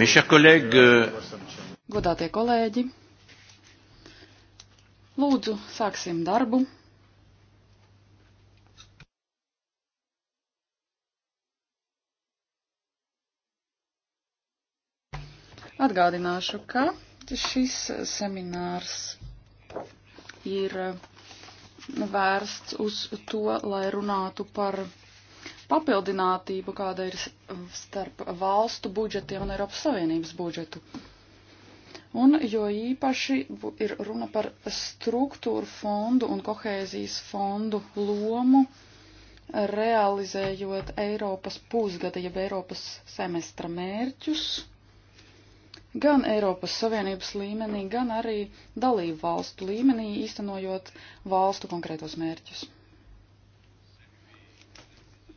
Euh, Godātie kolēģi, lūdzu, sāksim darbu. Atgādināšu, ka šis seminārs ir uh, vērsts uz to, lai runātu par papildinātību, kāda ir starp valstu budžetiem un Eiropas Savienības budžetu. Un jo īpaši ir runa par struktūru fondu un kohēzijas fondu lomu, realizējot Eiropas pusgada, jeb Eiropas semestra mērķus, gan Eiropas Savienības līmenī, gan arī dalību valstu līmenī, īstenojot valstu konkrētos mērķus.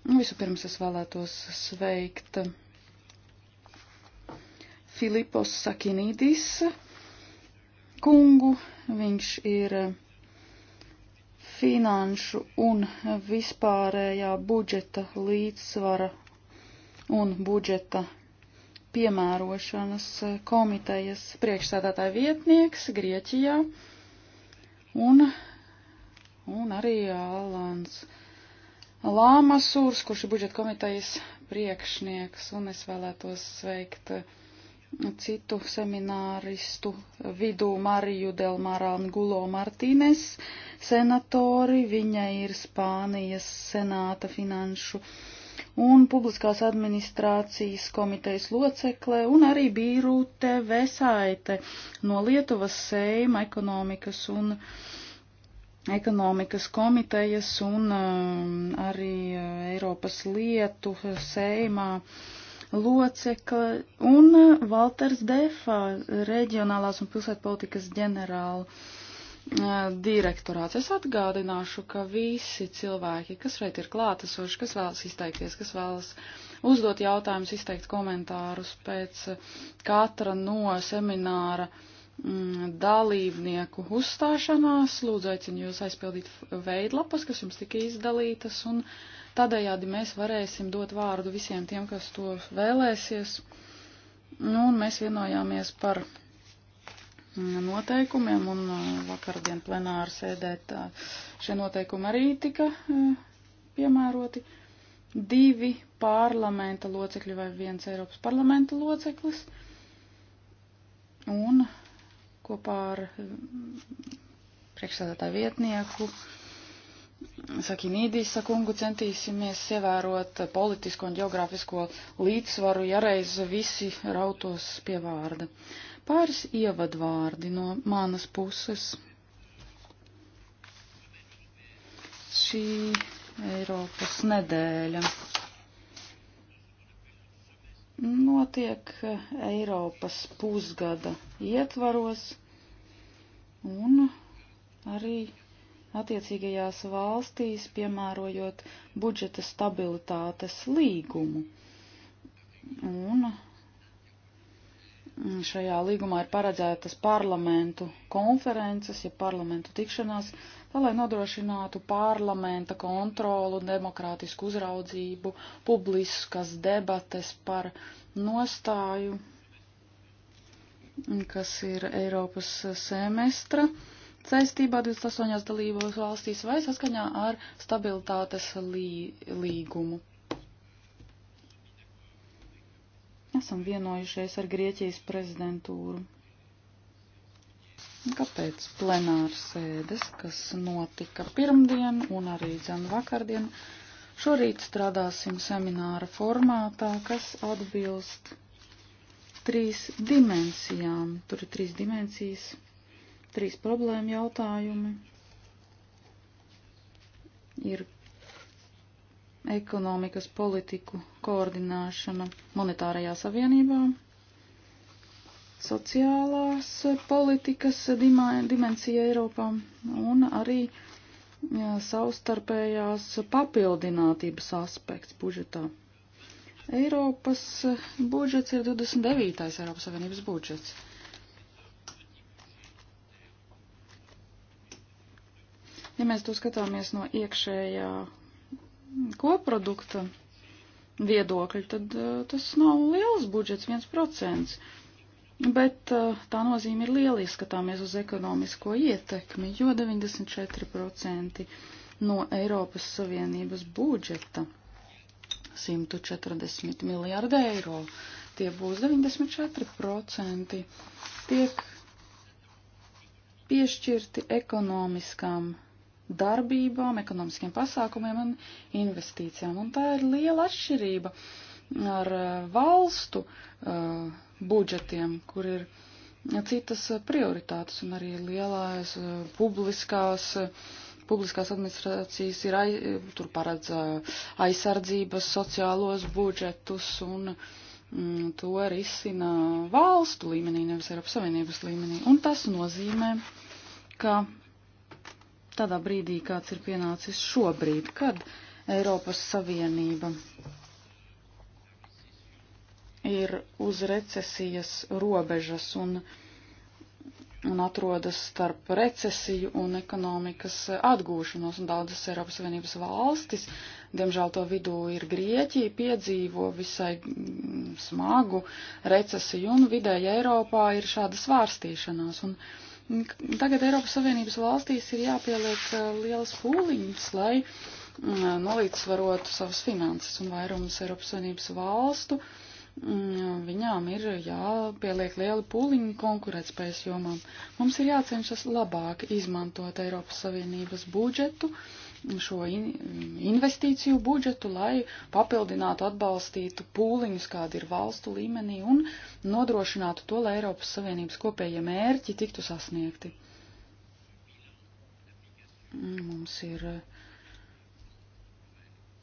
Nu, vispirms es vēlētos sveikt Filipos Sakinīdis kungu. Viņš ir finanšu un vispārējā budžeta līdzsvara un budžeta piemērošanas komitejas priekšsēdētāja vietnieks Grieķijā un, un arī Alans. Uh, Lāmasūrs, kurš ir budžeta komitejas priekšnieks, un es vēlētos sveikt uh, citu semināristu vidū Mariju Delmarānu Gulo Martīnes, senatori, viņa ir Spānijas senāta finanšu un publiskās administrācijas komitejas locekle, un arī Bīrūte Vesaite no Lietuvas Seima ekonomikas un uh, ekonomikas komitejas un um, arī uh, Eiropas lietu seimā locekla un Valters uh, Defa, reģionālās un pilsētpolitikas ģenerāla uh, direktorāts. Es atgādināšu, ka visi cilvēki, kas šeit ir klātesoši, kas vēlas izteikties, kas vēlas uzdot jautājumus, izteikt komentārus pēc katra no semināra uh, Mm, dalībnieku uzstāšanās. Lūdzu, aicinu jūs aizpildīt veidlapas, kas jums tika izdalītas, un tādējādi mēs varēsim dot vārdu visiem tiem, kas to vēlēsies. Nu, un mēs vienojāmies par mm, noteikumiem, un uh, vakardien plenāra sēdē tā, šie noteikumi arī tika uh, piemēroti. Divi parlamenta locekļi vai viens Eiropas parlamenta loceklis. Un kopā ar mm, priekšsēdētāju vietnieku Sakinīdīsa kungu centīsimies ievērot politisko un geogrāfisko līdzsvaru, ja reiz visi rautos pie vārda. Pāris ievadvārdi no manas puses. Šī Eiropas nedēļa notiek e, Eiropas pusgada ietvaros un arī attiecīgajās valstīs, piemērojot budžeta stabilitātes līgumu. Un Šajā līgumā ir paredzētas parlamentu konferences, ja parlamentu tikšanās, tā lai nodrošinātu parlamenta kontrolu, demokrātisku uzraudzību, publiskas debates par nostāju, kas ir Eiropas semestra saistībā 28 dalībos valstīs vai saskaņā ar stabilitātes lī, līgumu. esam vienojušies ar Grieķijas prezidentūru. Kāpēc plenāra sēdes, kas notika pirmdien un arī dzem vakardien, šorīt strādāsim semināra formātā, kas atbilst trīs dimensijām. Tur ir trīs dimensijas, trīs problēma jautājumi. Ir ekonomikas politiku koordināšana monetārajā savienībā, sociālās politikas dimensija Eiropā un arī savstarpējās papildinātības aspekts budžetā. Eiropas budžets ir 29. Eiropas Savienības budžets. Ja mēs to skatāmies no iekšējā koprodukta viedokļa, tad eh, tas nav liels budžets, 1%. Bet eh, tā nozīme ir liela, skatāmies uz ekonomisko ietekmi, jo 94% no Eiropas Savienības budžeta 140 miljārdi eiro, tie būs 94% tiek piešķirti ekonomiskām darbībām, ekonomiskiem pasākumiem un investīcijām. Un tā ir liela atšķirība ar eh, valstu uh, budžetiem, kur ir citas eh, prioritātes un arī lielās uh, publiskās. Publiskās administrācijas ir, aiz, tur paredz uh, aizsardzības, sociālos budžetus un uh, to risina valstu līmenī, nevis Eiropas Savienības līmenī. Un tas nozīmē, ka tādā brīdī, kāds ir pienācis šobrīd, kad Eiropas Savienība ir uz recesijas robežas un, un atrodas starp recesiju un ekonomikas atgūšanos, un daudzas Eiropas Savienības valstis, diemžēl to vidū ir Grieķija, piedzīvo visai mm, smagu recesiju, un vidēji Eiropā ir šāda svārstīšanās. Un, uh, Tagad Eiropas Savienības valstīs ir jāpieliek eh, lielas pūliņas, lai mm, nolīdzsvarotu savas finanses un vairums Eiropas Savienības valstu. Mm, viņām ir jāpieliek liela pūliņa konkurētspējas jomām. Mums ir jācenšas labāk izmantot Eiropas Savienības budžetu. Uh, šo investīciju budžetu, lai papildinātu, atbalstītu pūliņus, kādi ir valstu līmenī, un nodrošinātu to, lai Eiropas Savienības kopējie mērķi tiktu sasniegti. Mums ir eh,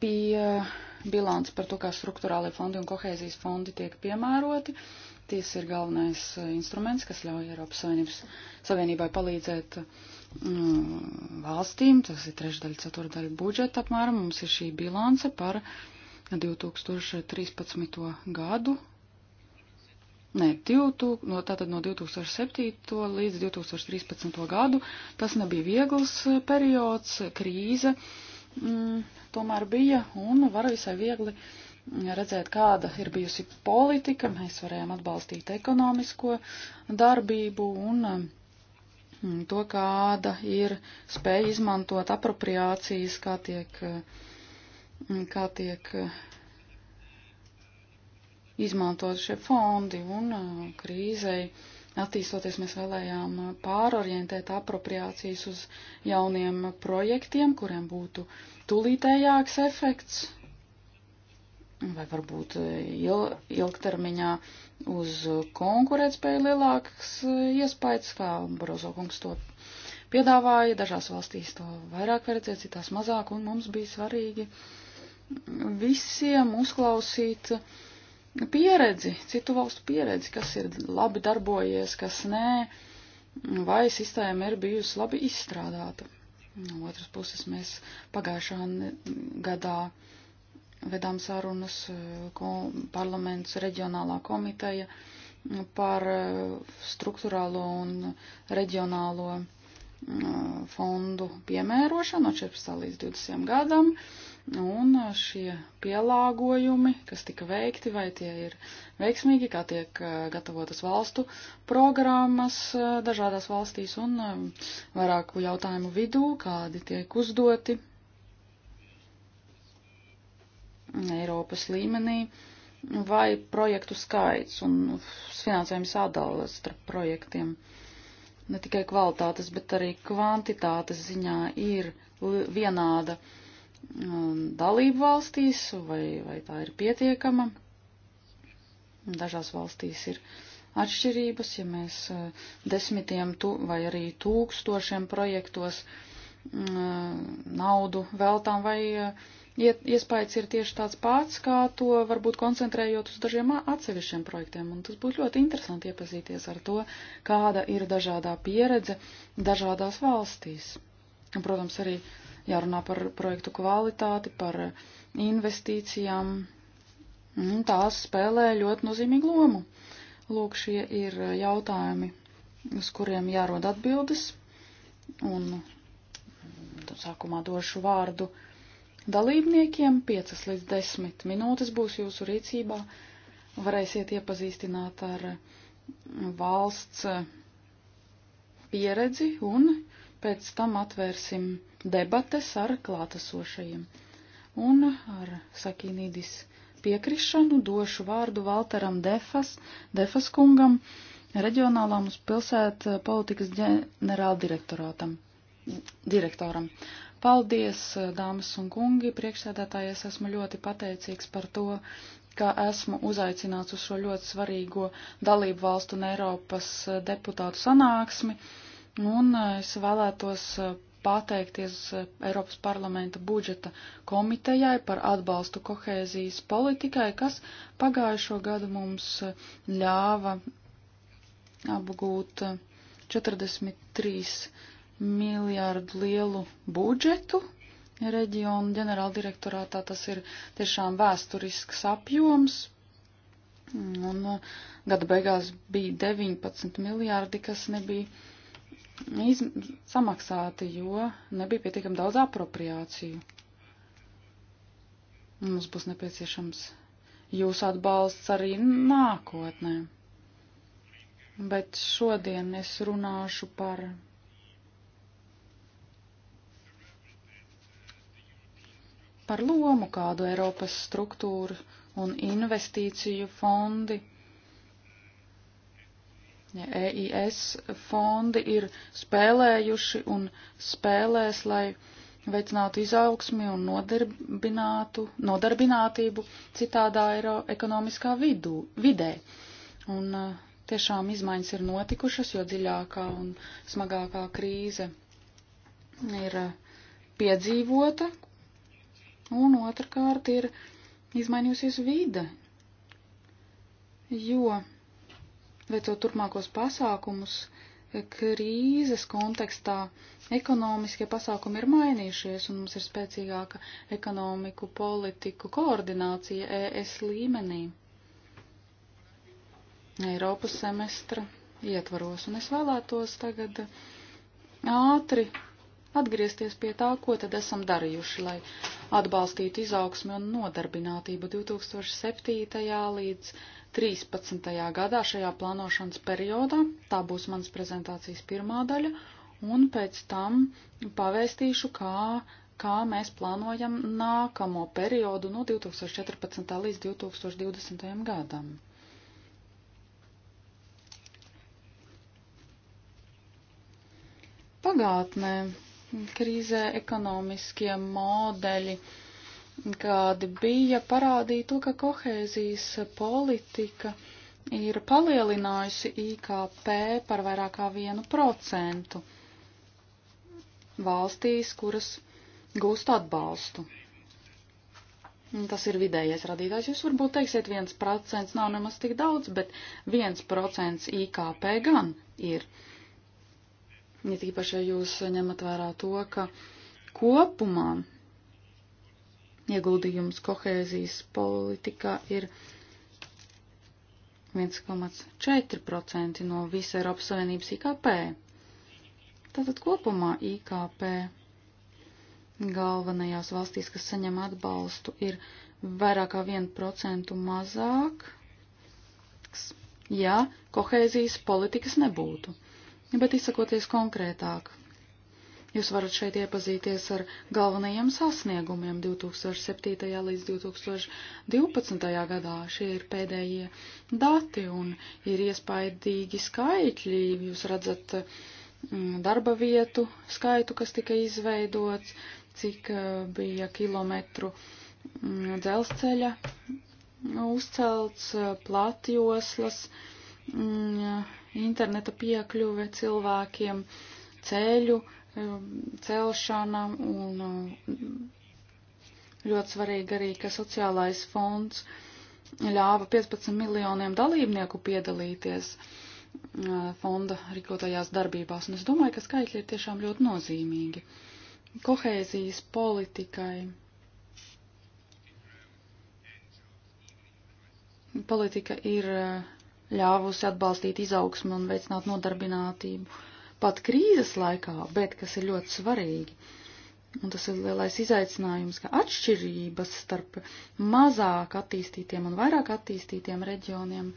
pie bilants par to, kā struktūrālie fondi un kohēzijas fondi tiek piemēroti. Ties ir galvenais eh, instruments, kas ļauj Eiropas Savienības, Savienībai palīdzēt uh, Mm, valstīm, tas ir trešdaļa, ceturdaļa budžeta apmēram, mums ir šī bilance par 2013. gadu. Nē, 2000, no, tātad no 2007. līdz 2013. gadu tas nebija viegls eh, periods, krīze mm, tomēr bija un var visai viegli mm, redzēt, kāda ir bijusi politika. Mēs varējām atbalstīt ekonomisko darbību un mm, Mm, to, kāda ir spēja izmantot apropriācijas, kā tiek, mm, kā tiek eh, izmantot šie fondi un eh, krīzei. Attīstoties, mēs vēlējām pārorientēt apropriācijas uz jauniem projektiem, kuriem būtu tulītējāks efekts, vai varbūt e, il, ilgtermiņā uz konkurētspēju lielāks e, iespējas, kā Barozo kungs to piedāvāja, dažās valstīs to vairāk redzēt, citās mazāk, un mums bija svarīgi visiem uzklausīt pieredzi, citu valstu pieredzi, kas ir labi darbojies, kas nē, vai sistēma ir bijusi labi izstrādāta. No otras puses mēs pagājušā gadā uh, vedām sarunas e, parlaments reģionālā komiteja par e, struktūrālo un reģionālo e, fondu piemērošanu no 14 līdz 20 gadam, un šie pielāgojumi, kas tika veikti, vai tie ir veiksmīgi, kā tiek gatavotas valstu programmas dažādās valstīs un vairāku jautājumu vidū, kādi tiek uzdoti Eiropas līmenī vai projektu skaits un finansējums sadala starp projektiem. Ne tikai kvalitātes, bet arī kvantitātes ziņā ir vienāda um, dalību valstīs, vai, vai tā ir pietiekama. Dažās valstīs ir atšķirības, ja mēs uh, desmitiem tu, vai arī tūkstošiem projektos uh, naudu veltām vai uh, iespējas ir tieši tāds pats, kā to varbūt koncentrējot uz dažiem atsevišķiem projektiem. Un tas būtu ļoti interesanti iepazīties ar to, kāda ir dažādā pieredze dažādās valstīs. Un, protams, arī jārunā par projektu kvalitāti, par investīcijām. Un tās spēlē ļoti nozīmīgu lomu. Lūk, šie ir jautājumi, uz kuriem jārod atbildes. Un sākumā došu vārdu uh, dalībniekiem. 5 līdz 10 minūtes būs jūsu rīcībā. Varēsiet iepazīstināt ar valsts pieredzi un pēc tam atvērsim debates ar klātesošajiem. Un ar Sakīnīdis piekrišanu došu vārdu Valteram Defas, Defas kungam, reģionālām uz pilsētu eh, politikas ģenerāldirektoram. Direktoram. direktoram. Paldies, eh, dāmas un kungi, priekšsēdētāji, es esmu ļoti pateicīgs par to, ka esmu uzaicināts uz šo ļoti svarīgo dalību valstu un Eiropas eh, deputātu sanāksmi, un eh, es vēlētos pateikties Eiropas parlamenta budžeta komitejai par atbalstu kohēzijas politikai, kas pagājušo gadu mums ļāva apgūt 43 miljārdu lielu budžetu reģionu ģenerāldirektorātā. Tas ir tiešām vēsturisks apjoms. Un uh, gada beigās bija 19 miljārdi, kas nebija iz, samaksāti, jo nebija pietiekami daudz apropriāciju. Mums būs nepieciešams jūsu atbalsts arī nākotnē. Bet šodien es runāšu par par lomu, kādu Eiropas struktūru un investīciju fondi, ja EIS fondi ir spēlējuši un spēlēs, lai veicinātu izaugsmi un nodarbinātu, nodarbinātību citādā eiro ekonomiskā vidū, vidē. Un eh, tiešām izmaiņas ir notikušas, jo dziļākā un smagākā krīze ir eh, piedzīvota, Un otrkārt ir izmainījusies vide, jo veicot turpmākos pasākumus, krīzes kontekstā ekonomiskie pasākumi ir mainījušies un mums ir spēcīgāka ekonomiku politiku koordinācija ES līmenī. Eiropas semestra ietvaros, un es vēlētos tagad ātri atgriezties pie tā, ko tad esam darījuši, lai atbalstītu izaugsmi un nodarbinātību 2007. līdz 2013. gadā šajā plānošanas periodā. Tā būs mans prezentācijas pirmā daļa, un pēc tam pavēstīšu, kā, kā mēs plānojam nākamo periodu no 2014. līdz 2020. gadam. Pagātnē krīzē ekonomiskie modeļi, kādi bija, parādīja to, ka kohēzijas politika ir palielinājusi IKP par vairāk kā vienu procentu valstīs, kuras gūst atbalstu. Tas ir vidējais radītājs. Jūs varbūt teiksiet, 1% nav nemaz tik daudz, bet 1% IKP gan ir. Uh, Ja tīpaši, ja jūs ņemat vērā to, ka kopumā ieguldījums kohēzijas politikā ir 1,4% no visa Eiropas Savienības IKP. Tātad kopumā IKP galvenajās valstīs, kas saņem atbalstu, ir vairāk kā 1% mazāk, ja kohēzijas politikas nebūtu bet izsakoties konkrētāk. Jūs varat šeit iepazīties ar galvenajiem sasniegumiem 2007. līdz 2012. gadā. Šie ir pēdējie dati un ir iespaidīgi skaitļi. Jūs redzat mm, darba vietu skaitu, kas tika izveidots, cik eh, bija kilometru mm, dzelzceļa uzcelts, eh, platjoslas mm, interneta piekļuve cilvēkiem, ceļu um, celšana un um, ļoti svarīgi arī, ka sociālais fonds ļāva 15 miljoniem dalībnieku piedalīties uh, fonda rīkotajās darbībās, un es domāju, ka skaitļi ir tiešām ļoti nozīmīgi. Kohēzijas politikai politika ir uh, ļāvusi atbalstīt izaugsmu un veicināt nodarbinātību pat krīzes laikā, bet kas ir ļoti svarīgi. Un tas ir lielais izaicinājums, ka atšķirības starp mazāk attīstītiem un vairāk attīstītiem reģioniem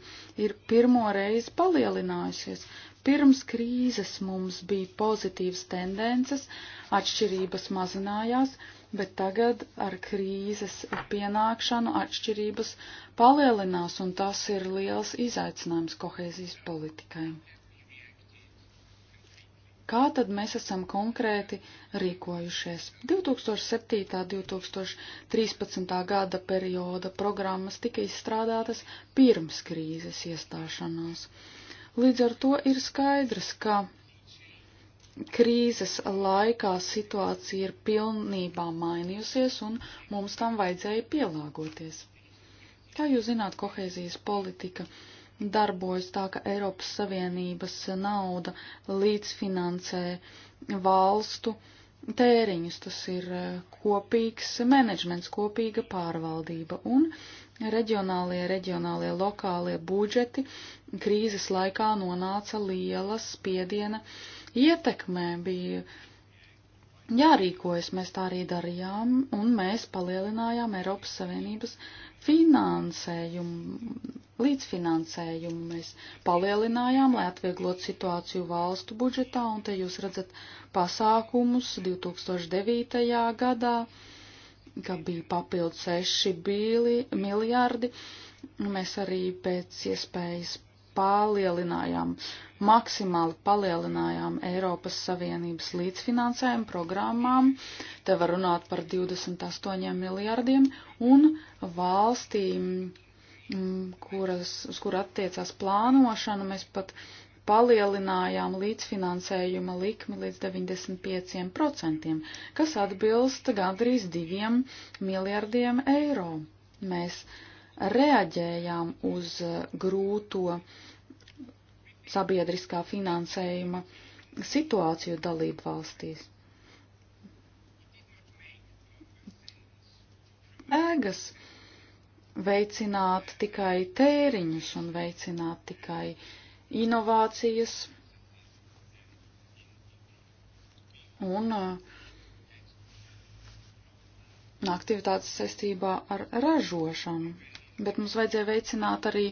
ir pirmo reizi palielinājusies. Pirms krīzes mums bija pozitīvas tendences, atšķirības mazinājās, bet tagad ar krīzes pienākšanu atšķirības palielinās, un tas ir liels izaicinājums kohēzijas politikai. Kā tad mēs esam konkrēti rīkojušies? 2007. un 2013. gada perioda programmas tika izstrādātas pirms krīzes iestāšanās. Līdz ar to ir skaidrs, ka krīzes laikā situācija ir pilnībā mainījusies un mums tam vajadzēja pielāgoties. Kā jūs zināt, kohēzijas politika darbojas tā, ka Eiropas Savienības nauda līdzfinansē valstu tēriņus. Tas ir eh, kopīgs menedžments, kopīga pārvaldība un reģionālie, reģionālie, lokālie budžeti krīzes laikā nonāca liela spiediena uh, ietekmē bija jārīkojas. Mēs tā arī darījām, un mēs palielinājām Eiropas Savienības finansējumu, līdzfinansējumu. Mēs palielinājām, lai atvieglotu situāciju valstu budžetā, un te jūs redzat pasākumus 2009. gadā ka bija papildus 6 bili, miljārdi. Mēs arī pēc iespējas palielinājām, maksimāli palielinājām Eiropas Savienības līdzfinansējumu programmām, te var runāt par 28 miljārdiem, un valstīm, mm, kuras, uz kur attiecās plānošana, mēs pat palielinājām līdzfinansējuma likmi līdz 95%, kas atbilst gandrīz 2 miljardiem eiro. Mēs uh, reaģējām uz grūto sabiedriskā finansējuma situāciju dalību valstīs. Ēgas veicināt tikai tēriņus un veicināt tikai inovācijas un uh, aktivitātes saistībā ar ražošanu bet mums vajadzēja veicināt arī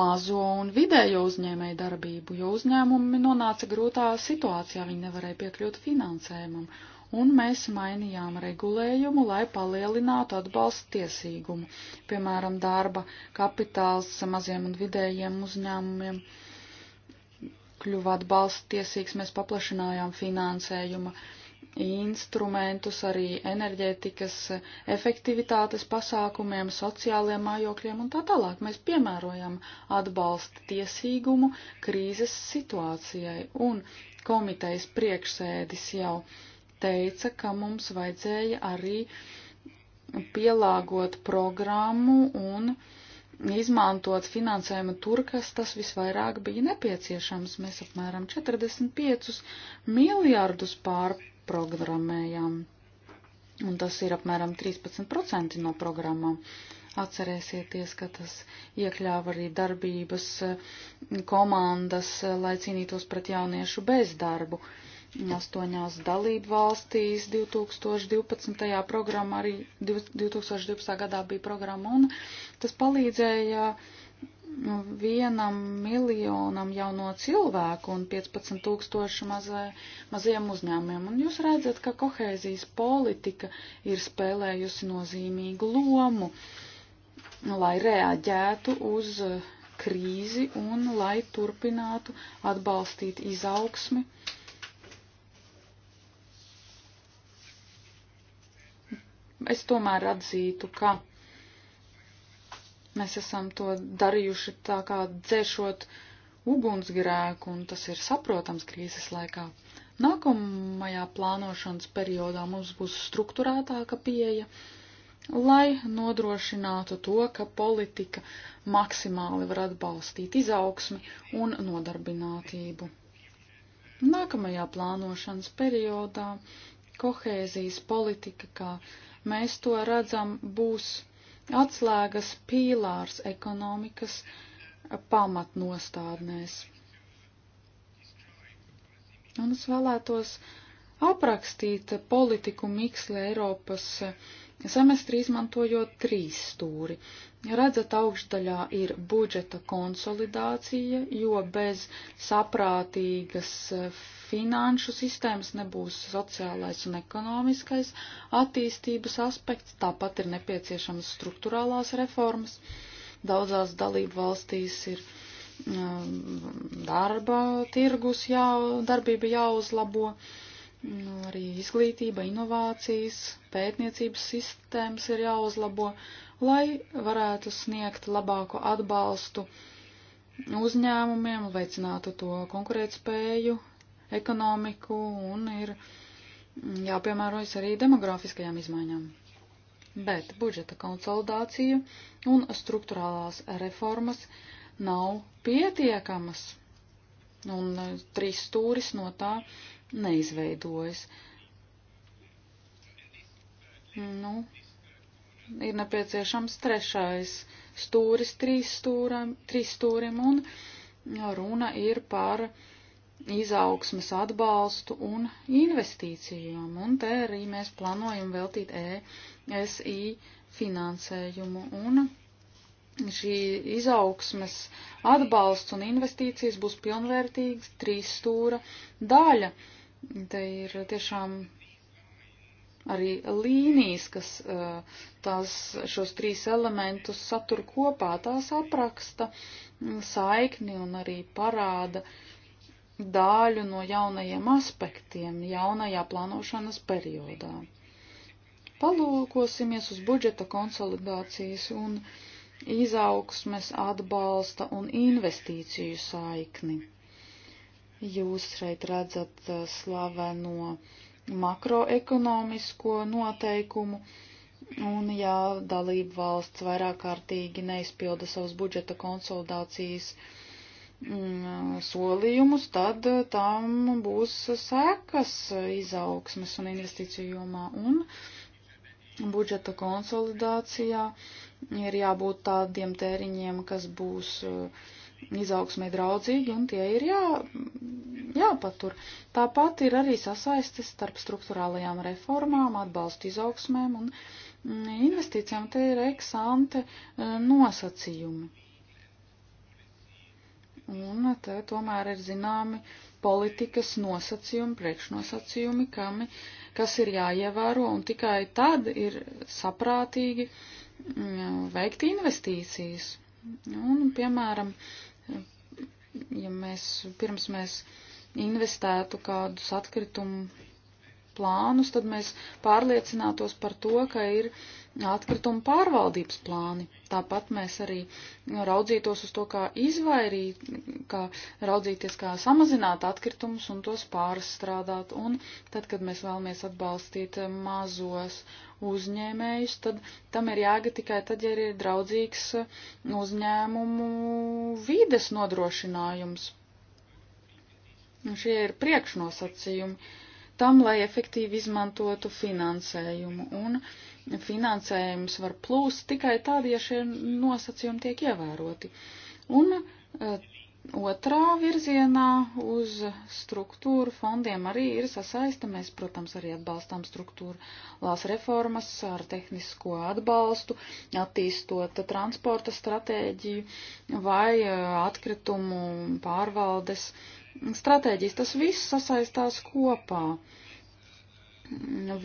mazo un vidējo uzņēmēju darbību, jo uzņēmumi nonāca grūtā situācijā, viņi nevarēja piekļūt finansējumam, un mēs mainījām regulējumu, lai palielinātu atbalstu tiesīgumu, piemēram, darba kapitāls maziem un vidējiem uzņēmumiem kļuva atbalsta tiesīgs, mēs paplašinājām finansējuma uh, instrumentus arī enerģētikas efektivitātes pasākumiem, sociāliem mājokļiem un tā tālāk. Mēs piemērojam atbalsta tiesīgumu krīzes situācijai un komitejas priekšsēdis jau teica, ka mums vajadzēja arī pielāgot programmu un izmantot finansējumu tur, kas tas visvairāk bija nepieciešams. Mēs apmēram 45 miljārdus pārpildījām programmējām. Un tas ir apmēram 13% no programmām. Atcerēsieties, ka tas iekļāva arī darbības eh, komandas, eh, lai cīnītos pret jauniešu bezdarbu. Astoņās dalību valstīs 2012. programma arī 2012. gadā bija programma un tas palīdzēja uh, Nu, vienam miljonam jauno cilvēku un 15 tūkstošu mazai, maziem uzņēmumiem. Un jūs redzat, ka kohēzijas politika ir spēlējusi nozīmīgu lomu, nu, lai reaģētu uz uh, krīzi un lai turpinātu atbalstīt izaugsmi. Es tomēr atzītu, ka Mēs esam to darījuši tā kā dzēšot ugunsgrēku, un tas ir saprotams krīzes laikā. Nākamajā plānošanas periodā mums būs struktūrētāka pieeja, lai nodrošinātu to, ka politika maksimāli var atbalstīt izaugsmi un nodarbinātību. Nākamajā plānošanas periodā kohēzijas politika, kā mēs to redzam, būs atslēgas pīlārs ekonomikas pamatnostādnēs. Un es vēlētos aprakstīt politiku miksli Eiropas uh, semestri izmantojot trīs stūri. Redzat, augšdaļā ir budžeta konsolidācija, jo bez saprātīgas eh, finanšu sistēmas nebūs sociālais un ekonomiskais attīstības aspekts, tāpat ir nepieciešamas struktūrālās reformas. Daudzās dalību valstīs ir mm, darba tirgus, jā, darbība jāuzlabo. Uh, Nu, arī izglītība, inovācijas, pētniecības sistēmas ir jāuzlabo, lai varētu sniegt labāku atbalstu uzņēmumiem, veicinātu to konkurētspēju, ekonomiku un ir jāpiemērojas arī demografiskajām izmaiņām. Bet budžeta konsolidācija un struktūrālās reformas nav pietiekamas, un trīs stūris no tā neizveidojas. Nu, ir nepieciešams trešais stūris trīs stūram, trīs stūrim un runa ir par izaugsmas atbalstu un investīcijām. Un te arī mēs plānojam veltīt ESI finansējumu un šī izaugsmes atbalsts un investīcijas būs pilnvērtīgs trīs stūra daļa. Te ir tiešām arī līnijas, kas eh, tās šos trīs elementus satur kopā, tās apraksta mm, saikni un arī parāda dāļu no jaunajiem aspektiem jaunajā plānošanas periodā. Palūkosimies uz budžeta konsolidācijas un uh, izaugsmes atbalsta un investīciju saikni. Jūs šeit redzat eh, slaveno makroekonomisko noteikumu, un ja dalība valsts vairāk kārtīgi neizpilda savus budžeta konsolidācijas mm, solījumus, tad eh, tam būs sekas izaugsmes un investīciju jomā un budžeta konsolidācijā. Uh, ir jābūt tādiem tēriņiem, kas būs eh, izaugsmē draudzīgi, un tie ir jā, jāpatur. Tāpat ir arī sasaistes starp struktūrālajām reformām, atbalstu izaugsmēm un mm, investīcijām. Te ir eksante eh, nosacījumi. Un te tomēr ir zināmi politikas nosacījumi, priekšnosacījumi, kami, kas ir jāievēro, un tikai tad ir saprātīgi uh, Nu, veikt investīcijas. Un, piemēram, ja mēs pirms mēs investētu kādus atkritumu plānus, tad mēs pārliecinātos par to, ka ir atkritumu pārvaldības plāni. Tāpat mēs arī raudzītos uz to, kā izvairīt, kā raudzīties, kā samazināt atkritumus un tos pārstrādāt. Un tad, kad mēs vēlamies atbalstīt mazos uzņēmējus, tad tam ir jāga tikai tad, ja ir draudzīgs uzņēmumu vides nodrošinājums. Un šie ir priekšnosacījumi tam, lai efektīvi izmantotu finansējumu. Un finansējums var plūst tikai tad, ja šie nosacījumi tiek ievēroti. Un eh, otrā virzienā uz struktūru fondiem arī ir sasaista. Mēs, protams, arī atbalstām struktūrās reformas ar tehnisko atbalstu, attīstot transporta stratēģiju vai eh, atkritumu pārvaldes stratēģijas. Tas viss sasaistās kopā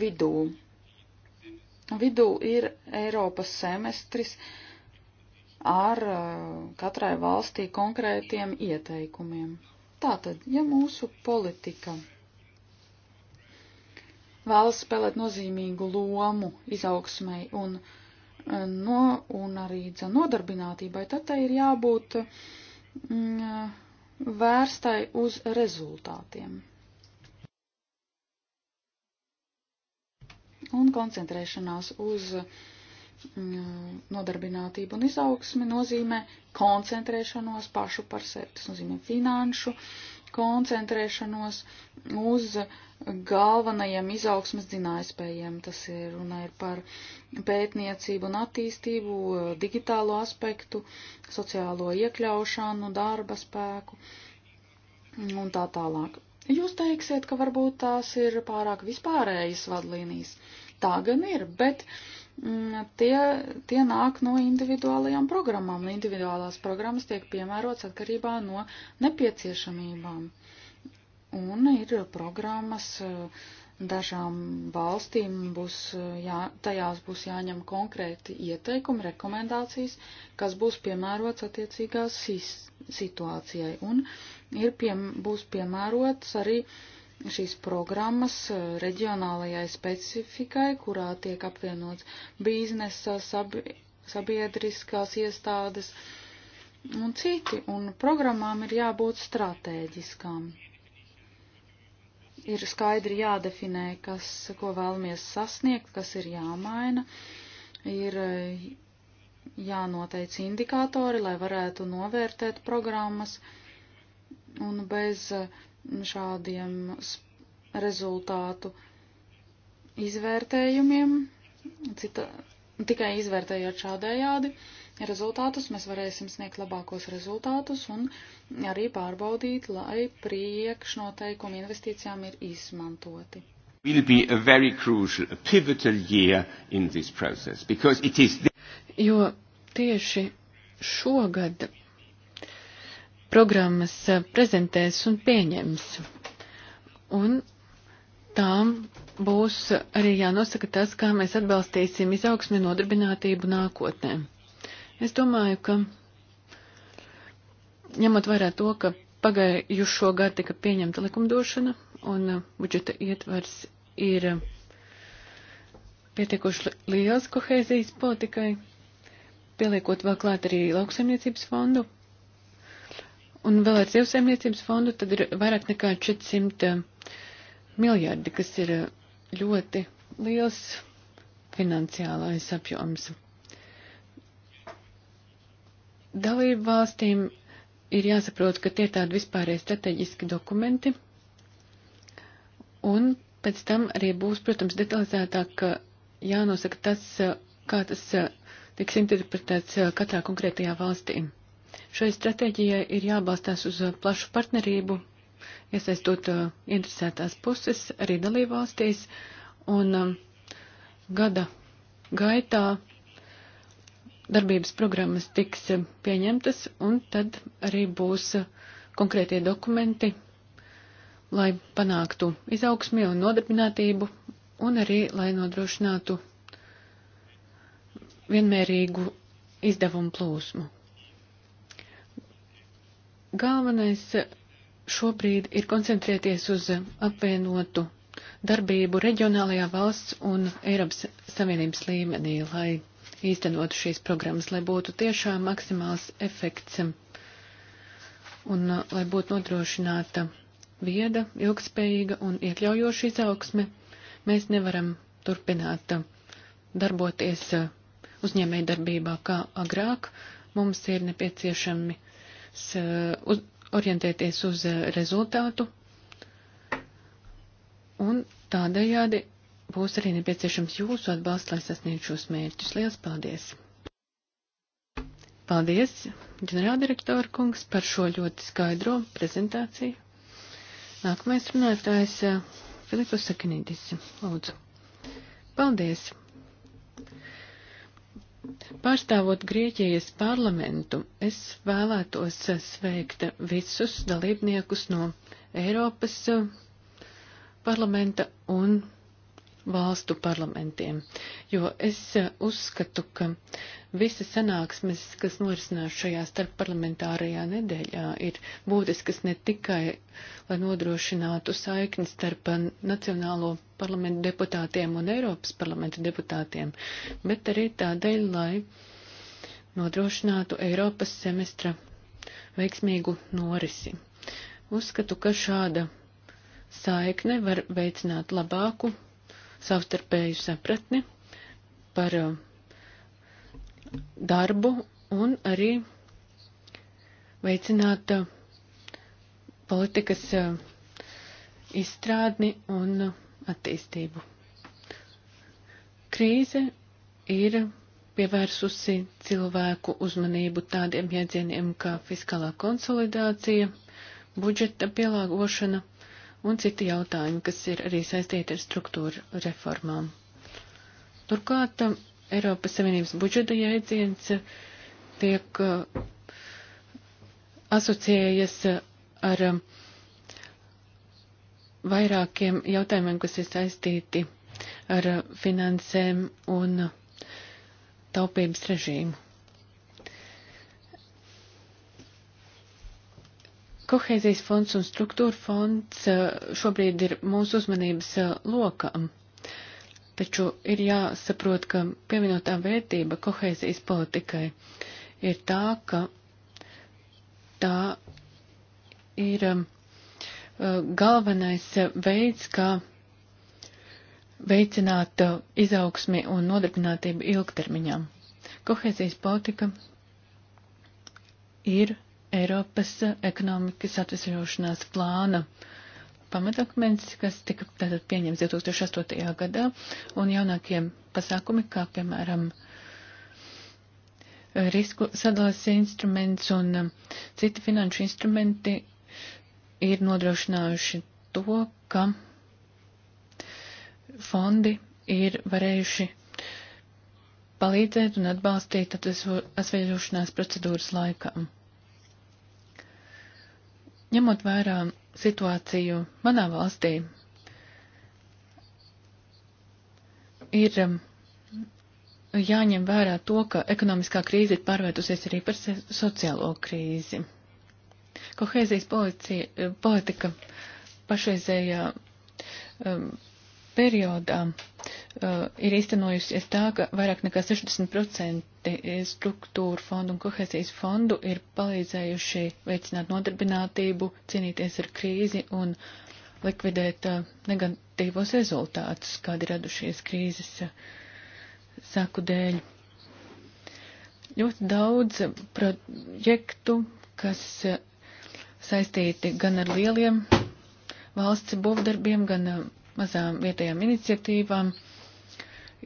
vidū. Vidū ir Eiropas semestris, uh, ar uh, katrai valstī konkrētiem ieteikumiem. Tātad, ja mūsu politika vēlas spēlēt nozīmīgu lomu izaugsmai un, uh, no, un arī nodarbinātībai, tad tai ir jābūt mm, uh, vērstai uz rezultātiem. Un koncentrēšanās uz uh, nodarbinātība un izaugsme nozīmē koncentrēšanos pašu par sevi. Tas nozīmē finanšu koncentrēšanos uz galvenajiem izaugsmes dzinājspējiem. Tas ir runa ir par pētniecību un attīstību, digitālo aspektu, sociālo iekļaušanu, darba spēku un tā tālāk. Jūs teiksiet, ka varbūt tās ir pārāk vispārējas vadlīnijas. Tā gan ir, bet uh, Mm, tie, tie nāk no individuālajām programmām, un individuālās programmas tiek piemērots atkarībā no nepieciešamībām. Un ir programmas, eh, dažām valstīm būs eh, jā, tajās būs jāņem konkrēti ieteikumi, rekomendācijas, kas būs piemērots attiecīgās situācijai, un ir piem, būs piemērots arī uh, šīs programmas eh, reģionālajai specifikai, kurā tiek apvienots biznesa, sabi sabiedriskās iestādes un citi, un programmām ir jābūt stratēģiskām. Ir skaidri jādefinē, kas, ko vēlamies sasniegt, kas ir jāmaina, ir eh, jānoteic indikātori, lai varētu novērtēt programmas, un bez uh, šādiem rezultātu izvērtējumiem. Cita, tikai izvērtējot šādējādi rezultātus, mēs varēsim sniegt labākos rezultātus un arī pārbaudīt, lai priekšnoteikumi investīcijām ir izmantoti. Will be a very crucial, a pivotal year in this process because it is. Jo tieši šogad programmas eh, prezentēs un pieņems. Un tām būs arī jānosaka tas, kā mēs atbalstīsim izaugsmi nodarbinātību nākotnē. Es domāju, ka ņemot vērā to, ka pagājušo gadu tika pieņemta likumdošana un eh, budžeta ietvers ir eh, pietiekuši liels kohēzijas politikai, pieliekot vēl klāt arī lauksaimniecības fondu, Un vēl ar zivsaimniecības fondu tad ir vairāk nekā 400 eh, miljardi, kas ir eh, ļoti liels finansiālais apjoms. Dalību valstīm ir jāsaprot, ka tie ir tādi vispārēji strateģiski dokumenti, un pēc tam arī būs, protams, detalizētāk jānosaka tas, eh, kā tas tiks interpretēts katrā konkrētajā valstīm. Šai stratēģijai ir jābalstās uz plašu partnerību, iesaistot interesētās puses arī dalībvalstīs, un gada gaitā darbības programmas tiks pieņemtas, un tad arī būs konkrētie dokumenti, lai panāktu izaugsmi un nodarbinātību, un arī, lai nodrošinātu vienmērīgu izdevumu plūsmu. Galvenais šobrīd ir koncentrēties uz apvienotu darbību reģionālajā valsts un Eiropas Savienības līmenī, lai īstenotu šīs programmas, lai būtu tiešām maksimāls efekts un lai būtu nodrošināta vieda, ilgspējīga un iekļaujoša izaugsme, mēs nevaram turpināt darboties uzņēmējdarbībā kā agrāk. Mums ir nepieciešami uz, orientēties uz eh, rezultātu, un tādējādi būs arī nepieciešams jūsu atbalsts, lai sasniegtu šos mērķus. Lielas paldies! Paldies, ģenerāldirektora kungs, par šo ļoti skaidro prezentāciju. Nākamais runātājs eh, Filips Sakinītis. Lūdzu. Paldies! Pārstāvot Grieķijas parlamentu, es vēlētos sveikt visus dalībniekus no Eiropas eh, parlamenta un valstu parlamentiem, jo es eh, uzskatu, ka visas sanāksmes, kas norisinās šajā starpparlamentārajā nedēļā, ir būtiskas ne tikai, lai nodrošinātu saikni starp eh, Nacionālo parlamentu deputātiem un Eiropas parlamentu deputātiem, bet arī tādēļ, lai nodrošinātu Eiropas semestra veiksmīgu norisi. Uzskatu, ka šāda saikne var veicināt labāku savstarpēju sapratni par uh, darbu un arī veicināt uh, politikas uh, izstrādni un attīstību. Krīze ir pievērsusi cilvēku uzmanību tādiem jēdzieniem kā fiskālā konsolidācija, budžeta pielāgošana un citi jautājumi, kas ir arī saistīti ar struktūru reformām. Turklāt um, Eiropas Savienības budžeta jēdziens uh, tiek uh, asociējas uh, ar um, vairākiem jautājumiem, kas ir saistīti ar finansēm un taupības režīmu. Kohēzijas fonds un struktūra fonds eh, šobrīd ir mūsu uzmanības eh, lokam, taču ir jāsaprot, ka pievienotā vērtība kohēzijas politikai ir tā, ka tā ir eh, galvenais veids, kā veicināt izaugsmi un nodarbinātību ilgtermiņā. Kohēzijas politika ir Eiropas ekonomikas atvesļošanās plāna pamatakmens, kas tika tātad pieņemts 2008. gadā, un jaunākiem pasākumi, kā piemēram risku sadalās instruments un um, citi finanšu instrumenti, ir nodrošinājuši to, ka fondi ir varējuši palīdzēt un atbalstīt atvesļošanās procedūras laikam. Ņemot vērā situāciju manā valstī, ir um, jāņem vērā to, ka ekonomiskā krīze ir pārvērtusies arī par sociālo krīzi. Kohēzijas policija, eh, politika pašreizējā um, periodā Uh, ir īstenojusies tā, ka vairāk nekā 60% struktūra fondu un kohēzijas fondu ir palīdzējuši veicināt nodarbinātību, cīnīties ar krīzi un likvidēt uh, negatīvos rezultātus, kādi radušies krīzes uh, saku dēļ. Ļoti daudz projektu, kas saistīti gan ar lieliem valsts būvdarbiem, gan mazām vietējām iniciatīvām, uh,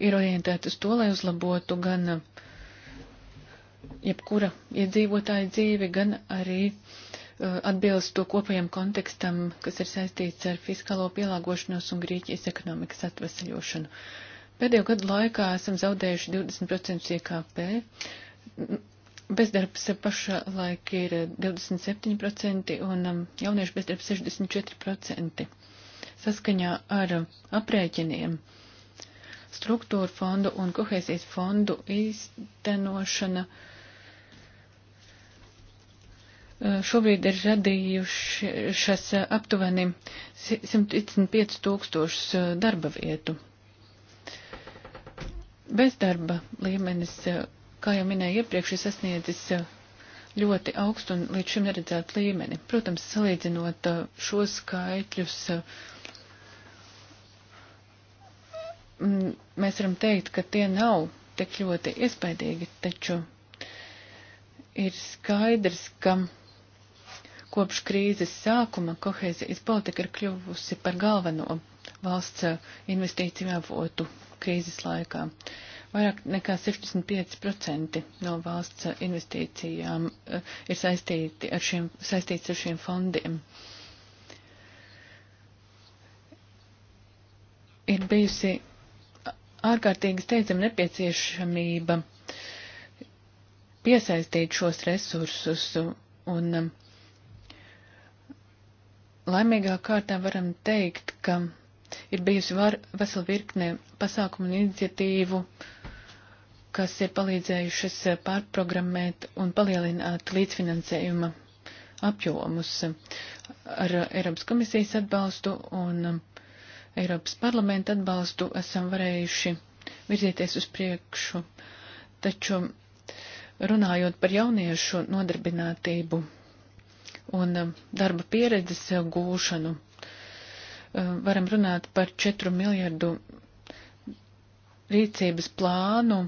ir orientēta uz to, lai uzlabotu gan jebkura iedzīvotāja dzīve, gan arī uh, atbilst to kopajam kontekstam, kas ir saistīts ar fiskālo pielāgošanos un Grieķijas ekonomikas atvesaļošanu. Pēdējo gadu laikā esam zaudējuši 20% IKP, bezdarbs pašlaik ir 27% un um, jauniešu bezdarbs 64% saskaņā ar uh, aprēķiniem. Uh, struktūra fondu un kohēzijas fondu īstenošana e, šobrīd ir radījušas e, aptuveni 135 tūkstošus e, darba vietu. Bezdarba līmenis, kā jau minēju iepriekš, ir sasniedzis ļoti augstu un līdz šim neredzētu līmeni. Protams, salīdzinot šos skaitļus Mm, mēs varam teikt, ka tie nav tik ļoti iespaidīgi, taču ir skaidrs, ka kopš krīzes sākuma kohēzijas politika ir kļuvusi par galveno valsts uh, investīciju avotu krīzes laikā. Vairāk nekā 65% no valsts uh, investīcijām uh, ir saistīti ar šiem, saistīts ar šiem fondiem. Ir bijusi ārkārtīgi steidzama nepieciešamība piesaistīt šos resursus un um, laimīgā kārtā varam teikt, ka ir bijusi var, vesela virkne pasākumu un iniciatīvu, kas ir palīdzējušas uh, pārprogrammēt un palielināt līdzfinansējuma apjomus uh, ar uh, Eiropas komisijas atbalstu un um, Eiropas parlamenta atbalstu esam varējuši virzīties uz priekšu, taču runājot par jauniešu nodarbinātību un um, darba pieredzes gūšanu, um, varam runāt par 4 miljardu rīcības plānu,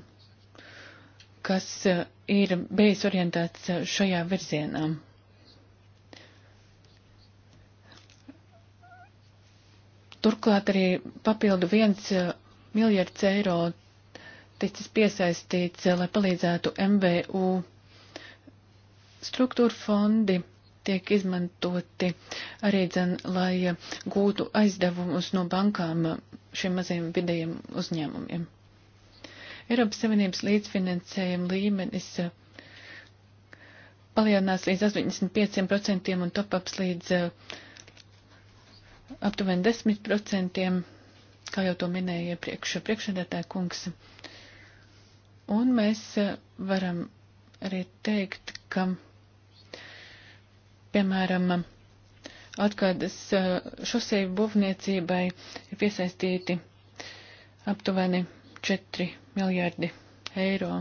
kas uh, ir bijis orientēts šajā virzienā. Turklāt arī papildu viens eh, miljards eiro ticis piesaistīts, eh, lai palīdzētu MBU. Struktūra fondi tiek izmantoti arī dzen, lai eh, gūtu aizdevumus no bankām šiem maziem vidējiem uzņēmumiem. Eiropas Savienības līdzfinansējuma līmenis palielinās līdz 85% un topaps līdz uh, aptuveni 10%, kā jau to minēja iepriekš priekšsēdētāja kungs. Un mēs e, varam arī teikt, ka, piemēram, atkādas e, šoseju būvniecībai ir piesaistīti aptuveni 4 miljardi eiro.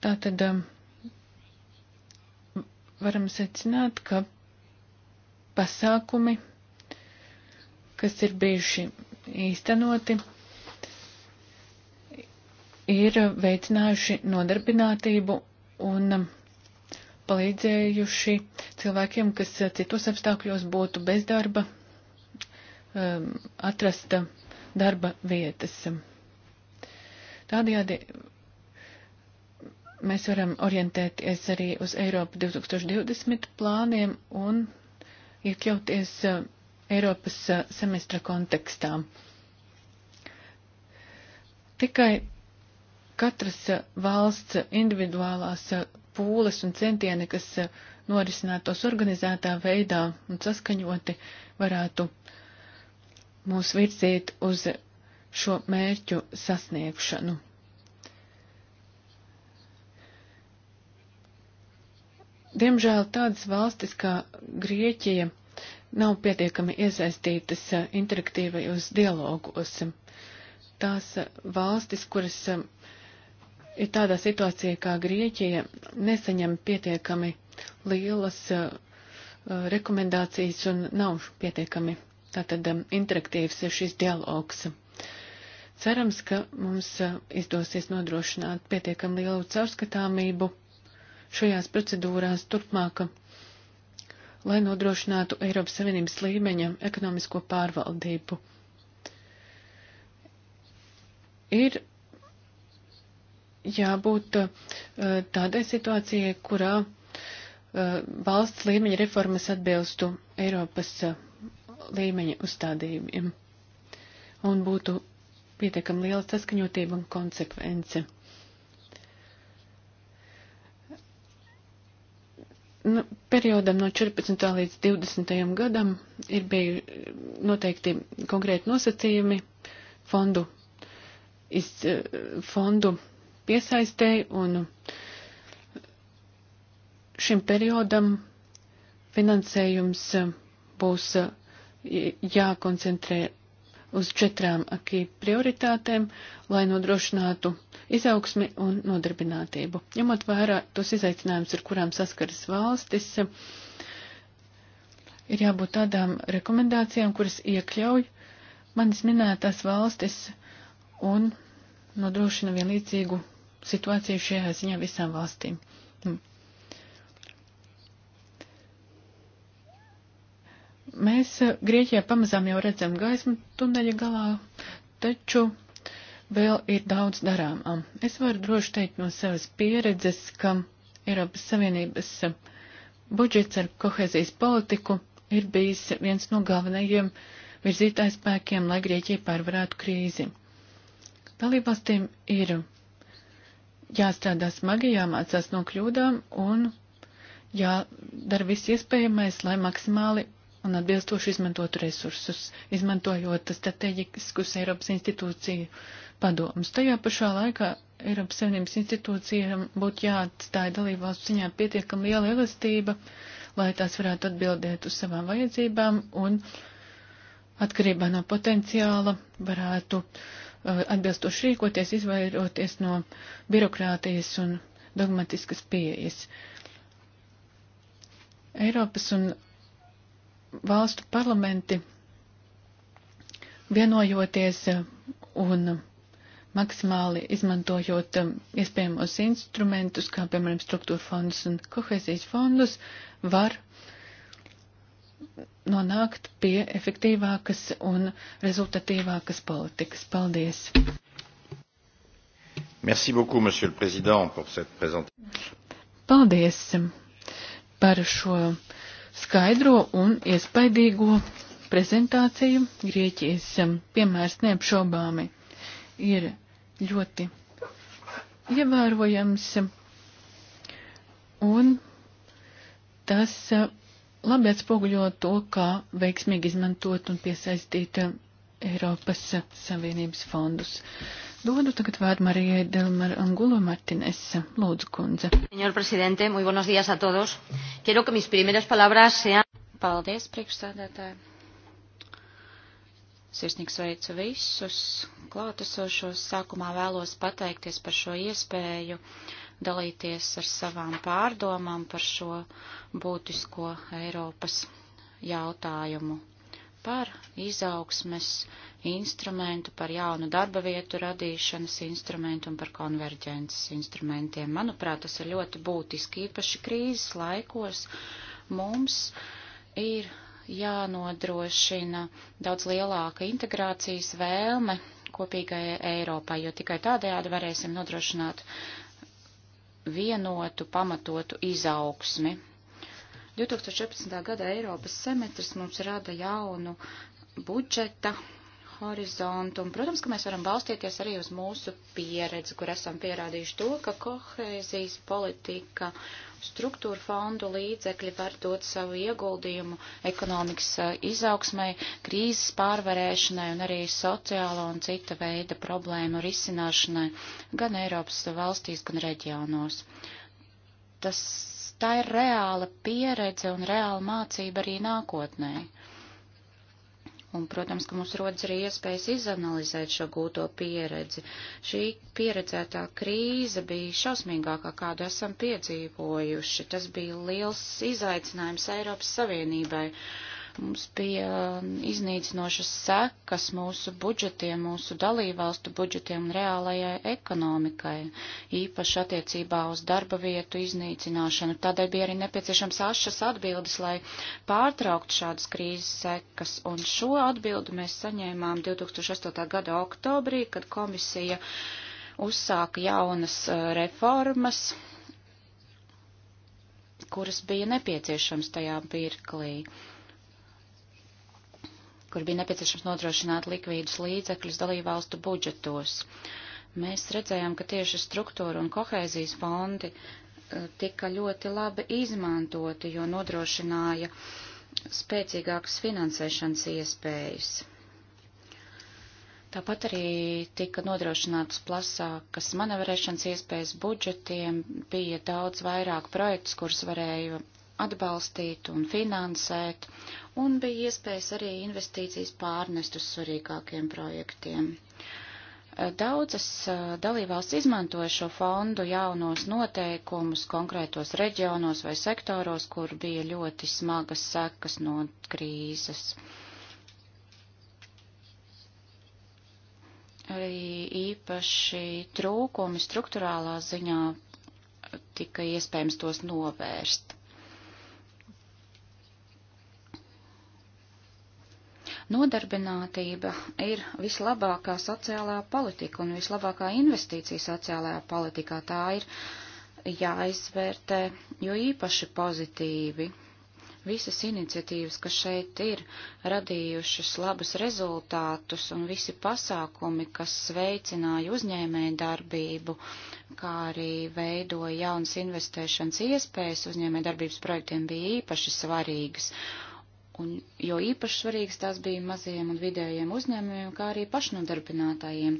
Tātad e, varam secināt, ka pasākumi, kas ir bijuši īstenoti, ir veicinājuši nodarbinātību un palīdzējuši cilvēkiem, kas citos apstākļos būtu bez darba, um, atrast darba vietas. Tādējādi mēs varam orientēties arī uz Eiropu 2020 plāniem un iekļauties eh, Eiropas eh, semestra kontekstā. Tikai katras eh, valsts individuālās pūles un centieni, kas norisinātos organizētā veidā un saskaņoti, varētu mūs virzīt uz šo mērķu sasniegšanu. Diemžēl tādas valstis kā Grieķija nav pietiekami iesaistītas eh, interaktīvajos dialogos. Eh, tās eh, valstis, kuras ir tādā situācijā kā Grieķija, nesaņem pietiekami lielas rekomendācijas un nav pietiekami tātad interaktīvs šis dialogs. Cerams, ka mums izdosies nodrošināt pietiekami lielu caurskatāmību šajās procedūrās turpmāk, lai nodrošinātu Eiropas Savienības līmeņa ekonomisko pārvaldību. Ir jābūt eh, tādai situācijai, kurā eh, valsts līmeņa reformas atbilstu Eiropas eh, līmeņa uzstādījumiem un būtu pietiekami liela saskaņotība un konsekvence. Nu, periodam no 14. līdz 20. gadam ir bijuši eh, noteikti konkrēti nosacījumi fondu, iz, eh, fondu piesaistēji un šim periodam finansējums eh, būs jākoncentrē uz četrām akī prioritātēm, lai nodrošinātu izaugsmi un nodarbinātību. Ņemot vērā tos izaicinājumus, ar kurām saskaras valstis, ir jābūt tādām rekomendācijām, kuras iekļauj manis minētās valstis un nodrošina vienlīdzīgu situāciju šajā ziņā visām valstīm. Mēs eh, Grieķijā pamazām jau redzam gaismu tuneļa galā, taču vēl ir daudz darāmā. Es varu droši teikt no savas pieredzes, ka Eiropas Savienības eh, budžets ar kohezijas politiku ir bijis viens no galvenajiem virzītājspēkiem, lai Grieķija pārvarētu krīzi. Dalībvalstīm ir jāstrādā smagi, jāmācās no kļūdām un jādara viss iespējamais, lai maksimāli un atbilstoši izmantot resursus, izmantojot strateģiskus Eiropas institūciju padomus. Tajā pašā laikā Eiropas Savienības institūcijām būtu jāatstāja dalībvalstu ziņā pietiekam liela elastība, lai tās varētu atbildēt uz savām vajadzībām un atkarībā no potenciāla varētu uh, atbilstoši rīkoties, izvairoties no birokrātijas un dogmatiskas pieejas. Eiropas un valstu parlamenti vienojoties un maksimāli izmantojot iespējamos instrumentus, kā piemēram struktūra fondus un kohezijas fondus, var nonākt pie efektīvākas un rezultatīvākas politikas. Paldies! Merci beaucoup, Monsieur le Président, pour cette présentation. Paldies par šo skaidro un iespaidīgo prezentāciju. Grieķijas piemērs neapšaubāmi ir ļoti ievērojams un tas labi atspoguļo to, kā veiksmīgi izmantot un piesaistīt Eiropas Savienības fondus. Uh, Dodu tagad vārdu Marijai Delmar Angulo Martines. Lūdzu, kundze. Señor presidente, muy buenos días a todos. Quiero que mis primeras palabras sean... Paldies, priekšsādātāji. Sirsnīgs sveicu visus klātesošos. Sākumā vēlos pateikties par šo iespēju dalīties ar savām pārdomām par šo būtisko Eiropas jautājumu par izaugsmes instrumentu, par jaunu darba vietu radīšanas instrumentu un par konverģences instrumentiem. Manuprāt, tas ir ļoti būtiski, īpaši krīzes laikos mums ir jānodrošina daudz lielāka integrācijas vēlme kopīgajai Eiropai, jo tikai tādējādi varēsim nodrošināt vienotu, pamatotu izaugsmi 2014. gada Eiropas semestris mums rada jaunu budžeta horizontu, un, protams, ka mēs varam balstīties arī uz mūsu pieredzi, kur esam pierādījuši to, ka kohēzijas politika, struktūra fondu līdzekļi var dot savu ieguldījumu ekonomikas eh, izaugsmai, krīzes pārvarēšanai un arī sociālo un cita veida problēmu risināšanai gan Eiropas valstīs, gan reģionos. Tas tā ir reāla pieredze un reāla mācība arī nākotnē. Un, protams, ka mums rodas arī iespējas izanalizēt šo gūto pieredzi. Šī pieredzētā krīze bija šausmīgākā, kādu esam piedzīvojuši. Tas bija liels izaicinājums Eiropas Savienībai. Uh, Mums bija um, iznīcinošas sekas mūsu budžetiem, mūsu dalībvalstu budžetiem un reālajai ekonomikai, īpaši attiecībā uz darba vietu iznīcināšanu. Tādēļ bija arī nepieciešams ašas atbildes, lai pārtraukt šādas krīzes sekas. Un šo atbildi mēs saņēmām 2008. gada oktobrī, kad komisija uzsāka jaunas uh, reformas kuras bija nepieciešams tajā birklī. Uh, kur bija nepieciešams nodrošināt likvīdus līdzekļus dalībvalstu budžetos. Mēs redzējām, ka tieši struktūra un kohēzijas fondi e, tika ļoti labi izmantoti, jo nodrošināja spēcīgākas finansēšanas iespējas. Tāpat arī tika nodrošinātas plasākas manevrēšanas iespējas budžetiem, bija daudz vairāk projektus, kurus varēja atbalstīt un finansēt, un bija iespējas arī investīcijas pārnest uz svarīgākiem projektiem. Eh, daudzas eh, dalībvalsts izmantoja šo fondu jaunos noteikumus konkrētos reģionos vai sektoros, kur bija ļoti smagas sekas no krīzes. arī īpaši trūkumi struktūrālā ziņā tika iespējams tos novērst. Nodarbinātība ir vislabākā sociālā politika un vislabākā investīcija sociālajā politikā. Tā ir jāizvērtē, jo īpaši pozitīvi visas iniciatīvas, kas šeit ir radījušas labus rezultātus un visi pasākumi, kas sveicināja uzņēmēju darbību, kā arī veidoja jaunas investēšanas iespējas uzņēmēju darbības projektiem, bija īpaši svarīgas. Un, jo īpaši svarīgs tās bija mazajiem un vidējiem uzņēmumiem, kā arī pašnodarbinātājiem,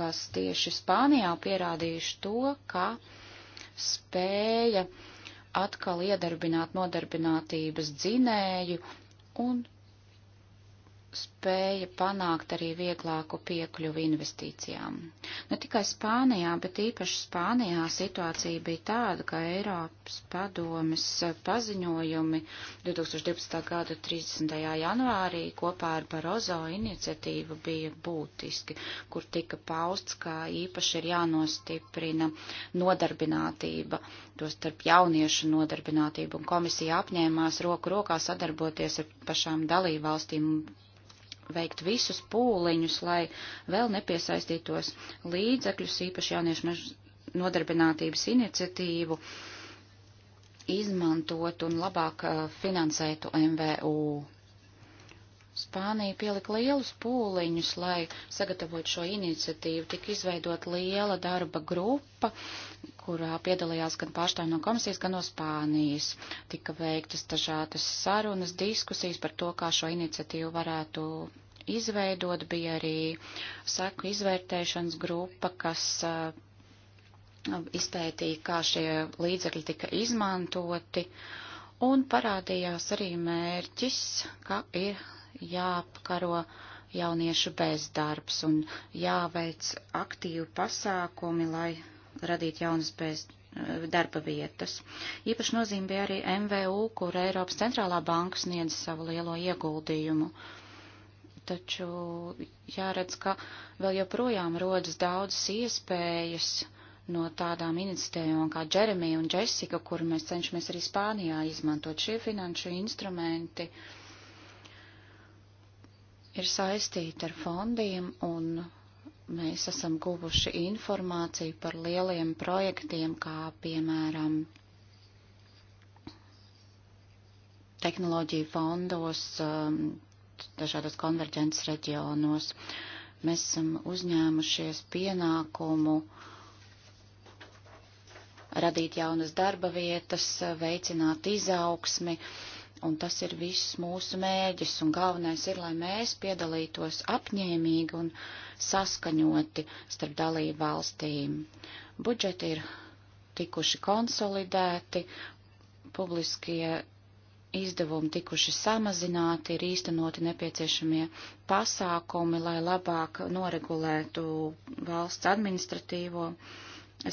kas tieši Spānijā pierādījuši to, ka spēja atkal iedarbināt nodarbinātības dzinēju un spēja panākt arī vieglāku piekļuvi investīcijām. Ne tikai Spānijā, bet īpaši Spānijā situācija bija tāda, ka Eiropas padomes paziņojumi 2012. gada 30. janvārī kopā ar Barozo iniciatīvu bija būtiski, kur tika pausts, ka īpaši ir jānostiprina nodarbinātība, to starp jauniešu nodarbinātību, un komisija apņēmās roku rokā sadarboties ar pašām dalībvalstīm veikt visus pūliņus, lai vēl nepiesaistītos līdzekļus, īpaši jauniešu nodarbinātības iniciatīvu, izmantot un labāk eh, finansētu MVU. Spānija pielika lielus pūliņus, lai sagatavotu šo iniciatīvu. Tika izveidot liela darba grupa, kurā piedalījās gan pārstāvji no komisijas, gan no Spānijas. Tika veiktas dažādas sarunas, diskusijas par to, kā šo iniciatīvu varētu izveidot. Bija arī seku izvērtēšanas grupa, kas uh, izpētīja, kā šie līdzekļi tika izmantoti. Un parādījās arī mērķis, ka ir jāapkaro jauniešu bezdarbs un jāveic aktīvi pasākumi, lai radītu jaunas bezdarbs eh, darba vietas. Īpaši nozīme bija arī MVU, kur Eiropas centrālā banka sniedz savu lielo ieguldījumu. Taču jāredz, ka vēl joprojām rodas daudzas iespējas no tādām iniciatīvām kā Džeremija un Džesika, kur mēs cenšamies arī Spānijā izmantot šie finanšu instrumenti. Uh, ir saistīta ar fondiem, un mēs esam guvuši informāciju par lieliem projektiem, kā piemēram tehnoloģiju fondos, um, dažādos konverģences reģionos. Mēs esam uzņēmušies pienākumu radīt jaunas darba vietas, veicināt izaugsmi. Uh, Un tas ir viss mūsu mēģis, un galvenais ir, lai mēs piedalītos apņēmīgi un saskaņoti starp dalību valstīm. Budžeti ir tikuši konsolidēti, publiskie izdevumi tikuši samazināti, ir īstenoti nepieciešamie pasākumi, lai labāk noregulētu valsts administratīvo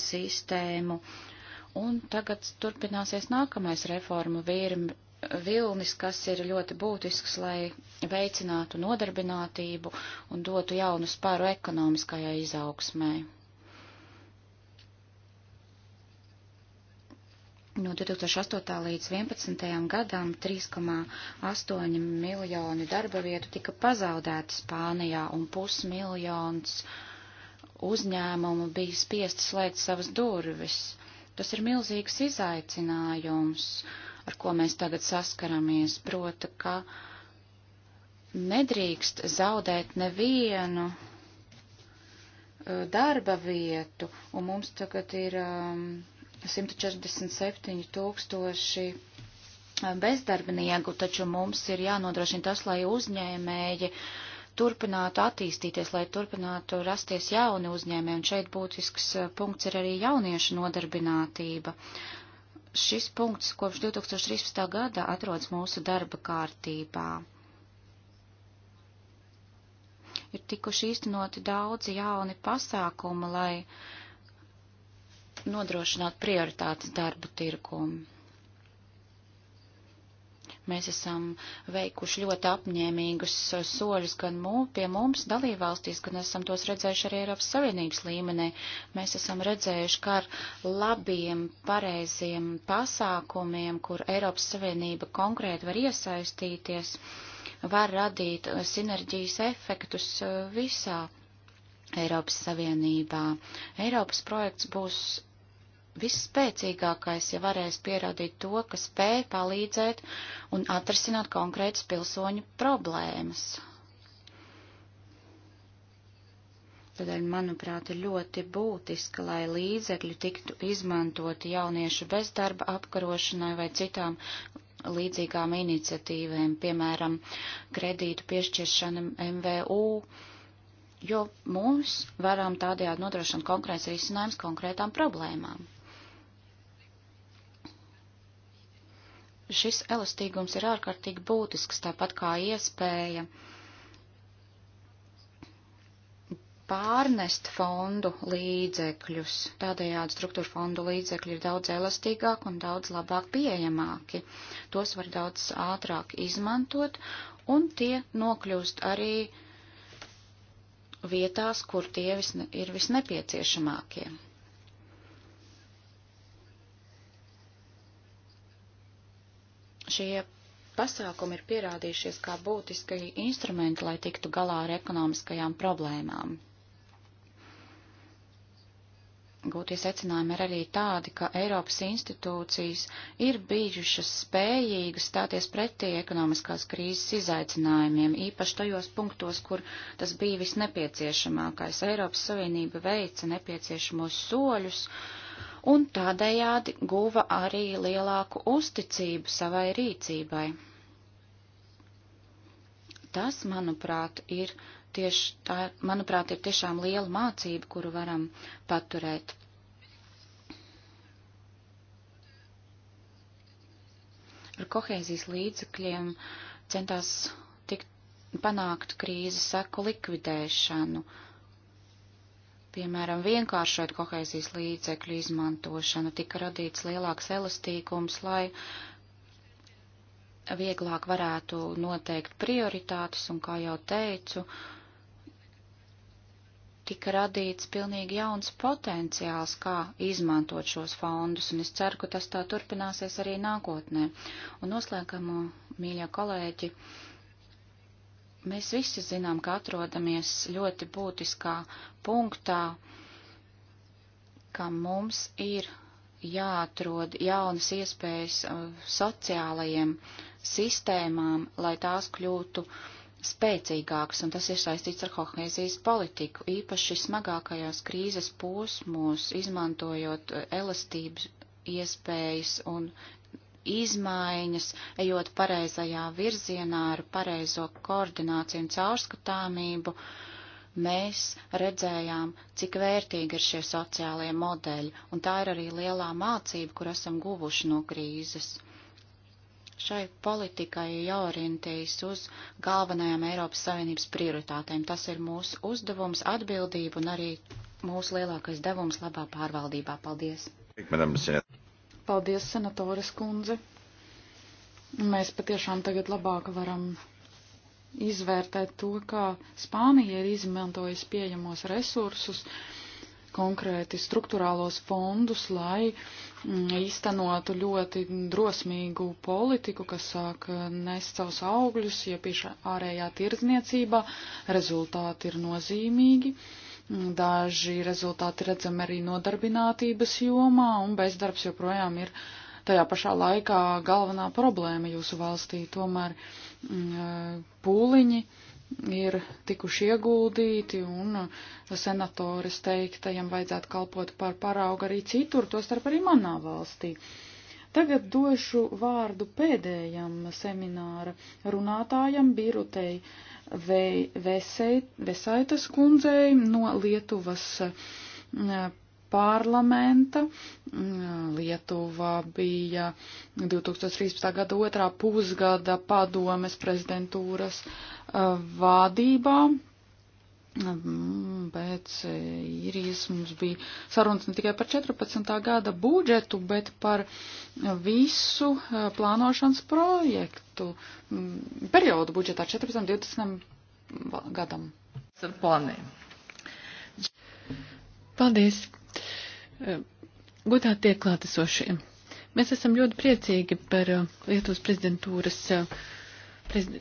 sistēmu. Un tagad turpināsies nākamais reformu virkne vilnis, kas ir ļoti būtisks, lai veicinātu nodarbinātību un dotu jaunu spāru ekonomiskajai izaugsmai. No 2008. līdz 2011. gadam 3,8 miljoni darba vietu tika pazaudēti Spānijā un pusmiljons uzņēmumu bija spiesti slēgt savas durvis. Tas ir milzīgs izaicinājums. Uh, ar ko mēs tagad saskaramies, proti, ka nedrīkst zaudēt nevienu eh, darba vietu, un mums tagad ir um, ehm, 147 tūkstoši eh, bezdarbnieku, taču mums ir jānodrošina tas, lai uzņēmēji turpinātu attīstīties, lai turpinātu rasties jauni uzņēmēji, un šeit būtisks eh, punkts ir arī jauniešu nodarbinātība. Uh, šis punkts kopš 2013. gada atrodas mūsu darba kārtībā. Ir tikuši īstenoti daudzi jauni pasākumi, lai nodrošinātu prioritātes darbu tirkumu. Mēs esam veikuši ļoti apņēmīgus uh, soļus gan mū, pie mums dalībvalstīs, gan esam tos redzējuši arī Eiropas Savienības līmenī. Mēs esam redzējuši, ka ar labiem, pareiziem pasākumiem, kur Eiropas Savienība konkrēti var iesaistīties, var radīt uh, sinerģijas efektus uh, visā Eiropas Savienībā. Eiropas projekts būs visspēcīgākais, ja varēs pierādīt to, ka spēj palīdzēt un atrisināt konkrētas pilsoņu problēmas. Tādēļ, manuprāt, ir ļoti būtiski, lai līdzekļi tiktu izmantoti jauniešu bezdarba apkarošanai vai citām līdzīgām iniciatīvēm, piemēram, kredītu piešķiršana MVU, jo mums varam tādējādi nodrošināt konkrēts risinājums konkrētām problēmām. šis elastīgums ir ārkārtīgi būtisks, tāpat kā iespēja pārnest fondu līdzekļus. Tādējādi struktūra fondu līdzekļi ir daudz elastīgāk un daudz labāk pieejamāki. Tos var daudz ātrāk izmantot, un tie nokļūst arī vietās, kur tie visne, ir visnepieciešamākie. Šie pasākumi ir pierādījušies kā būtiski instrumenti, lai tiktu galā ar ekonomiskajām problēmām. Gūtie secinājumi ir arī tādi, ka Eiropas institūcijas ir bijušas spējīgas stāties pretī ekonomiskās krīzes izaicinājumiem, īpaši tajos punktos, kur tas bija visnepieciešamākais. Eiropas Savienība veica nepieciešamos soļus, uh, un tādējādi guva arī lielāku uzticību savai rīcībai. Tas, manuprāt, ir tieši tā, manuprāt, ir tiešām liela mācība, kuru varam paturēt ar kohēzijas līdzekļiem centās tikt panākt krīzes seku likvidēšanu. Uh, Piemēram, vienkāršot kohēzijas līdzekļu izmantošanu, tika radīts lielāks elastīgums, lai vieglāk varētu noteikt prioritātes, un, kā jau teicu, tika radīts pilnīgi jauns potenciāls, kā izmantot šos fondus, un es ceru, ka tas tā turpināsies arī nākotnē. Un noslēgumā, mīļā kolēģi, uh, Mēs visi zinām, ka atrodamies ļoti būtiskā punktā, ka mums ir jāatrod jaunas iespējas uh, sociālajiem sistēmām, lai tās kļūtu spēcīgākas, un tas ir saistīts ar kohēzijas politiku, īpaši smagākajos krīzes posmos, izmantojot uh, elastības iespējas un izmaiņas, ejot pareizajā virzienā ar pareizo koordināciju un caurskatāmību, mēs redzējām, cik vērtīgi ir šie sociālie modeļi, un tā ir arī lielā mācība, kur esam guvuši no krīzes. Šai politikai jāorientējas uz galvenajām Eiropas Savienības prioritātēm. Tas ir mūsu uzdevums, atbildība un arī mūsu lielākais devums labā pārvaldībā. Paldies! Madam Senat. Paldies, senatoras kundze. Mēs patiešām tagad labāk varam izvērtēt to, kā Spānija ir izmantojusi pieejamos resursus, konkrēti struktūrālos fondus, lai mm, īstenotu ļoti drosmīgu politiku, kas sāk eh, nest savus augļus, ja pieša ārējā tirdzniecībā rezultāti ir nozīmīgi. Uh, Daži rezultāti redzam arī nodarbinātības jomā, un bezdarbs joprojām ir tajā pašā laikā galvenā problēma jūsu valstī. Tomēr mm, eh, pūliņi ir tikuši ieguldīti, un eh, senatoris teiktajam vajadzētu kalpot par paraugu arī citur, tostarp arī manā valstī. Tagad došu vārdu pēdējam semināra runātājam Birutei Vesaitas kundzei no Lietuvas mm, parlamenta. Mm, Lietuva bija 2013. gada otrā pusgada padomes prezidentūras eh, vadībā. Mm, pēc eh, īrijas mums bija sarunas ne tikai par 14. gada budžetu, bet par visu eh, plānošanas projektu mm, periodu budžetā 14. 20. gadam. Ar plāniem. Paldies. Eh, Gudā tiek klātesošie. Mēs esam ļoti priecīgi par Lietuvas prezidentūras prezid...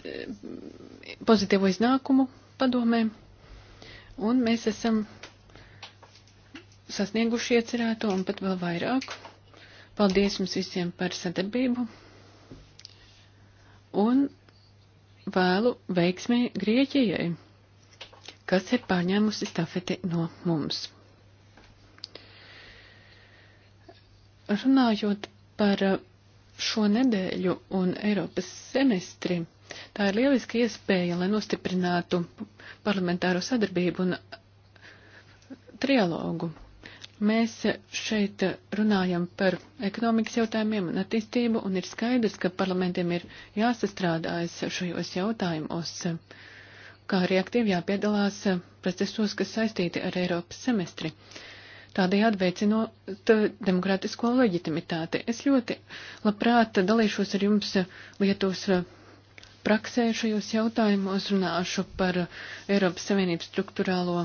pozitīvo iznākumu padomēm un mēs esam sasnieguši iecerēto un pat vēl vairāk. Paldies jums visiem par sadarbību un vēlu veiksmi Grieķijai, kas ir pārņēmusi stafeti no mums. Runājot par šo nedēļu un Eiropas semestri. Tā ir lieliska iespēja, lai nostiprinātu parlamentāro sadarbību un trialogu. Mēs šeit runājam par ekonomikas jautājumiem un attīstību, un ir skaidrs, ka parlamentiem ir jāsastrādājas šajos jautājumos, kā arī aktīvi jāpiedalās procesos, kas saistīti ar Eiropas semestri. Tādējādi veicinot demokrātisko leģitimitāti. Es ļoti labprāt dalīšos ar jums Lietuvas praksē šajos jautājumos, runāšu par Eiropas Savienības struktūrālo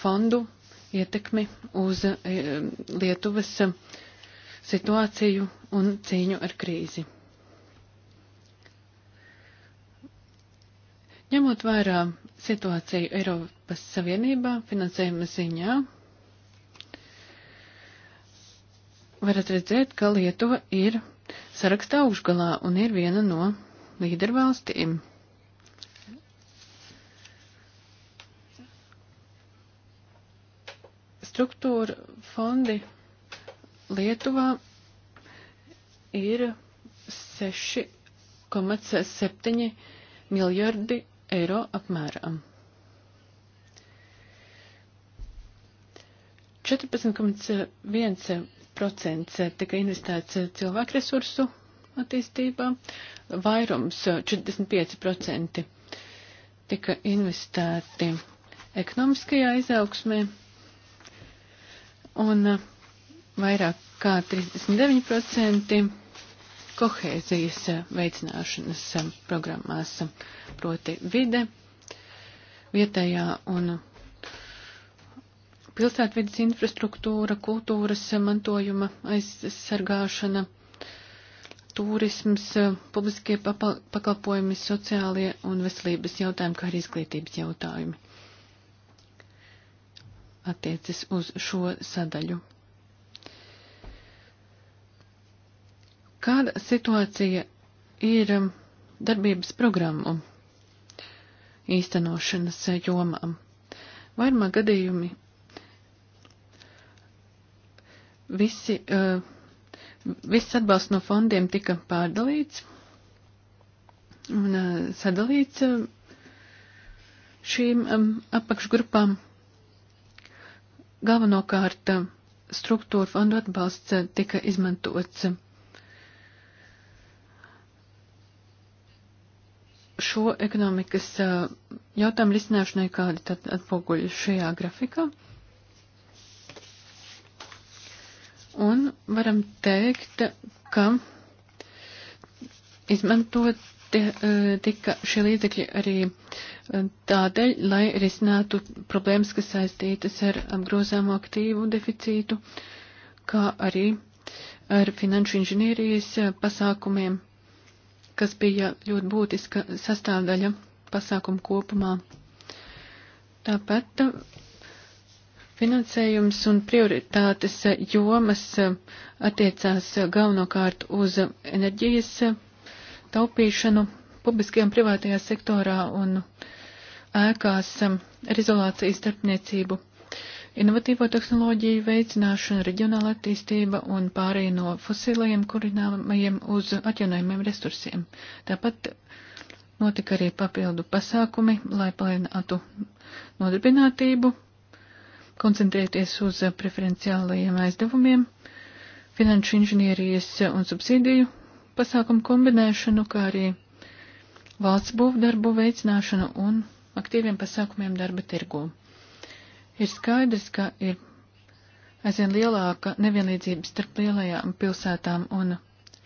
fondu ietekmi uz e, Lietuvas situāciju un cīņu ar krīzi. Ņemot vērā situāciju Eiropas Savienībā finansējuma ziņā, varat redzēt, ka Lietuva ir sarakstā augšgalā un ir viena no līdervalstīm. Struktūra fondi Lietuvā ir 6,7 miljardi eiro apmērā. 14,1% tika investēts cilvēku resursu attīstībā. Vairums 45% eh, tika investēti ekonomiskajā izaugsmē un eh, vairāk kā 39% kohēzijas eh, veicināšanas programmās, proti vide, vietējā un pilsētvidas infrastruktūra, kultūras mantojuma aizsargāšana, turisms, publiskie pakalpojumi, sociālie un veselības jautājumi, kā arī izglītības jautājumi attiecas uz šo sadaļu. Kāda situācija ir darbības programmu īstenošanas jomām? Vairumā gadījumi visi uh, Viss atbalsts no fondiem tika pārdalīts un uh, sadalīts uh, šīm um, apakšgrupām. Galvenokārt uh, struktūra fondu atbalsts tika izmantots šo ekonomikas jautājumu risināšanai, kādi tad atpoguļ šajā grafikā. Un varam teikt, ka izmantot eh, tika šie līdzekļi arī eh, tādēļ, lai risinātu problēmas, kas saistītas ar apgrozāmo um, aktīvu deficītu, kā arī ar finanšu inženierijas eh, pasākumiem, kas bija ļoti būtiska sastāvdaļa pasākumu kopumā. Tāpat Finansējums un prioritātes eh, jomas eh, attiecās eh, galvenokārt uz enerģijas taupīšanu publiskajā un privātajā sektorā un ēkās ar izolācijas starpniecību, inovatīvo tehnoloģiju veicināšanu, reģionāla attīstība un pārēja no fosilajiem kurināmajiem uz atjaunojumiem resursiem. Tāpat notika arī papildu pasākumi, lai palielinātu nodarbinātību koncentrēties uz preferenciālajiem aizdevumiem, finanšu inženierijas un subsīdiju pasākumu kombinēšanu, kā arī valsts būvdarbu veicināšanu un aktīviem pasākumiem darba tirgū. Ir skaidrs, ka ir aizvien lielāka nevienlīdzība starp lielajām pilsētām un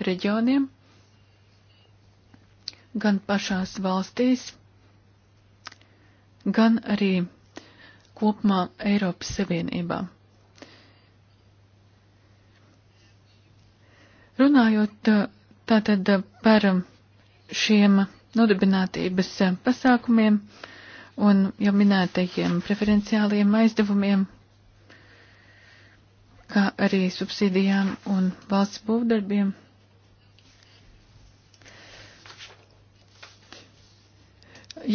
reģioniem, gan pašās valstīs, gan arī kopumā Eiropas Savienībā. Runājot eh, tātad eh, par šiem nodarbinātības eh, pasākumiem un jau minētajiem preferenciāliem aizdevumiem, kā arī subsīdijām un valsts būvdarbiem.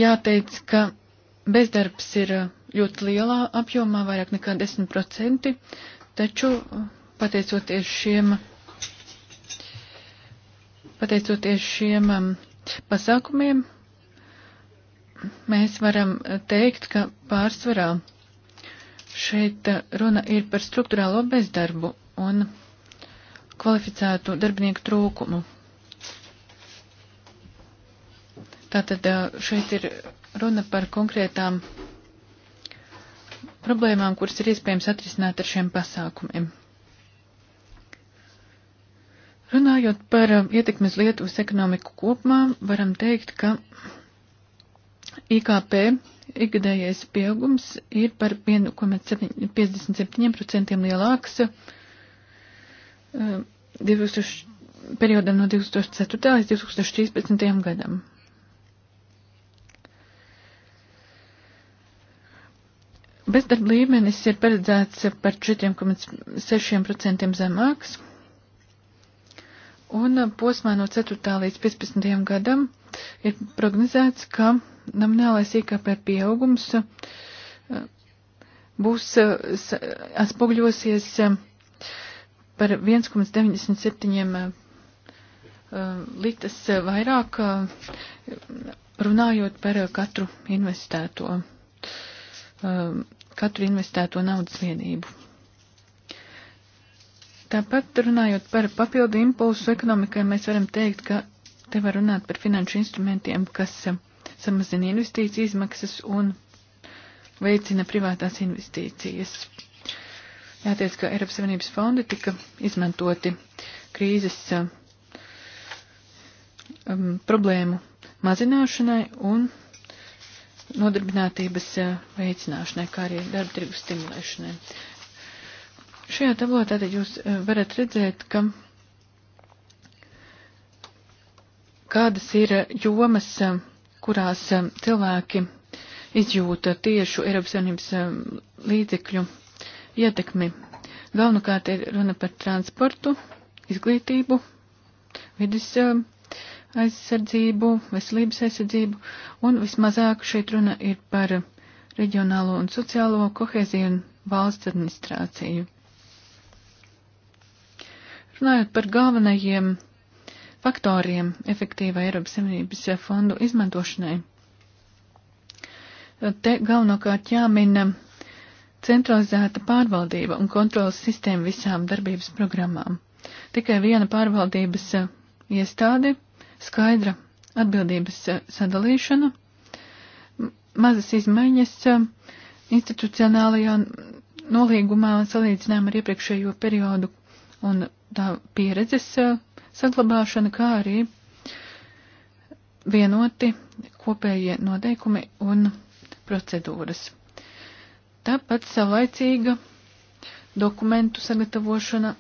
Jāteic, ka bezdarbs ir ļoti lielā apjomā, vairāk nekā 10%, taču pateicoties šiem, pateicoties šiem um, pasākumiem, mēs varam teikt, ka pārsvarā šeit uh, runa ir par struktūrālo bezdarbu un kvalificētu darbinieku trūkumu. Tātad uh, šeit ir runa par konkrētām problēmām, kuras ir iespējams atrisināt ar šiem pasākumiem. Runājot par um, ietekmes lietu uz ekonomiku kopumā, varam teikt, ka IKP ikgadējais pieaugums ir par 1,57% lielāks uh, um, 2000, periodam no 2004. līdz 2013. gadam. Bezdarba līmenis ir paredzēts par 4,6% zemāks, un posmā no 4. līdz 15. gadam ir prognozēts, ka nominālais IKP pieaugums uh, būs uh, atspogļosies uh, par 1,97 litas vairāk runājot par katru investēto katru investēto naudas vienību. Tāpat runājot par papildu impulsu ekonomikai, mēs varam teikt, ka te var runāt par finanšu instrumentiem, kas eh, samazina investīciju izmaksas un veicina privātās investīcijas. Jātiec, ka Eiropas Savienības fondi tika izmantoti krīzes eh, um, problēmu mazināšanai un nodarbinātības veicināšanai, kā arī darba tirgu stimulēšanai. Šajā tablā tātad jūs varat redzēt, ka kādas ir jomas, kurās cilvēki izjūta tiešu Eiropas Savienības līdzekļu ietekmi. Galvenokārt ir runa par transportu, izglītību, vidas aizsardzību, veselības aizsardzību, un vismazāk šeit runa ir par reģionālo un sociālo kohēziju un valsts administrāciju. Runājot par galvenajiem faktoriem efektīvai Eiropas Savienības fondu izmantošanai, te galvenokārt jāmina centralizēta pārvaldība un kontrolas sistēma visām darbības programmām. Tikai viena pārvaldības iestāde skaidra atbildības eh, sadalīšana, mazas izmaiņas eh, institucionālajā nolīgumā salīdzinām ar iepriekšējo periodu un tā pieredzes eh, saglabāšana, kā arī vienoti kopējie noteikumi un procedūras. Tāpat savlaicīga dokumentu sagatavošana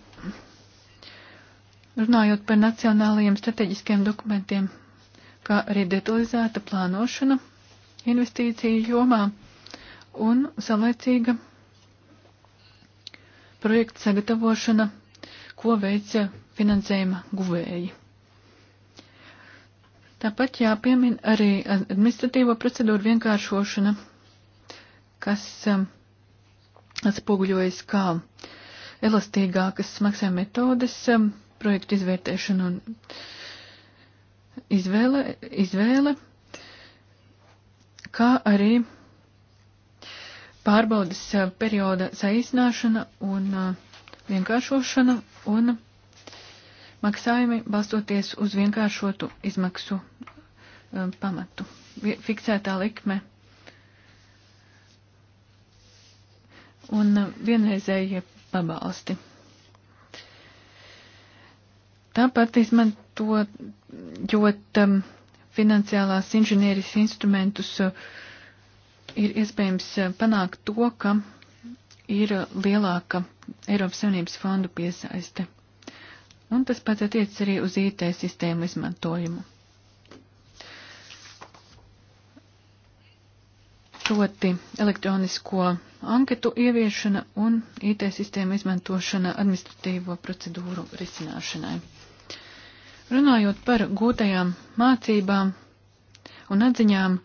Runājot par nacionālajiem strateģiskiem dokumentiem, kā arī detalizēta plānošana investīciju jomā un samlaicīga projekta sagatavošana, ko veic finansējuma guvēji. Tāpat jāpiemin arī administratīvo procedūru vienkāršošana, kas um, atspoguļojas kā elastīgākas maksājuma metodes, um, projektu izvērtēšana un izvēle, izvēle kā arī pārbaudas eh, perioda saīsināšana un eh, vienkāršošana un maksājumi balstoties uz vienkāršotu izmaksu eh, pamatu. Fiksētā likme un vienreizējie pabalsti. Tāpat izmantojot um, finansiālās inženierijas instrumentus, uh, ir iespējams uh, panākt to, ka ir uh, lielāka Eiropas Savienības fondu piesaiste. Un tas pats attiec arī uz IT sistēmu izmantojumu. proti elektronisko anketu ieviešana un IT sistēma izmantošana administratīvo procedūru risināšanai. Runājot par gūtajām mācībām un atziņām,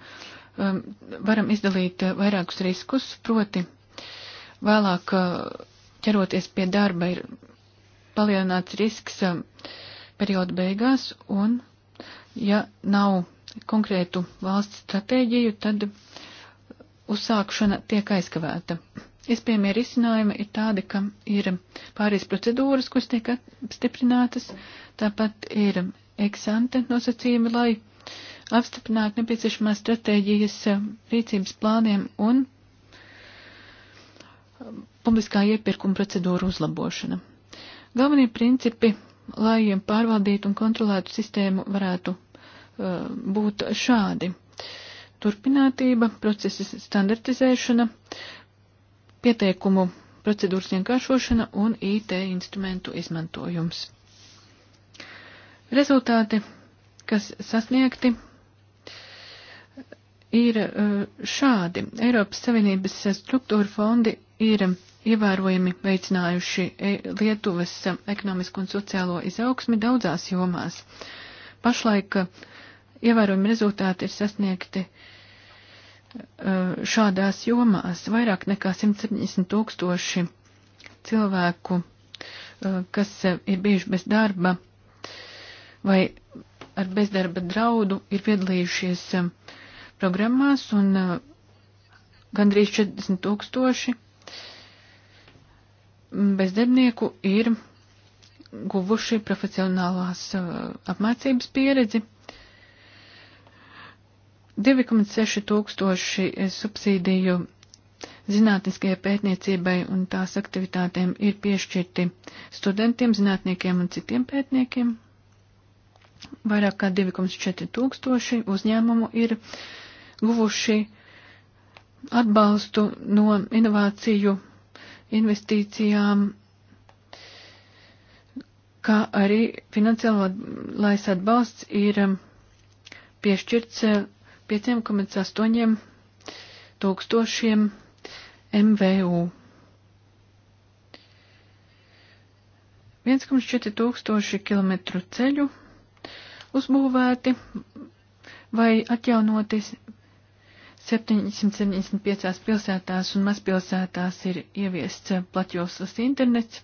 um, varam izdalīt uh, vairākus riskus, proti vēlāk uh, ķeroties pie darba ir palielināts risks um, perioda beigās un, ja nav konkrētu valsts stratēģiju, tad uzsākšana tiek aizkavēta. Iespējamie risinājumi ir tādi, ka ir pāris procedūras, kuras tiek apstiprinātas, tāpat ir eksante nosacījumi, lai apstiprinātu nepieciešamās stratēģijas eh, rīcības plāniem un um, publiskā iepirkuma procedūra uzlabošana. Galvenie principi, lai pārvaldītu un kontrolētu sistēmu, varētu uh, būt šādi. Turpinātība, procesa standartizēšana, uh, pieteikumu procedūras vienkāršošana un IT instrumentu izmantojums. Rezultāti, kas sasniegti, ir eh, šādi. Eiropas Savienības struktūra fondi ir ievērojami veicinājuši eh, Lietuvas ekonomisko un sociālo izaugsmi daudzās jomās. Pašlaik eh, ievērojami rezultāti ir sasniegti uh, Eh, šādās jomās vairāk nekā 170 tūkstoši cilvēku, eh, kas ir bijuši bez darba vai ar bezdarba draudu, ir piedalījušies eh, programmās un gandrīz 40 tūkstoši bezdarbnieku ir guvuši profesionālās apmācības pieredzi 2,6 tūkstoši subsīdiju zinātniskajai pētniecībai un tās aktivitātēm ir piešķirti studentiem, zinātniekiem un citiem pētniekiem. Vairāk kā 2,4 tūkstoši uzņēmumu ir guvuši atbalstu no inovāciju investīcijām, kā arī finansiālais atbalsts ir piešķirts 5,8 tūkstošiem MVU. 1,4 tūkstoši kilometru ceļu uzbūvēti vai atjaunoti 775 pilsētās un mazpilsētās ir ieviests plaķoslas internets,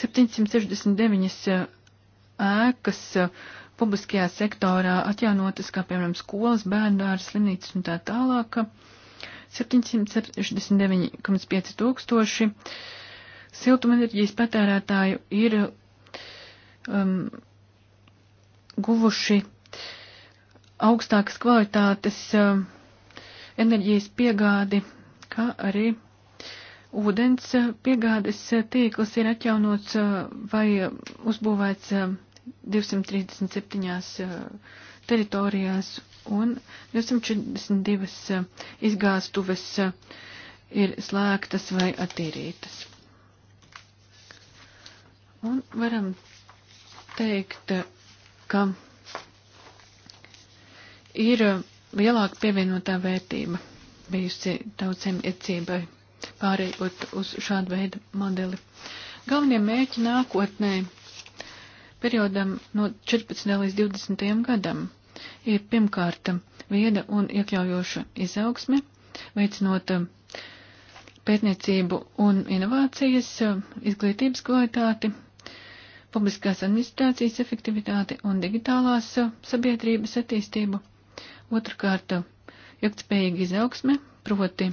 769 ēkas publiskajā sektorā atjaunotas, kā piemēram skolas, bērndārs, slimnīcas un tā tālāk, 769,5 tūkstoši siltumenerģijas patērētāju ir um, guvuši augstākas kvalitātes um, enerģijas piegādi, kā arī ūdens piegādes tīkls ir atjaunots vai uzbūvēts um, 237 eh, teritorijās un 242 eh, izgāstuves eh, ir slēgtas vai attīrītas. Un varam teikt, ka ir lielāka pievienotā vērtība bijusi tautsēm iecībai pārējot uz šādu veidu modeli. Galvenie mērķi nākotnē periodam no 14. līdz 20. gadam ir pirmkārt vieda un iekļaujoša izaugsme, veicinot um, pētniecību un inovācijas, um, izglītības kvalitāti, publiskās administrācijas efektivitāti un digitālās um, sabiedrības attīstību. Otrakārt, ilgtspējīga izaugsme, proti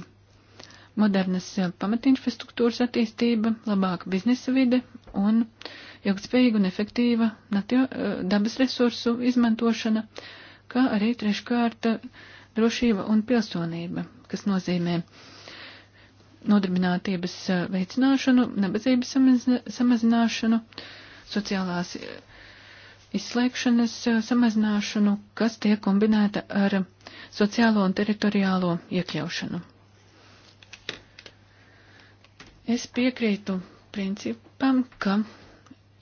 modernas pamatinfrastruktūras attīstība, labāka biznesa vide un uh, ilgspējīga un efektīva eh, dabas resursu izmantošana, kā arī treškārt eh, drošība un pilsonība, kas nozīmē nodarbinātības eh, veicināšanu, nabadzības samazināšanu, sociālās izslēgšanas samazināšanu, kas tiek kombinēta ar sociālo un teritoriālo iekļaušanu. Es piekrītu principam, ka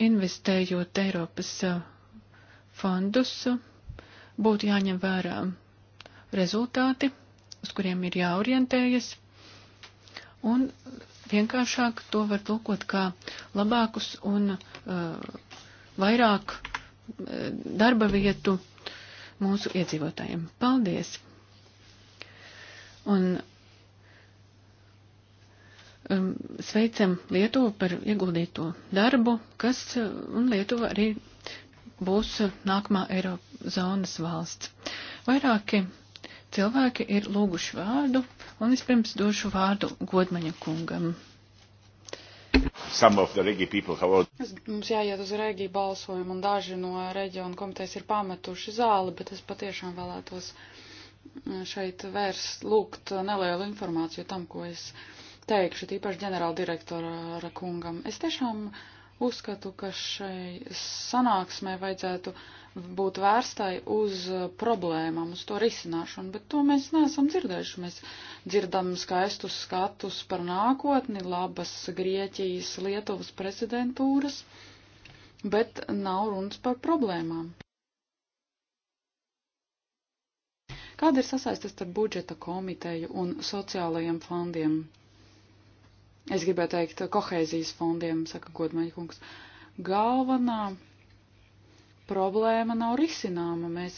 investējot Eiropas uh, fondus, būtu jāņem vērā rezultāti, uz kuriem ir jāorientējas, un vienkāršāk to var tulkot kā labākus un uh, vairāk uh, darba vietu mūsu iedzīvotājiem. Paldies! Un Um, sveicam Lietuvu par ieguldīto darbu, kas uh, un Lietuva arī būs uh, nākamā Eiropas zonas valsts. Vairāki cilvēki ir lūguši vārdu, un vispirms došu vārdu Godmaņa kungam. Have... Mums jāiet uz reģiju balsojumu, un daži no reģionu komitejas ir pametuši zāli, bet es patiešām vēlētos uh, šeit vērst, lūgt nelielu informāciju tam, ko es. Uh, teikšu, tīpaši ģenerāla direktora kungam. Es tiešām uzskatu, ka šai sanāksmē vajadzētu būt vērstai uz problēmām, uz to risināšanu, bet to mēs neesam dzirdējuši. Mēs dzirdam skaistus skatus par nākotni, labas Grieķijas, Lietuvas prezidentūras, bet nav runas par problēmām. Kāda ir sasaistes ar budžeta komiteju un sociālajiem fondiem? es gribēju teikt, kohēzijas fondiem, saka godmaņkungs, galvenā problēma nav risināma. Mēs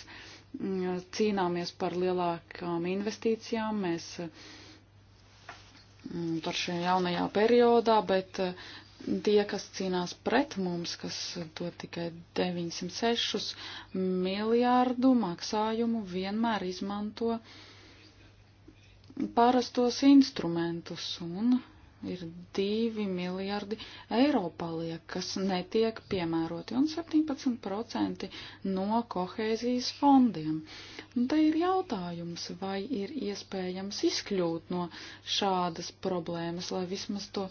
mm, cīnāmies par lielākām investīcijām, mēs mm, par šajā jaunajā periodā, bet mm, tie, kas cīnās pret mums, kas to tikai 906 miljārdu maksājumu vienmēr izmanto parastos instrumentus un ir 2 miljardi eiro paliek, kas netiek piemēroti, un 17% no kohēzijas fondiem. Un te ir jautājums, vai ir iespējams izkļūt no šādas problēmas, lai vismaz to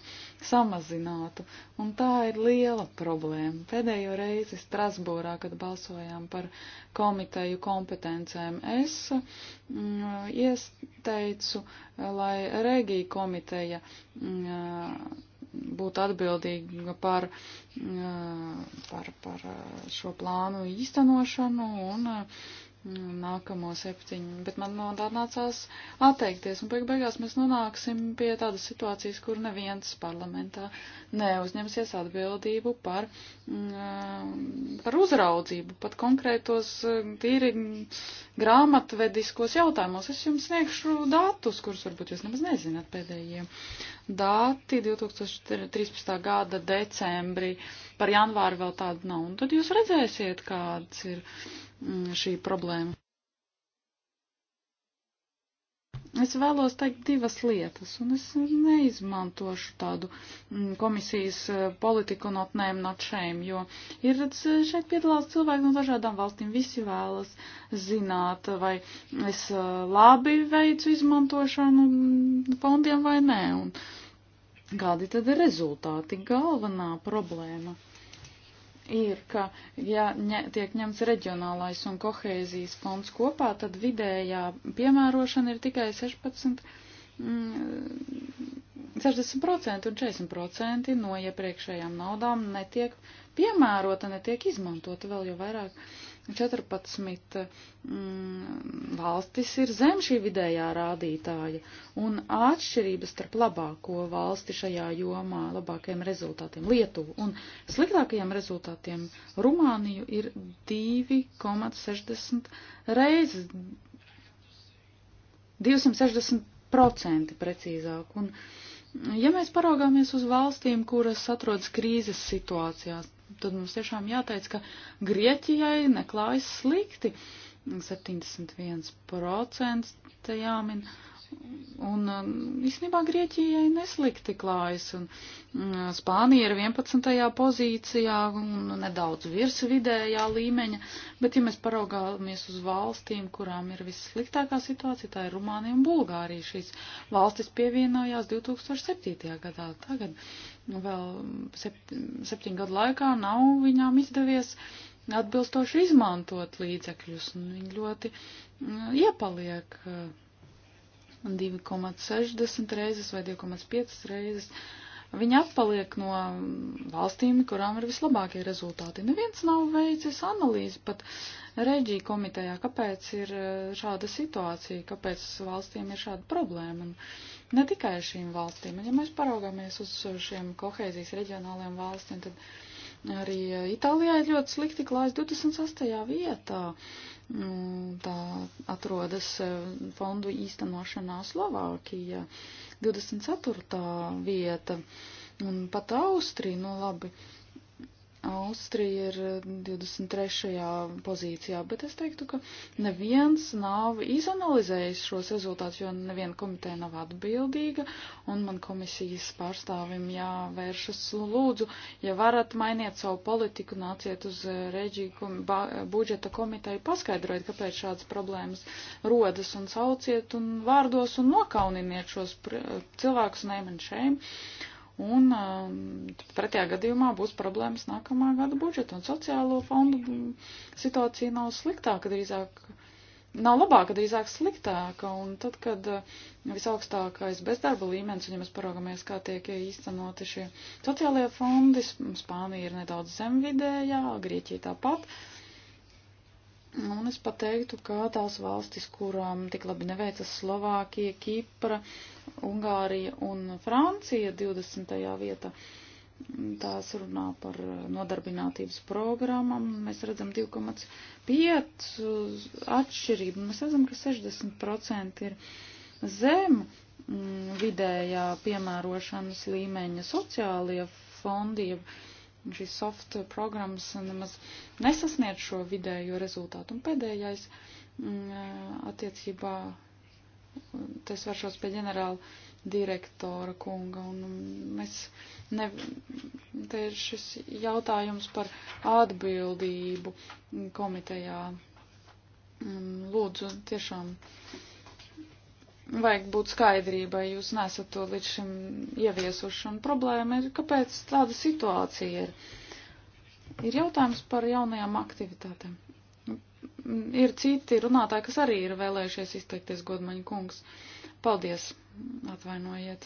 samazinātu. Un tā ir liela problēma. Pēdējo reizi Strasbūrā, kad balsojām par komiteju kompetencēm, es Mm, iesteicu, lai Regija komiteja mm, būtu atbildīga par, mm, par, par šo plānu īstenošanu un nākamo septiņu, bet man man tā nācās atteikties, un beig beigās mēs nonāksim pie tādas situācijas, kur neviens parlamentā neuzņemsies atbildību par, mm, par uzraudzību, pat konkrētos mm, tīri grāmatvediskos jautājumos. Es jums sniegšu datus, kurus varbūt jūs nemaz nezināt pēdējie. Dati 2013. gada decembrī, par janvāru vēl tādu nav, un tad jūs redzēsiet, kāds ir Mm, šī problēma. Es vēlos teikt divas lietas, un es neizmantošu tādu mm, komisijas eh, politiku not name, not shame, jo ir šeit piedalās cilvēki no dažādām valstīm, visi vēlas zināt, vai es eh, labi veicu izmantošanu mm, fondiem vai nē, un kādi tad ir rezultāti, galvenā problēma ir, ka ja ne, tiek ņemts reģionālais un kohēzijas fonds kopā, tad vidējā piemērošana ir tikai 16. Mm, 60% un 40% no iepriekšējām naudām netiek piemērota, netiek izmantota vēl jau vairāk. Uh, 14 mm, valstis ir zem šī vidējā rādītāja, un atšķirības starp labāko valsti šajā jomā, labākajiem rezultātiem Lietuvu un sliktākajiem rezultātiem Rumāniju ir 2,60 reizes 260 procenti precīzāk. Un, ja mēs paraugāmies uz valstīm, kuras atrodas krīzes situācijās, tad mums tiešām jāteic, ka Grieķijai neklājas slikti. 71% jāmin. Ja Un um, īstenībā Grieķijai neslikti klājas, un mm, Spānija ir 11. pozīcijā un nedaudz virs vidējā līmeņa, bet ja mēs paraugāmies uz valstīm, kurām ir vissliktākā situācija, tā ir Rumānija un Bulgārija. Šīs valstis pievienojās 2007. gadā. Tagad nu, vēl septiņu gadu laikā nav viņām izdevies atbilstoši izmantot līdzekļus, un viņi ļoti mm, iepaliek. Uh, 2,60 reizes vai 2,5 reizes. Viņi atpaliek no valstīm, kurām ir vislabākie rezultāti. Neviens nav veicis analīzi pat reģija komitejā, kāpēc ir e, šāda situācija, kāpēc valstīm ir šāda problēma. Un ne tikai šīm valstīm. Ja mēs paraugāmies uz šiem kohēzijas reģionāliem valstīm, tad Arī e, Itālijā ir ļoti slikti klājas 28. vietā. Mm, tā atrodas e, fondu īstenošanā Slovākija 24. vieta. Un pat Austrija, nu labi, Austrija ir 23. Eh, pozīcijā, bet es teiktu, ka neviens nav izanalizējis šos rezultātus, jo neviena komiteja nav atbildīga, un man komisijas pārstāvim jāvēršas lūdzu, ja varat mainiet savu politiku, nāciet uz eh, reģiju kom, budžeta komiteju, paskaidrojiet, kāpēc šādas problēmas rodas, un sauciet un vārdos un nokauniniet šos eh, cilvēkus name and shame. Uh, Un um, pretējā gadījumā būs problēmas nākamā gada budžeta un sociālo fondu mm, situācija nav sliktāka, drīzāk nav labāka, drīzāk sliktāka. Un tad, kad uh, visaugstākais bezdarba līmenis, un ja mēs paraugamies, kā tiek īstenoti šie sociālie fondi, Spānija ir nedaudz zemvidējā, Grieķija tāpat. Uh, Un es pateiktu, ka tās valstis, kurām tik labi neveicas Slovākija, Kipra, Ungārija un Francija 20. vietā, tās runā par nodarbinātības programmam, mēs redzam 2,5 atšķirību, mēs redzam, ka 60% ir zem mm, vidējā piemērošanas līmeņa sociālie fondi. Ja šīs soft programmas nemaz nesasniedz šo vidējo rezultātu. Un pēdējais mm, attiecībā, te es vēršos pie ģenerāla direktora kunga, un mm, mēs, ne, te ir šis jautājums par atbildību komitejā. Mm, lūdzu, tiešām vajag būt skaidrībai, jūs nesat to līdz šim ieviesuši, un problēma ir, kāpēc tāda situācija ir. Ir jautājums par jaunajām aktivitātēm. Ir citi runātāji, kas arī ir vēlējušies izteikties, godmaņa kungs. Paldies, atvainojiet.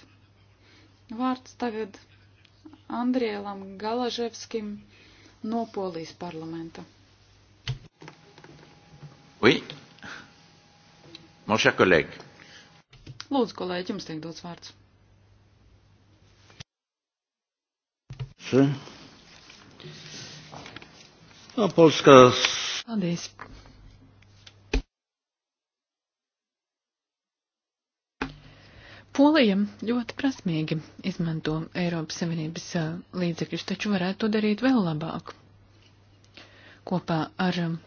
Vārds tagad Andrielam Galaževskim no Polijas parlamenta. Oui, mon cher collègue. Lūdzu, kolēģi, jums tiek dots vārds. Polskās. Paldies. Polija ļoti prasmīgi izmanto Eiropas Savienības uh, līdzekļus, taču varētu to darīt vēl labāk. Kopā ar um,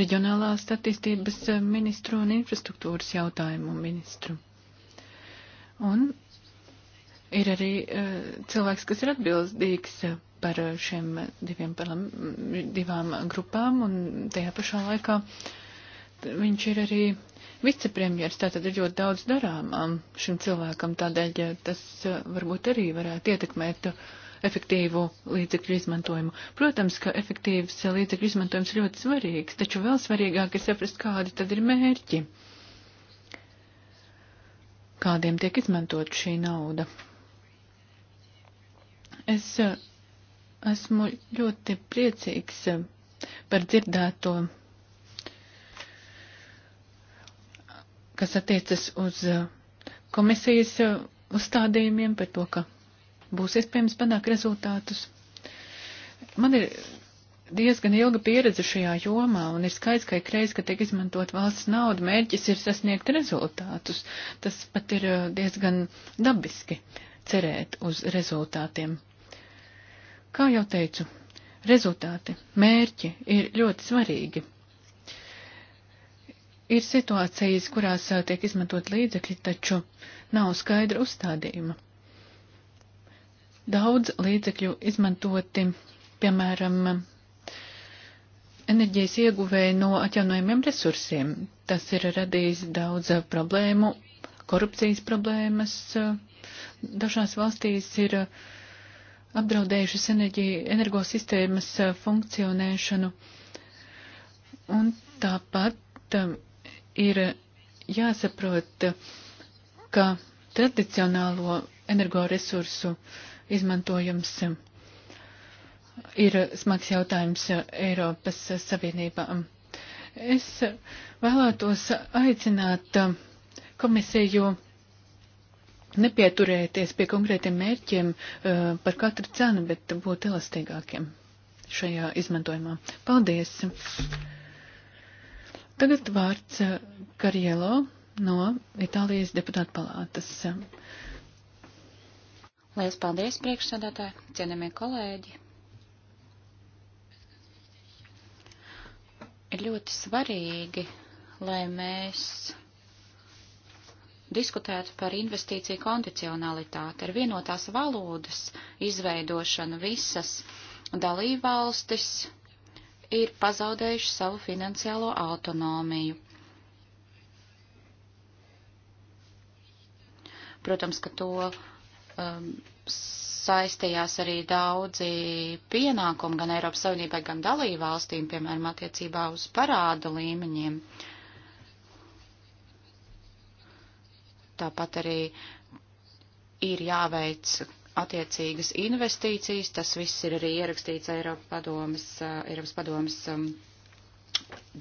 reģionālās attīstības eh, ministru un infrastruktūras jautājumu ministru. Un ir arī eh, cilvēks, kas ir atbildīgs eh, par šiem diviem, divām grupām, un tajā pašā laikā viņš ir arī vicepremjers, tātad ir ļoti daudz darāmām šim cilvēkam, tādēļ ja tas varbūt arī varētu ietekmēt uh, efektīvu līdzekļu izmantojumu. Protams, ka efektīvs līdzekļu izmantojums ļoti svarīgs, taču vēl svarīgāk ir saprast, kādi tad ir mērķi, kādiem tiek izmantot šī nauda. Es eh, esmu ļoti priecīgs eh, par dzirdēto, kas attiecas uz eh, komisijas uzstādījumiem par to, ka būs iespējams panākt rezultātus. Man ir diezgan ilga pieredze šajā jomā, un ir skaidrs, ka ikreiz, kad tiek izmantot valsts nauda, mērķis ir sasniegt rezultātus. Tas pat ir eh, diezgan dabiski cerēt uz rezultātiem. Kā jau teicu, rezultāti, mērķi ir ļoti svarīgi. Ir situācijas, kurās eh, tiek izmantot līdzekļi, taču nav skaidra uzstādījuma daudz līdzekļu izmantoti, piemēram, enerģijas ieguvēja no atjaunojumiem resursiem. Tas ir radījis daudz problēmu, korupcijas problēmas. Dažās valstīs ir apdraudējušas enerģiju, energosistēmas funkcionēšanu. Un tāpat ir jāsaprot, ka tradicionālo energoresursu uh, izmantojams. Ir smags jautājums Eiropas Savienībām. Es vēlētos aicināt komisiju nepieturēties pie konkrētiem mērķiem eh, par katru cenu, bet būt elastīgākiem šajā izmantojumā. Paldies! Tagad vārds Karjelo no Itālijas deputāta palātas. Lielas paldies, priekšsādātāji, cienījamie kolēģi. Ir ļoti svarīgi, lai mēs diskutētu par investīciju kondicionalitāti. Ar vienotās valodas izveidošanu visas dalībvalstis ir pazaudējuši savu finansiālo autonomiju. Protams, ka to um, saistījās arī daudzi pienākumi gan Eiropas Savienībai, gan dalībvalstīm, piemēram, attiecībā uz parādu līmeņiem. Tāpat arī ir jāveic attiecīgas investīcijas, tas viss ir arī ierakstīts uh, Eiropas padomas, Eiropas padomas um,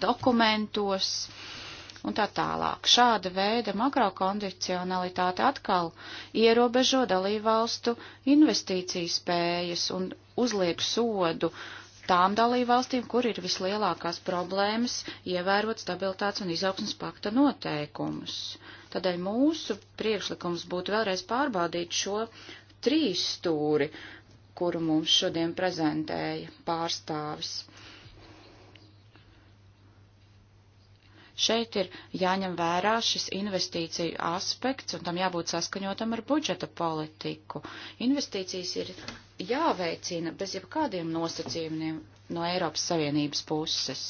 dokumentos. Uh, un tā tālāk. Šāda veida makrokondicionalitāte atkal ierobežo dalībvalstu investīciju spējas un uzliek sodu tām dalībvalstīm, kur ir vislielākās problēmas ievērot stabilitātes un izaugsmas pakta noteikumus. Tādēļ mūsu priekšlikums būtu vēlreiz pārbaudīt šo trīs stūri, kuru mums šodien prezentēja pārstāvis. Šeit ir jāņem vērā šis investīciju aspekts, un tam jābūt saskaņotam ar budžeta politiku. Investīcijas ir jāveicina bez jebkādiem nosacījumiem no Eiropas Savienības puses.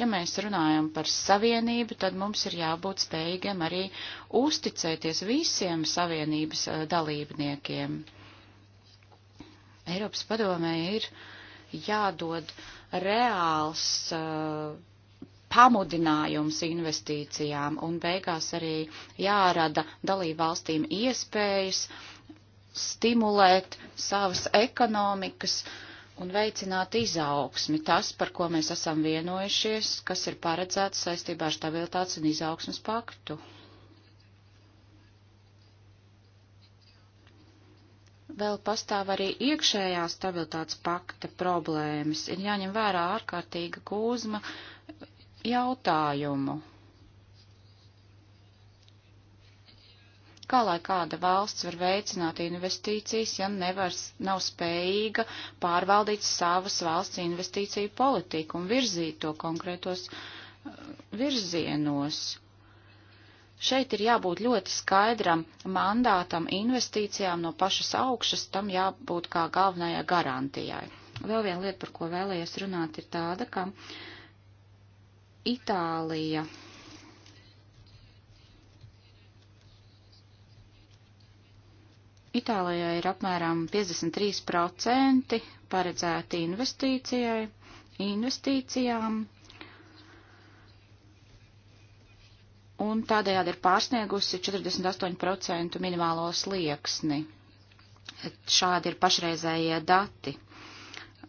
Ja mēs runājam par savienību, tad mums ir jābūt spējīgiem arī uzticēties visiem savienības eh, dalībniekiem. Eiropas padomē ir jādod reāls uh, pamudinājums investīcijām un beigās arī jārada dalību valstīm iespējas stimulēt savas ekonomikas un veicināt izaugsmi. Tas, par ko mēs esam vienojušies, kas ir paredzēts saistībā ar stabilitātes un izaugsmas paktu. vēl pastāv arī iekšējā stabilitātes pakta problēmas. Ir jāņem vērā ārkārtīga gūzma, uh, jautājumu. Kā lai kāda valsts var veicināt investīcijas, ja nevar, nav spējīga pārvaldīt savas valsts investīciju politiku un virzīt to konkrētos uh, virzienos? Šeit ir jābūt ļoti skaidram mandātam investīcijām no pašas augšas, tam jābūt kā galvenajai garantijai. Vēl viena lieta, par ko vēlējos runāt, ir tāda, ka uh, Itālija. Itālijā ir apmēram 53% paredzēti investīcijai, investīcijām, un tādējādi ir pārsniegusi 48% minimālo slieksni. Šādi ir pašreizējie dati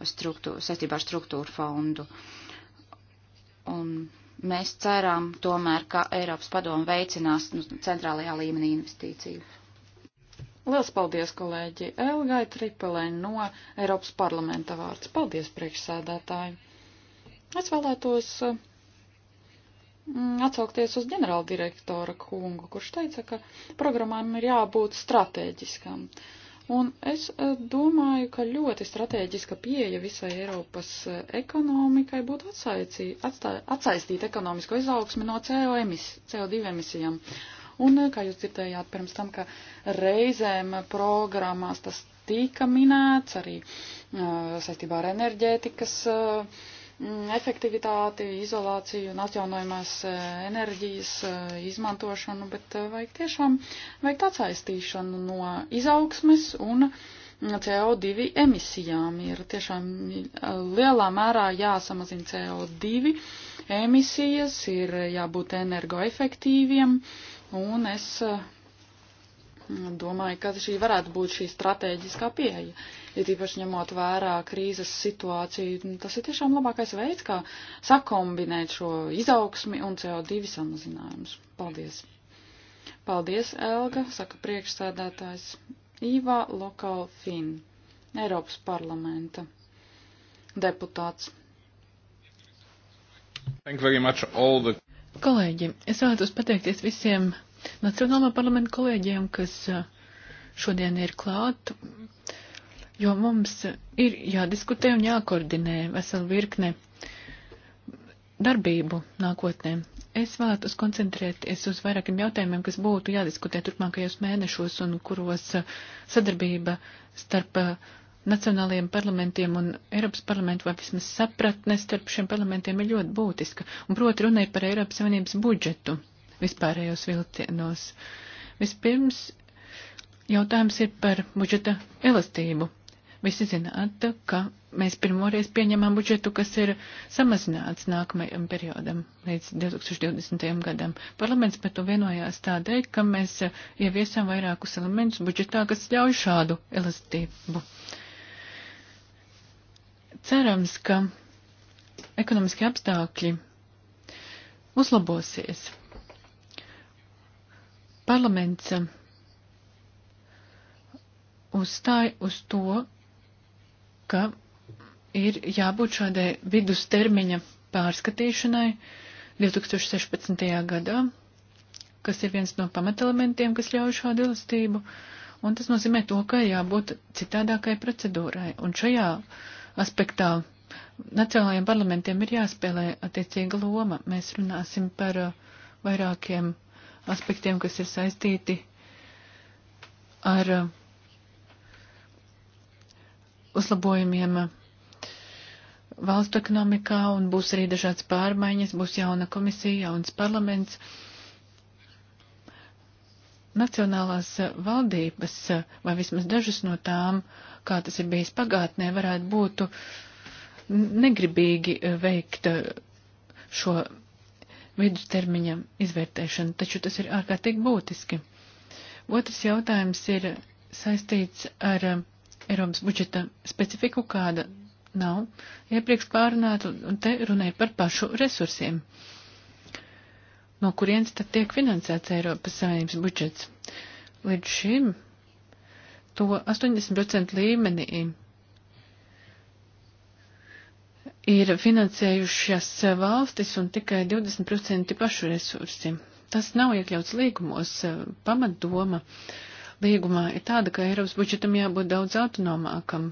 saistībā ar struktūru fondu. Uh, Un mēs cerām tomēr, ka Eiropas padoma veicinās nu, centrālajā līmenī investīciju. Lielas paldies, kolēģi Elgai Tripelē no Eiropas parlamenta vārds. Paldies, priekšsēdētāji. Es vēlētos mm, atsaukties uz ģenerāldirektora kungu, kurš teica, ka programmām ir jābūt stratēģiskām. Uh, Un es eh, domāju, ka ļoti strateģiska pieeja visai Eiropas eh, ekonomikai būtu atsaistīt ekonomisko izaugsmi no CO emis, CO2 emisijām. Un, eh, kā jūs dzirdējāt pirms tam, ka reizēm programmās tas tika minēts arī uh, saistībā ar enerģētikas uh, Mm, efektivitāti, izolāciju un atjaunojumās e, enerģijas e, izmantošanu, bet e, vajag tiešām vajag atsaistīšanu no izaugsmes un mm, CO2 emisijām. Ir tiešām lielā mērā jāsamazina CO2 emisijas, ir jābūt energoefektīviem un es Domāju, ka šī varētu būt šī strateģiskā pieeja. Ja tīpaši ņemot vērā krīzes situāciju, tas ir tiešām labākais veids, kā sakombinēt šo izaugsmi un CO2 samazinājumus. Paldies! Paldies, Elga, saka priekšsēdētājs Īvā Lokalfin, Eiropas parlamenta deputāts. The... Kolēģi, es vēlētos pateikties visiem Nacionālā parlamenta kolēģiem, kas eh, šodien ir klāt, jo mums ir jādiskutē un jākoordinē vesela virkne darbību nākotnē. Es vēlētos koncentrēties uz vairākiem jautājumiem, kas būtu jādiskutē turpmākajos mēnešos un kuros eh, sadarbība starp eh, nacionālajiem parlamentiem un Eiropas parlamentu, vai vismaz sapratne starp šiem parlamentiem ir ļoti būtiska. Un proti runa ir par Eiropas Savienības budžetu vispārējos vilcienos. Vispirms jautājums ir par budžeta elastību. Visi zināt, ka mēs pirmoreiz pieņemam budžetu, kas ir samazināts nākamajam periodam līdz 2020. gadam. Parlaments par to vienojās tādēļ, ka mēs ieviesām vairākus elementus budžetā, kas ļauj šādu elastību. Cerams, ka ekonomiskie apstākļi uzlabosies Parlaments eh, uzstāja uz to, ka ir jābūt šādai vidustermiņa pārskatīšanai 2016. gadā, kas ir viens no pamatelementiem, kas ļauj šādu elastību, un tas nozīmē to, ka jābūt citādākai procedūrai. Un šajā aspektā nacionālajiem parlamentiem ir jāspēlē attiecīga loma. Mēs runāsim par eh, vairākiem aspektiem, kas ir saistīti ar uh, uzlabojumiem uh, valstu ekonomikā un būs arī dažādas pārmaiņas, būs jauna komisija, jauns parlaments. Nacionālās uh, valdības, vai vismaz dažas no tām, kā tas ir bijis pagātnē, varētu būt negribīgi veikt šo vidustermiņa izvērtēšanu, taču tas ir ārkārtīgi būtiski. Otrs jautājums ir saistīts ar um, Eiropas budžeta specifiku, kāda nav iepriekš pārunāta, un te runāja par pašu resursiem. No kurienes tad tiek finansēts Eiropas Savienības budžets? Līdz šim to 80% līmenī ir finansējušas valstis un tikai 20% pašu resursi. Tas nav iekļauts līgumos. Pamatdoma līgumā ir tāda, ka Eiropas budžetam jābūt daudz autonomākam.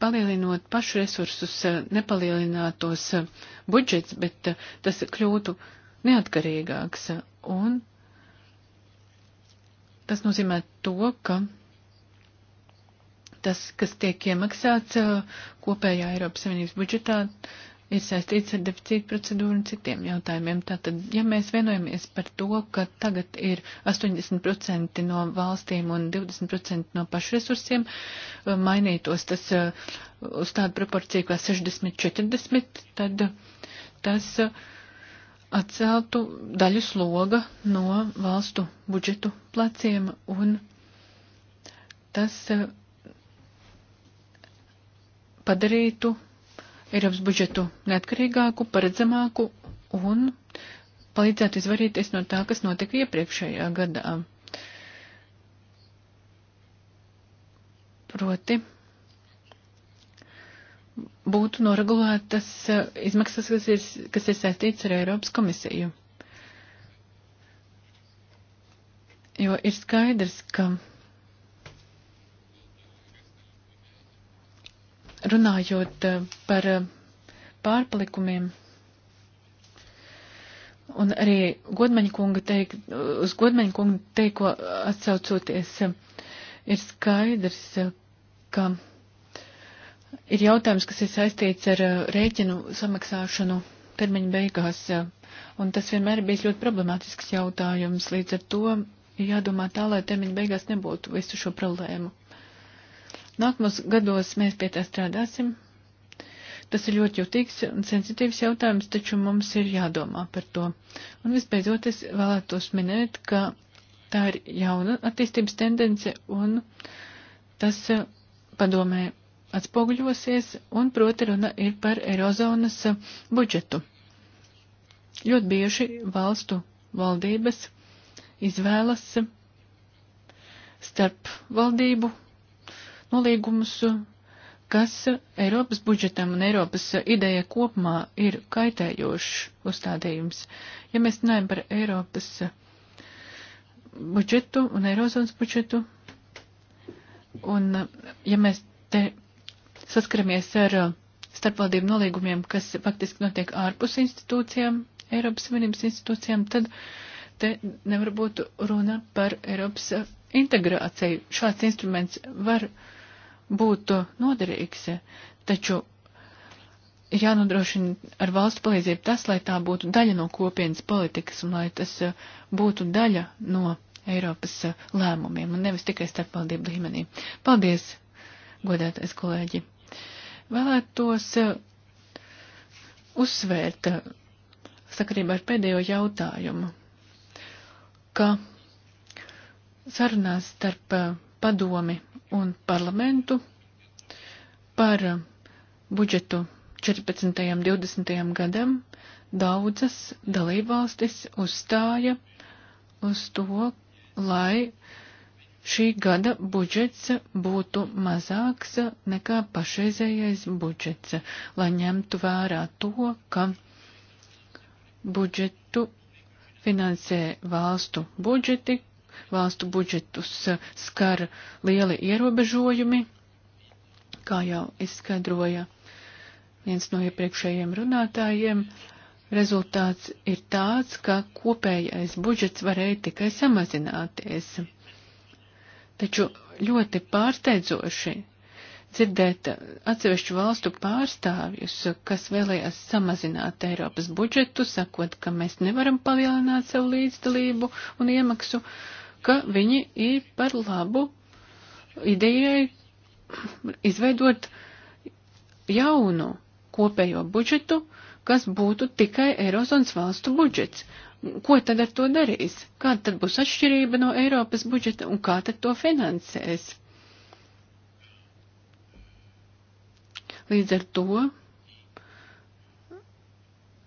Palielinot pašu resursus, nepalielinātos budžets, bet tas kļūtu neatkarīgāks. Un tas nozīmē to, ka tas, kas tiek iemaksāts kopējā Eiropas Savienības budžetā, ir saistīts ar deficītu procedūru un citiem jautājumiem. Tātad, ja mēs vienojamies par to, ka tagad ir 80% no valstīm un 20% no pašresursiem, mainītos tas uz tādu proporciju kā 60-40, tad tas atceltu daļu sloga no valstu budžetu pleciem un tas padarītu Eiropas budžetu neatkarīgāku, paredzamāku un palīdzētu izvarīties no tā, kas notika iepriekšējā gadā. Proti, būtu noregulētas izmaksas, kas ir, kas ir saistīts ar Eiropas komisiju. Jo ir skaidrs, ka runājot eh, par eh, pārpalikumiem. Un arī godmaņa kunga teik, uz godmaņa kunga teiko atsaucoties, eh, ir skaidrs, ka ir jautājums, kas ir saistīts ar rēķinu samaksāšanu termiņa beigās. Un tas vienmēr ir bijis ļoti problemātisks jautājums. Līdz ar to jādomā tā, lai termiņa beigās nebūtu visu šo problēmu. Nākamos gados mēs pie tā strādāsim. Tas ir ļoti jūtīgs un sensitīvs jautājums, taču mums ir jādomā par to. Un visbeidzot, es vēlētos minēt, ka tā ir jauna attīstības tendence un tas e, padomē atspoguļosies, un proti runa ir par Eirozonas e, budžetu. Ļoti bieži valstu valdības izvēlas e, starp valdību nolīgumus, kas Eiropas budžetam un Eiropas ideja kopumā ir kaitējošs uzstādījums. Ja mēs runājam par Eiropas budžetu un Eirozonas budžetu, un ja mēs te saskaramies ar starpvaldību nolīgumiem, kas faktiski notiek ārpus institūcijām, Eiropas Savienības institūcijām, tad te nevar būt runa par Eiropas integrāciju. Šāds instruments var uh, būtu noderīgs, taču ir jānodrošina ar valstu palīdzību tas, lai tā būtu daļa no kopienas politikas un lai tas eh, būtu daļa no Eiropas eh, lēmumiem un nevis tikai starpvaldību līmenī. Paldies, godētais kolēģi! Vēlētos eh, uzsvērt sakarībā ar pēdējo jautājumu, ka sarunās starp padomi un parlamentu par budžetu 14. un 20. gadam daudzas dalībvalstis uzstāja uz to, lai šī gada budžets būtu mazāks nekā pašreizējais budžets, lai ņemtu vērā to, ka budžetu finansē valstu budžeti, valstu budžetus eh, skar lieli ierobežojumi, kā jau izskaidroja viens no iepriekšējiem runātājiem. Rezultāts ir tāds, ka kopējais budžets varēja tikai samazināties. Taču ļoti pārsteidzoši dzirdēt atsevišķu valstu pārstāvjus, kas vēlējās samazināt Eiropas budžetu, sakot, ka mēs nevaram palielināt savu līdzdalību un iemaksu, ka viņi ir par labu idejai izveidot jaunu kopējo budžetu, kas būtu tikai Eirozonas valstu budžets. Ko tad ar to darīs? Kāda tad būs atšķirība no Eiropas budžeta un kā tad to finansēs? Līdz ar to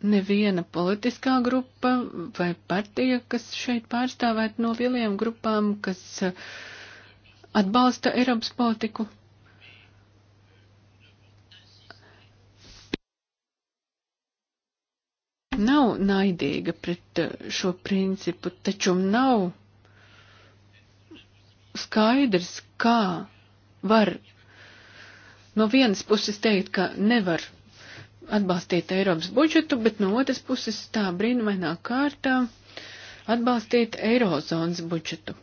neviena politiskā grupa vai partija, kas šeit pārstāvēt no lielajām grupām, kas uh, atbalsta Eiropas politiku. Nav naidīga pret uh, šo principu, taču nav skaidrs, kā var no vienas puses teikt, ka nevar atbalstīt Eiropas budžetu, bet no otras puses tā brīnumainā kārtā atbalstīt Eirozonas budžetu.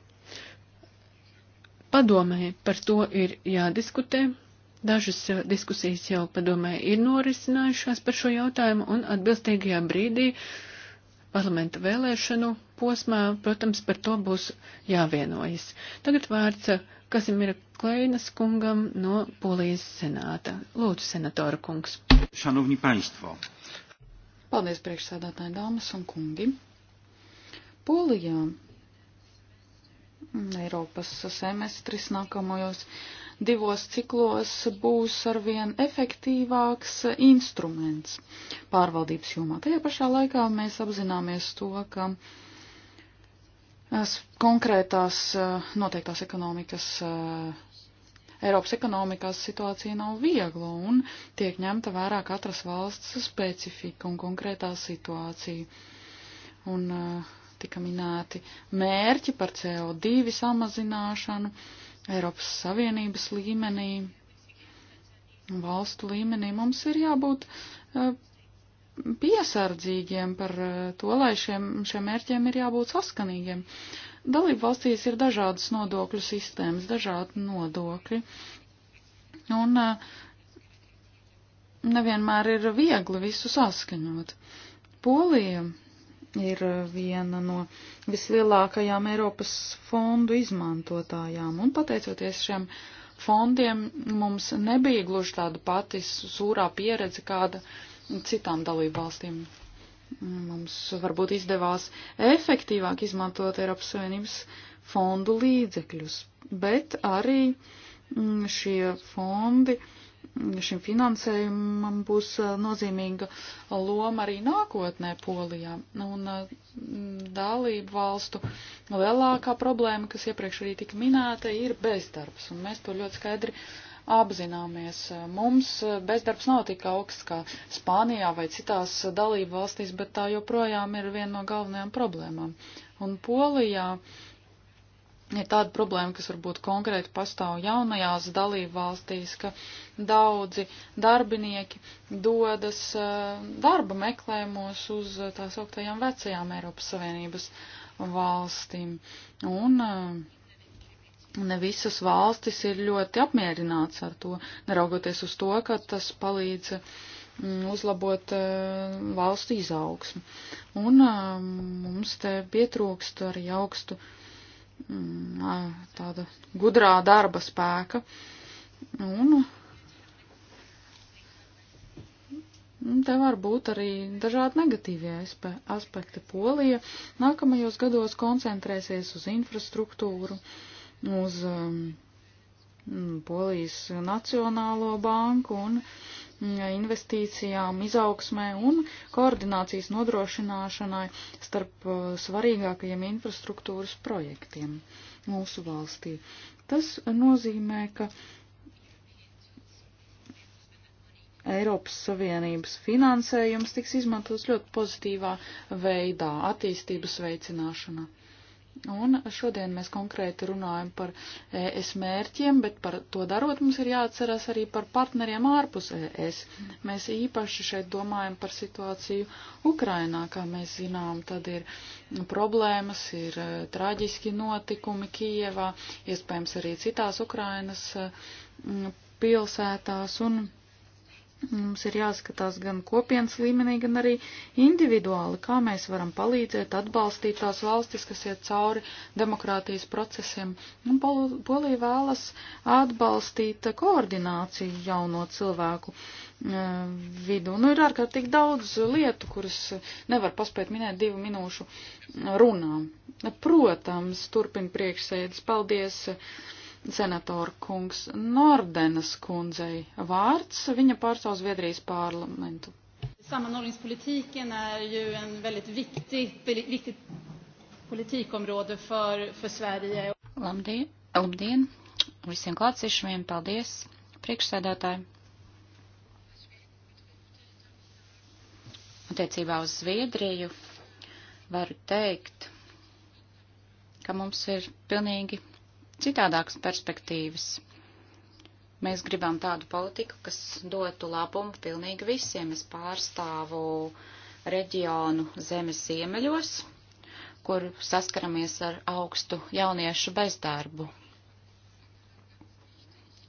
Padomē par to ir jādiskutē. Dažas eh, diskusijas jau padomē ir norisinājušās par šo jautājumu un atbilstīgajā brīdī parlamenta vēlēšanu posmā, protams, par to būs jāvienojas. Tagad vārds eh, kas ir Kleinas kungam no Polijas senāta. Lūdzu, senatora kungs. Šanovni paņstvo. Paldies, priekšsēdētāji dāmas un kungi. Polijā mm, Eiropas semestris nākamajos divos ciklos būs arvien efektīvāks instruments pārvaldības jomā. Tajā pašā laikā mēs apzināmies to, ka konkrētās eh, noteiktās ekonomikas, eh, Eiropas ekonomikās situācija nav viegla un tiek ņemta vērā katras valsts specifika un konkrētā situācija. Un eh, tika minēti mērķi par CO2 samazināšanu Eiropas Savienības līmenī, valstu līmenī. Mums ir jābūt piesardzīgiem par eh, to, lai šiem, šiem mērķiem ir jābūt saskanīgiem. Dalību valstīs ir dažādas nodokļu sistēmas, dažādi nodokļi. Un eh, nevienmēr ir viegli visu saskaņot. Polija ir eh, viena no vislielākajām Eiropas fondu izmantotājām, un pateicoties šiem fondiem mums nebija gluži tāda pati sūrā pieredze, kāda uh, citām dalību valstīm. Mums varbūt izdevās efektīvāk izmantot Eiropas Savienības fondu līdzekļus, bet arī mm, šie fondi mm, šim finansējumam būs eh, nozīmīga loma arī nākotnē Polijā. Un eh, dalību valstu lielākā problēma, kas iepriekš arī tika minēta, ir bezdarbs. Un mēs to ļoti skaidri apzināmies. Eh, mums eh, bezdarbs nav tik augsts kā Spānijā vai citās eh, dalību valstīs, bet tā joprojām ir viena no galvenajām problēmām. Un Polijā ir tāda problēma, kas varbūt konkrēti pastāv jaunajās dalību valstīs, ka daudzi darbinieki dodas darba meklējumos uz tās augtajām vecajām Eiropas Savienības valstīm. Un uh, ne visas valstis ir ļoti apmierināts ar to, neraugoties uz to, ka tas palīdz mm, uzlabot eh, valstu izaugsmu. Un eh, mums te pietrūkst arī augstu mm, tāda gudrā darba spēka. Un Te var būt arī dažādi negatīvie aspekti. Polija nākamajos gados koncentrēsies uz infrastruktūru, uh, uz um, Polijas Nacionālo banku un mm, investīcijām, izaugsmē un koordinācijas nodrošināšanai starp uh, svarīgākajiem infrastruktūras projektiem mūsu valstī. Tas nozīmē, ka Eiropas Savienības finansējums tiks izmantots ļoti pozitīvā veidā attīstības veicināšanā. Un šodien mēs konkrēti runājam par ES mērķiem, bet par to darot mums ir jāatcerās arī par partneriem ārpus ES. Mēs īpaši šeit domājam par situāciju Ukrainā, kā mēs zinām, tad ir problēmas, ir e, traģiski notikumi Kievā, iespējams arī citās Ukrainas pilsētās. Un Mums ir jāskatās gan kopienas līmenī, gan arī individuāli, kā mēs varam palīdzēt, atbalstīt tās valstis, kas iet cauri demokrātijas procesiem. Un Polija vēlas atbalstīt koordināciju jauno cilvēku eh, vidu. Nu, ir ārkārtīgi daudz lietu, kuras nevar paspēt minēt divu minūšu runām. Protams, turpin priekšsēdus. Paldies! senatora kungs Nordenas kundzei vārds. Viņa pārstāv Zviedrijas parlamentu. Sammanhållningspolitiken är ju en väldigt viktig, viktigt politikområde för, för Sverige. Labdien, labdien visiem klātsiešiem, paldies, priekšsēdētāji. Attiecībā uz Zviedriju varu teikt, ka mums ir pilnīgi citādākas perspektīvas. Mēs gribam tādu politiku, kas dotu labumu pilnīgi visiem. Es pārstāvu reģionu zemes ziemeļos, kur saskaramies ar augstu jauniešu bezdarbu.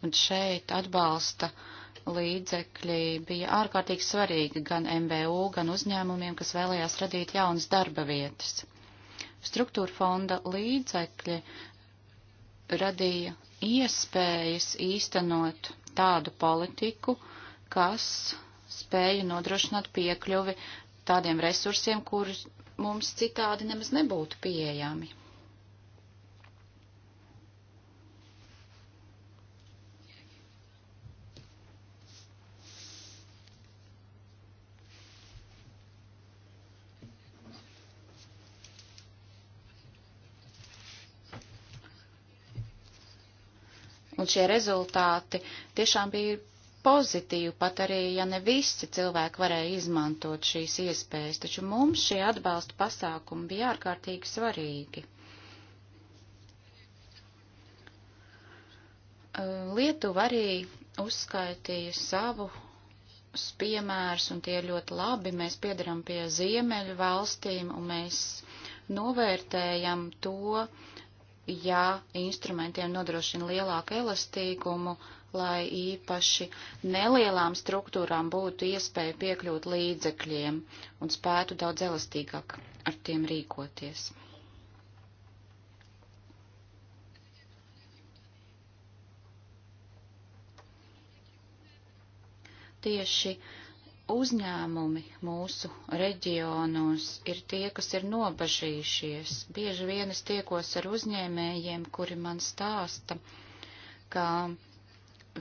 Un šeit atbalsta līdzekļi bija ārkārtīgi svarīgi gan MVU, gan uzņēmumiem, kas vēlējās radīt jaunas darba vietas. Struktūra fonda līdzekļi radīja iespējas īstenot tādu politiku, kas spēja nodrošināt piekļuvi tādiem resursiem, kurus mums citādi nemaz nebūtu pieejami. Un šie rezultāti tiešām bija pozitīvi, pat arī, ja ne visi cilvēki varēja izmantot šīs iespējas, taču mums šie atbalsta pasākumi bija ārkārtīgi svarīgi. Lietuva arī uzskaitīja savu piemērs, un tie ļoti labi. Mēs piedaram pie ziemeļu valstīm, un mēs novērtējam to, ja instrumentiem nodrošina lielāku elastīgumu, lai īpaši nelielām struktūrām būtu iespēja piekļūt līdzekļiem un spētu daudz elastīgāk ar tiem rīkoties. Tieši uh, uzņēmumi mūsu reģionos ir tie, kas ir nobažījušies. Bieži vien es tiekos ar uzņēmējiem, kuri man stāsta, ka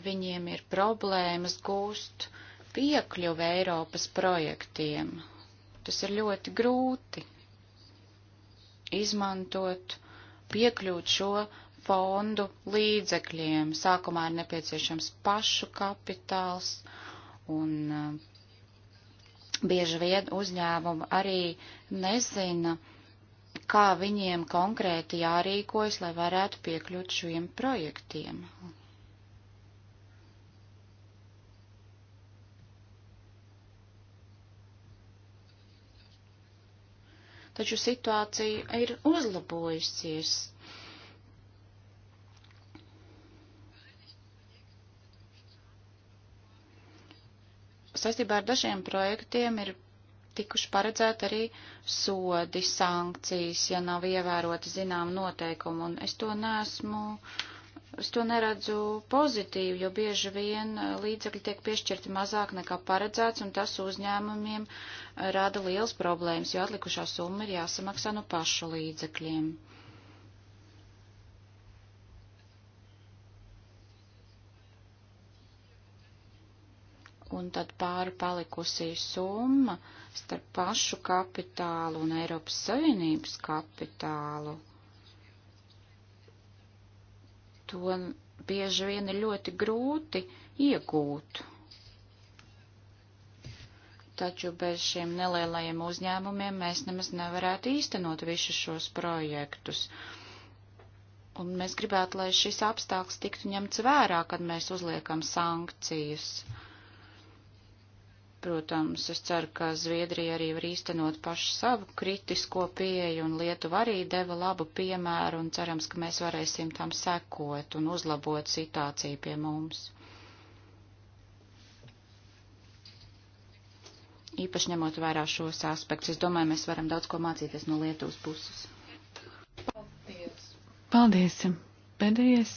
viņiem ir problēmas gūst piekļuvi Eiropas projektiem. Tas ir ļoti grūti izmantot, piekļūt šo fondu līdzekļiem. Sākumā ir nepieciešams pašu kapitāls un uh, Bieži vien uzņēmumi arī nezina, kā viņiem konkrēti jārīkojas, lai varētu piekļūt šiem projektiem. Taču situācija ir uzlabojusies saistībā ar dažiem projektiem ir tikuši paredzēti arī sodi, sankcijas, ja nav ievēroti zinām noteikumi, un es to nesmu, es to neredzu pozitīvi, jo bieži vien eh, līdzekļi tiek piešķirti mazāk nekā paredzēts, un tas uzņēmumiem eh, rada liels problēmas, jo atlikušā summa ir jāsamaksā no pašu līdzekļiem. Uh, un tad pāri palikusī summa starp pašu kapitālu un Eiropas Savienības kapitālu. To bieži vien ir ļoti grūti iegūt. Taču bez šiem nelielajiem uzņēmumiem mēs nemaz nevarētu īstenot visus šos projektus. Un mēs gribētu, lai šis apstākļs tiktu ņemts vērā, kad mēs uzliekam sankcijas. Uh, Protams, es ceru, ka Zviedrija arī var īstenot pašu savu kritisko pieeju, un Lietuva arī deva labu piemēru, un cerams, ka mēs varēsim tam sekot un uzlabot situāciju pie mums. Īpaši ņemot vērā šos aspektus, es domāju, mēs varam daudz ko mācīties no Lietuvas puses. Paldies! Paldies! Pēdējais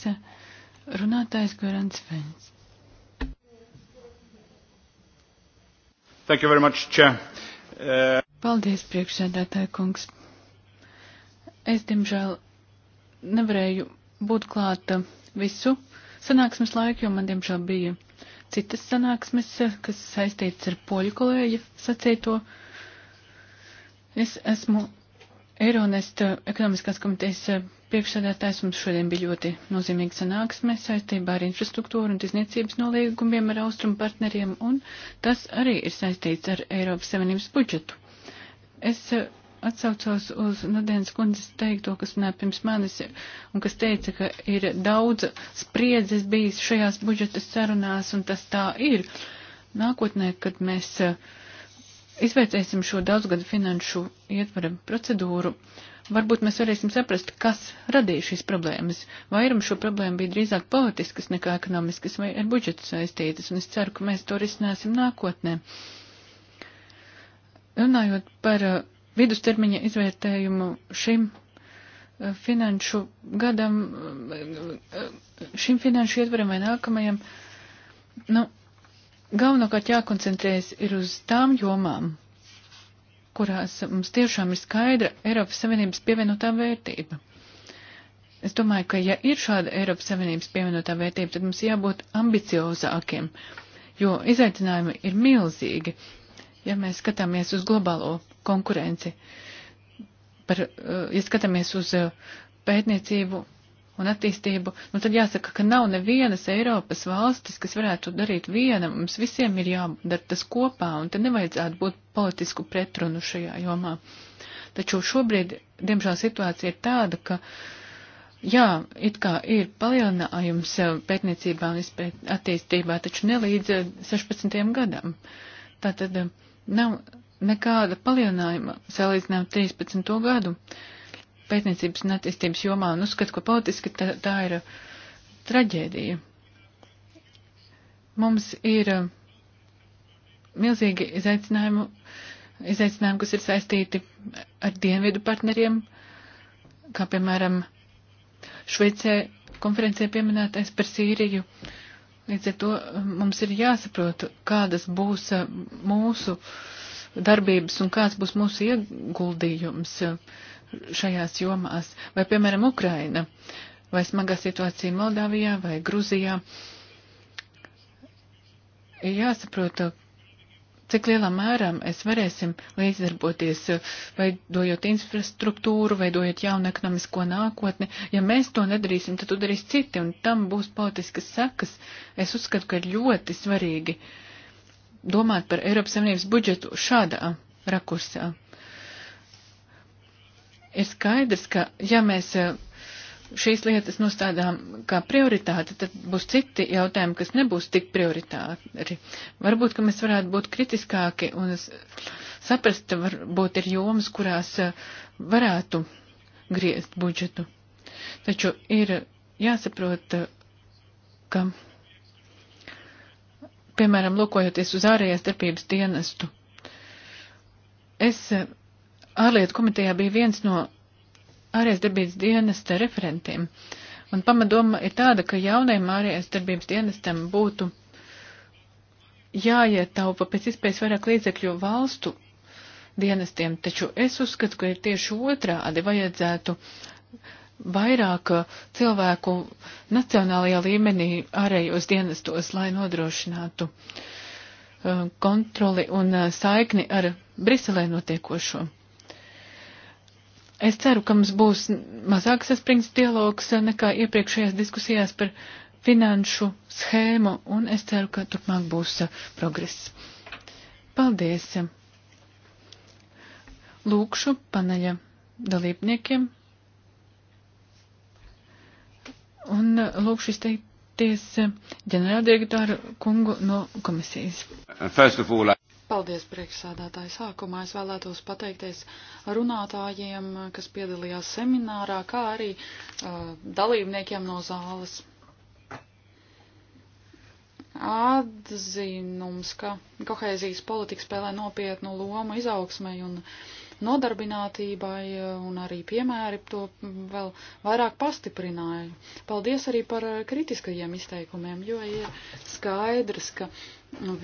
runātājs Gorants Vens. Thank you very much, Chair. Uh... Paldies, priekšsēdētāja kungs. Es, diemžēl, nevarēju būt klāta uh, visu sanāksmes laiku, jo man, diemžēl, bija citas sanāksmes, uh, kas saistītas ar poļu kolēģi sacīto. Es esmu Eironesta uh, ekonomiskās komitejas priekšsēdētājs. Mums šodien bija ļoti nozīmīga sanāksme saistībā ar infrastruktūru un izniecības nolīgumiem ar austrumu partneriem, un tas arī ir saistīts ar Eiropas Savienības budžetu. Es eh, atsaucos uz Nadienas kundzes teikto, kas runāja pirms manis, un kas teica, ka ir daudz spriedzes bijis šajās budžeta sarunās, un tas tā ir. Nākotnē, kad mēs uh, izvērtēsim šo daudzgadu finanšu ietvaru procedūru, varbūt mēs varēsim saprast, kas radīja šīs problēmas. Vairum šo problēmu bija drīzāk politiskas nekā ekonomiskas vai ar budžetu saistītas, un es ceru, ka mēs to risināsim nākotnē. Runājot par uh, vidustermiņa izvērtējumu šim uh, finanšu gadam, uh, šim finanšu ietvaram vai nākamajam, nu, galvenokārt jākoncentrējas ir uz tām jomām, kurās mums tiešām ir skaidra Eiropas Savienības pievienotā vērtība. Es domāju, ka ja ir šāda Eiropas Savienības pievienotā vērtība, tad mums jābūt ambiciozākiem, jo izaicinājumi ir milzīgi, ja mēs skatāmies uz globālo konkurenci, par, eh, ja skatāmies uz eh, pētniecību un attīstību, nu tad jāsaka, ka nav nevienas Eiropas valstis, kas varētu darīt viena, mums visiem ir jādara tas kopā, un te nevajadzētu būt politisku pretrunu šajā jomā. Taču šobrīd, diemžēl, situācija ir tāda, ka, jā, it kā ir palielinājums pētniecībā un izpēt, attīstībā, taču ne līdz 16. Eh, gadam. Tātad eh, nav nekāda palielinājuma salīdzinām 13. gadu. Uh, pētniecības un attīstības jomā un uzskatu, ka politiski tā, tā ir uh, traģēdija. Mums ir uh, milzīgi izaicinājumu, izaicinājumu, kas ir saistīti ar dienvidu partneriem, kā piemēram Šveicē konferencē pieminētais par Sīriju. Līdz ar to uh, mums ir jāsaprot, kādas būs mūsu darbības un kāds būs mūsu ieguldījums. Uh, šajās jomās, vai, piemēram, Ukraina, vai smagā situācija Moldāvijā vai Gruzijā. Ir jāsaprot, cik lielā mērā mēs varēsim līdzdarboties, veidojot infrastruktūru, veidojot jaunu ekonomisko nākotni. Ja mēs to nedarīsim, tad to darīs citi, un tam būs politiskas sekas. Es uzskatu, ka ir ļoti svarīgi domāt par Eiropas Savienības budžetu šādā rakursā ir skaidrs, ka ja mēs eh, šīs lietas nostādām kā prioritāti, tad būs citi jautājumi, kas nebūs tik prioritāri. Varbūt, ka mēs varētu būt kritiskāki un saprast, varbūt ir jomas, kurās eh, varētu griezt budžetu. Taču ir jāsaprot, eh, ka, piemēram, lūkojoties uz ārējās darbības dienestu, es ārlietu komitejā bija viens no ārējas darbības dienesta referentiem. Un pamatoma ir tāda, ka jaunajam ārējas darbības dienestam būtu jāietaupa pēc iespējas vairāk līdzekļu valstu dienestiem, taču es uzskatu, ka ir tieši otrādi vajadzētu vairāk cilvēku nacionālajā līmenī ārējos dienestos, lai nodrošinātu uh, kontroli un uh, saikni ar Briselē notiekošo. Es ceru, ka mums būs mazāk saspringts dialogs nekā iepriekšējās diskusijās par finanšu schēmu, un es ceru, ka turpmāk būs progress. Paldies! Lūkšu paneļa dalībniekiem un lūkšu izteikties ģenerāldirektoru kungu no komisijas. All, Paldies, priekšsādātāji. Sākumā es vēlētos pateikties runātājiem, kas piedalījās seminārā, kā arī uh, dalībniekiem no zāles. Atzinums, ka kohēzijas politika spēlē nopietnu lomu izaugsmai un uh, nodarbinātībai, e, un arī piemēri to vēl vairāk pastiprināja. Paldies arī par e, kritiskajiem izteikumiem, jo ir skaidrs, ka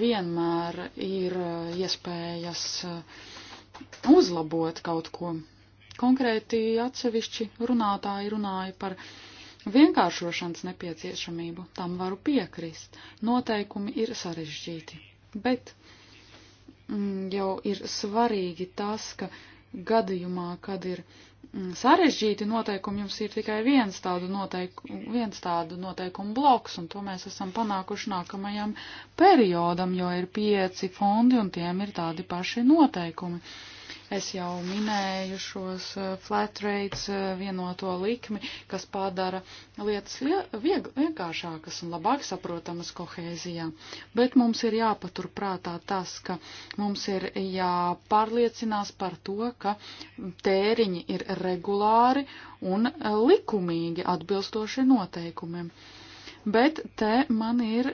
vienmēr ir e, iespējas uzlabot kaut ko. Konkrēti atsevišķi runātāji runāja par vienkāršošanas nepieciešamību, tam varu piekrist. Noteikumi ir sarežģīti, bet Mm, jau ir svarīgi tas, ka gadījumā, kad ir mm, sarežģīti noteikumi, jums ir tikai viens tādu, noteiku, viens tādu noteikumu bloks, un to mēs esam panākuši nākamajam periodam, jo ir pieci fondi, un tiem ir tādi paši noteikumi. Uh, Es jau minēju šos uh, flat rates uh, vienoto likmi, kas padara lietas vienkāršākas un labāk saprotamas kohēzijā. Bet mums ir jāpatur prātā tas, ka mums ir jāpārliecinās par to, ka tēriņi ir regulāri un uh, likumīgi atbilstoši noteikumiem bet te man ir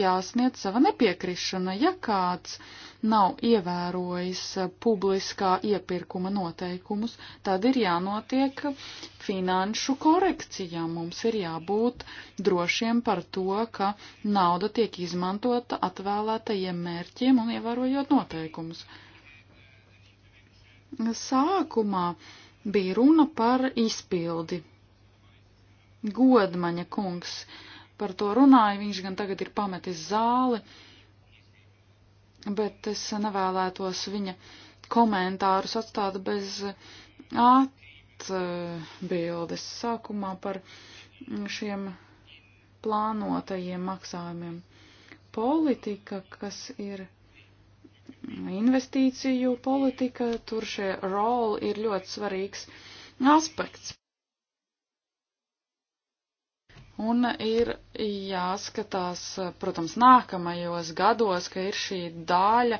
jāsniedz sava nepiekrišana, ja kāds nav ievērojis publiskā iepirkuma noteikumus, tad ir jānotiek finanšu korekcijām. Mums ir jābūt drošiem par to, ka nauda tiek izmantota atvēlētajiem mērķiem un ievērojot noteikumus. Sākumā bija runa par izpildi Godmaņa kungs par to runāja, viņš gan tagad ir pametis zāli, bet es nevēlētos viņa komentārus atstāt bez atbildes sākumā par šiem plānotajiem maksājumiem. Politika, kas ir investīciju politika, tur šie roli ir ļoti svarīgs aspekts. Un ir jāskatās, protams, nākamajos gados, ka ir šī daļa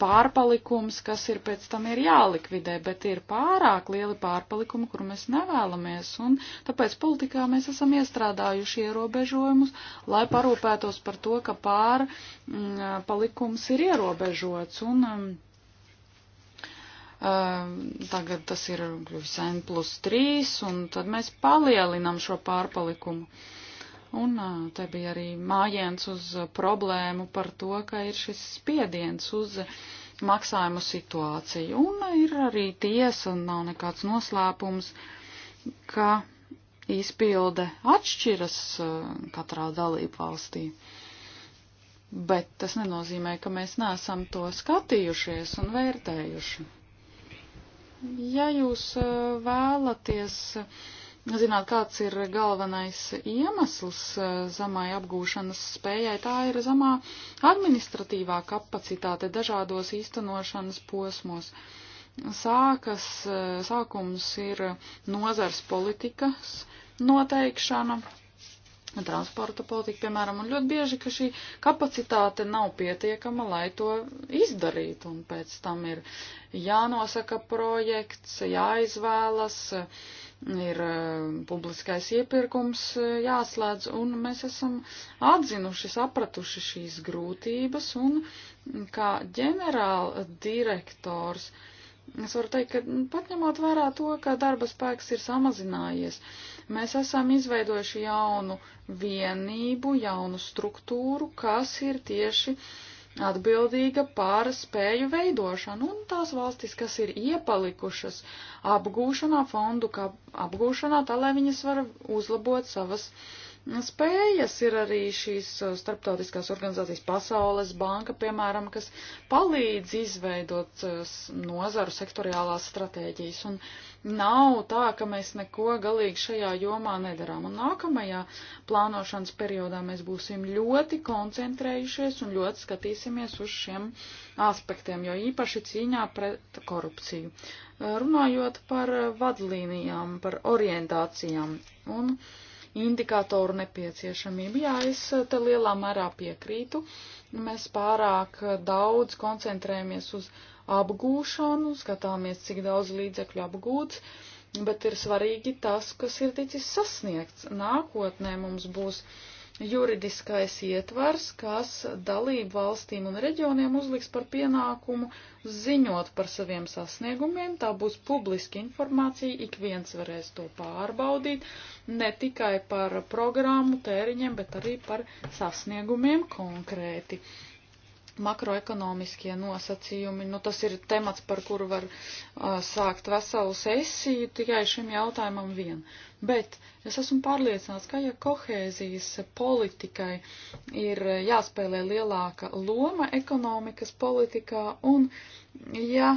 pārpalikums, kas ir pēc tam ir jālikvidē, bet ir pārāk lieli pārpalikumi, kur mēs nevēlamies, un tāpēc politikā mēs esam iestrādājuši ierobežojumus, lai parūpētos par to, ka pārpalikums mm, ir ierobežots. Un, um, Ehm, tagad tas ir kļuvis n plus 3, un tad mēs palielinam šo pārpalikumu. Un te bija arī mājiens uz problēmu par to, ka ir šis spiediens uz maksājumu situāciju. Un ir arī tiesa, un nav nekāds noslēpums, ka izpilde atšķiras katrā dalību valstī. Bet tas nenozīmē, ka mēs neesam to skatījušies un vērtējuši. Ja jūs eh, vēlaties zināt, kāds ir galvenais iemesls eh, zemai apgūšanas spējai, tā ir zemā administratīvā kapacitāte dažādos īstenošanas posmos. Sākas, eh, sākums ir nozars politikas noteikšana, transporta politika, piemēram, un ļoti bieži, ka šī kapacitāte nav pietiekama, lai to izdarītu, un pēc tam ir jānosaka projekts, jāizvēlas, ir eh, publiskais iepirkums eh, jāslēdz, un mēs esam atzinuši, sapratuši šīs grūtības, un kā ģenerāla direktors, uh, Es varu teikt, ka nu, pat ņemot vērā to, ka darba spēks ir samazinājies, mēs esam izveidojuši jaunu vienību, jaunu struktūru, kas ir tieši atbildīga par spēju veidošanu, un tās valstis, kas ir iepalikušas apgūšanā fondu, kā apgūšanā, tā lai viņas var uzlabot savas uh, spējas. Ir arī šīs uh, starptautiskās organizācijas Pasaules banka, piemēram, kas palīdz izveidot uh, nozaru sektoriālās stratēģijas. Un nav tā, ka mēs neko galīgi šajā jomā nedarām. Un nākamajā plānošanas periodā mēs būsim ļoti koncentrējušies un ļoti skatīsimies uz šiem aspektiem, jo īpaši cīņā pret korupciju. Uh, runājot par vadlīnijām, par orientācijām un uh, indikātoru nepieciešamību. Jā, es eh, te lielā mērā piekrītu. Mēs pārāk eh, daudz koncentrējamies uz apgūšanu, skatāmies, cik daudz līdzekļu apgūts, bet ir svarīgi tas, kas ir ticis sasniegts. Nākotnē mums būs juridiskais ietvars, kas dalību valstīm un reģioniem uzliks par pienākumu ziņot par saviem sasniegumiem. Tā būs publiska informācija, ik viens varēs to pārbaudīt, ne tikai par programmu tēriņiem, bet arī par sasniegumiem konkrēti. Uh, makroekonomiskie nosacījumi. Nu, tas ir temats, par kuru var uh, sākt veselu sesiju tikai šim jautājumam vien. Bet es esmu pārliecināts, ka ja kohēzijas politikai ir jāspēlē lielāka loma ekonomikas politikā un ja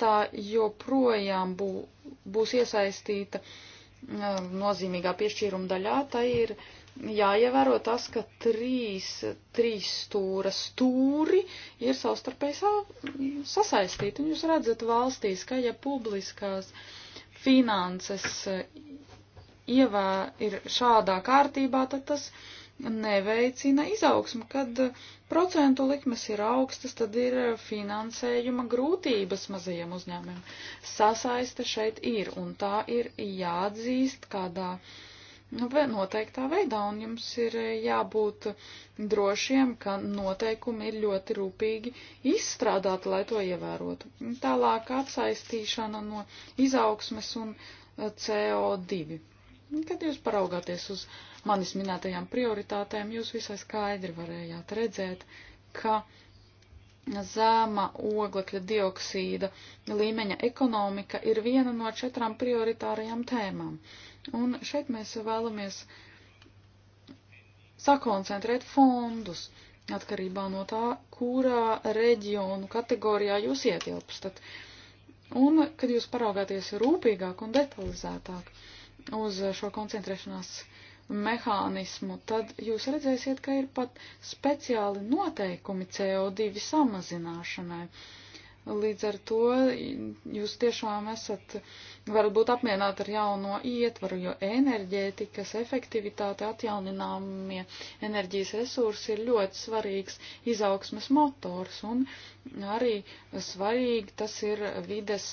tā joprojām bū, būs iesaistīta uh, nozīmīgā piešķīruma daļā, tai ir uh, jāievēro tas, ka trīs, trīs stūra stūri ir savstarpēji sa sasaistīti. Un jūs redzat valstīs, ka ja publiskās finanses eh, ievā ir šādā kārtībā, tad tas neveicina izaugsmu, kad eh, procentu likmes ir augstas, tad ir eh, finansējuma grūtības mazajiem uzņēmumiem. Sasaiste šeit ir, un tā ir jāatzīst kādā uh, Nu, noteiktā veidā, un jums ir eh, jābūt drošiem, ka noteikumi ir ļoti rūpīgi izstrādāti, lai to ievērotu. Tālāk atsaistīšana no izaugsmes un eh, CO2. Kad jūs paraugāties uz manis minētajām prioritātēm, jūs visai skaidri varējāt redzēt, ka zema oglekļa dioksīda līmeņa ekonomika ir viena no četrām prioritārajām tēmām. Uh, Un šeit mēs vēlamies sakoncentrēt fondus atkarībā no tā, kurā reģionu kategorijā jūs ietilpstat. Un, kad jūs paraugāties rūpīgāk un detalizētāk uz šo koncentrēšanās mehānismu, tad jūs redzēsiet, ka ir pat speciāli noteikumi CO2 samazināšanai. Uh, Līdz ar to jūs tiešām esat, varat būt apmierināti ar jauno ietvaru, jo enerģētikas efektivitāte, atjaunināmie enerģijas resursi ir ļoti svarīgs izaugsmes motors un arī svarīgi tas ir vides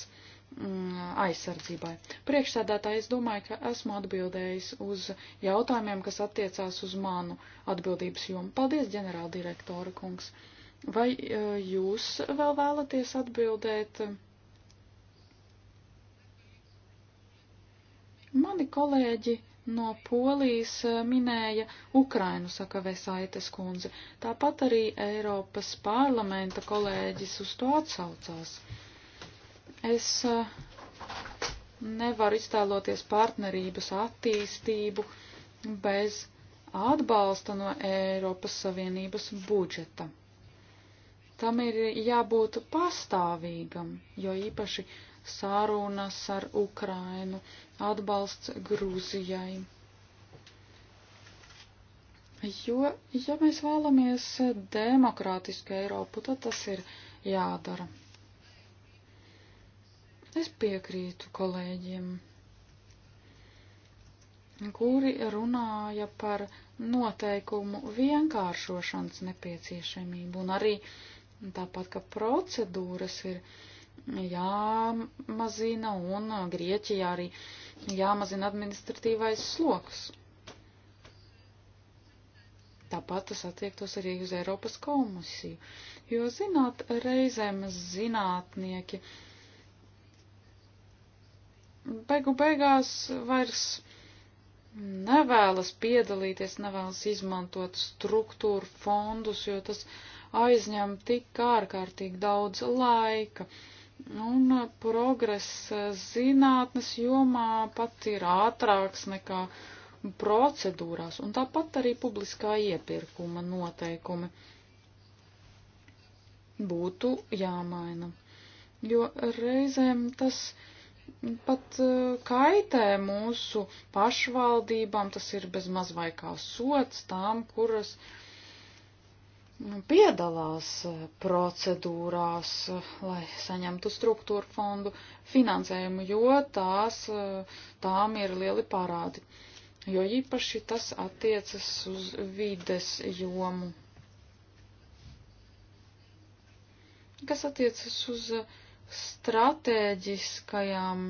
mm, aizsardzībai. Priekšsēdētāji, es domāju, ka esmu atbildējis uz jautājumiem, kas attiecās uz manu atbildības jomu. Paldies, ģenerāldirektora kungs! Vai e, jūs vēl vēlaties atbildēt? Mani kolēģi no Polijas e, minēja Ukrainu, saka Vesaites kundze. Tāpat arī Eiropas parlamenta kolēģis uz to atsaucās. Es e, nevaru iztēloties partnerības attīstību bez atbalsta no Eiropas Savienības budžeta tam ir jābūt pastāvīgam, jo īpaši sārunas ar Ukrainu, atbalsts Grūzijai. Jo, ja mēs vēlamies demokrātisku Eiropu, tad tas ir jādara. Es piekrītu kolēģiem, kuri runāja par noteikumu vienkāršošanas nepieciešamību un arī uh, Tāpat, ka procedūras ir jāmazina un Grieķijā arī jāmazina administratīvais sloks. Tāpat tas attiektos arī uz Eiropas komisiju, jo, zināt, reizēm zinātnieki beigu beigās vairs nevēlas piedalīties, nevēlas izmantot struktūru fondus, jo tas uh, aizņem tik ārkārtīgi daudz laika. Un uh, progress uh, zinātnes jomā pat ir ātrāks nekā procedūrās, un tāpat arī publiskā iepirkuma noteikumi būtu jāmaina. Jo reizēm tas pat uh, kaitē mūsu pašvaldībām, tas ir bez maz vai kā sots tām, kuras uh, piedalās eh, procedūrās, eh, lai saņemtu struktūra fondu finansējumu, jo tās, eh, tām ir lieli parādi. Jo īpaši tas attiecas uz vides jomu. Kas attiecas uz stratēģiskajām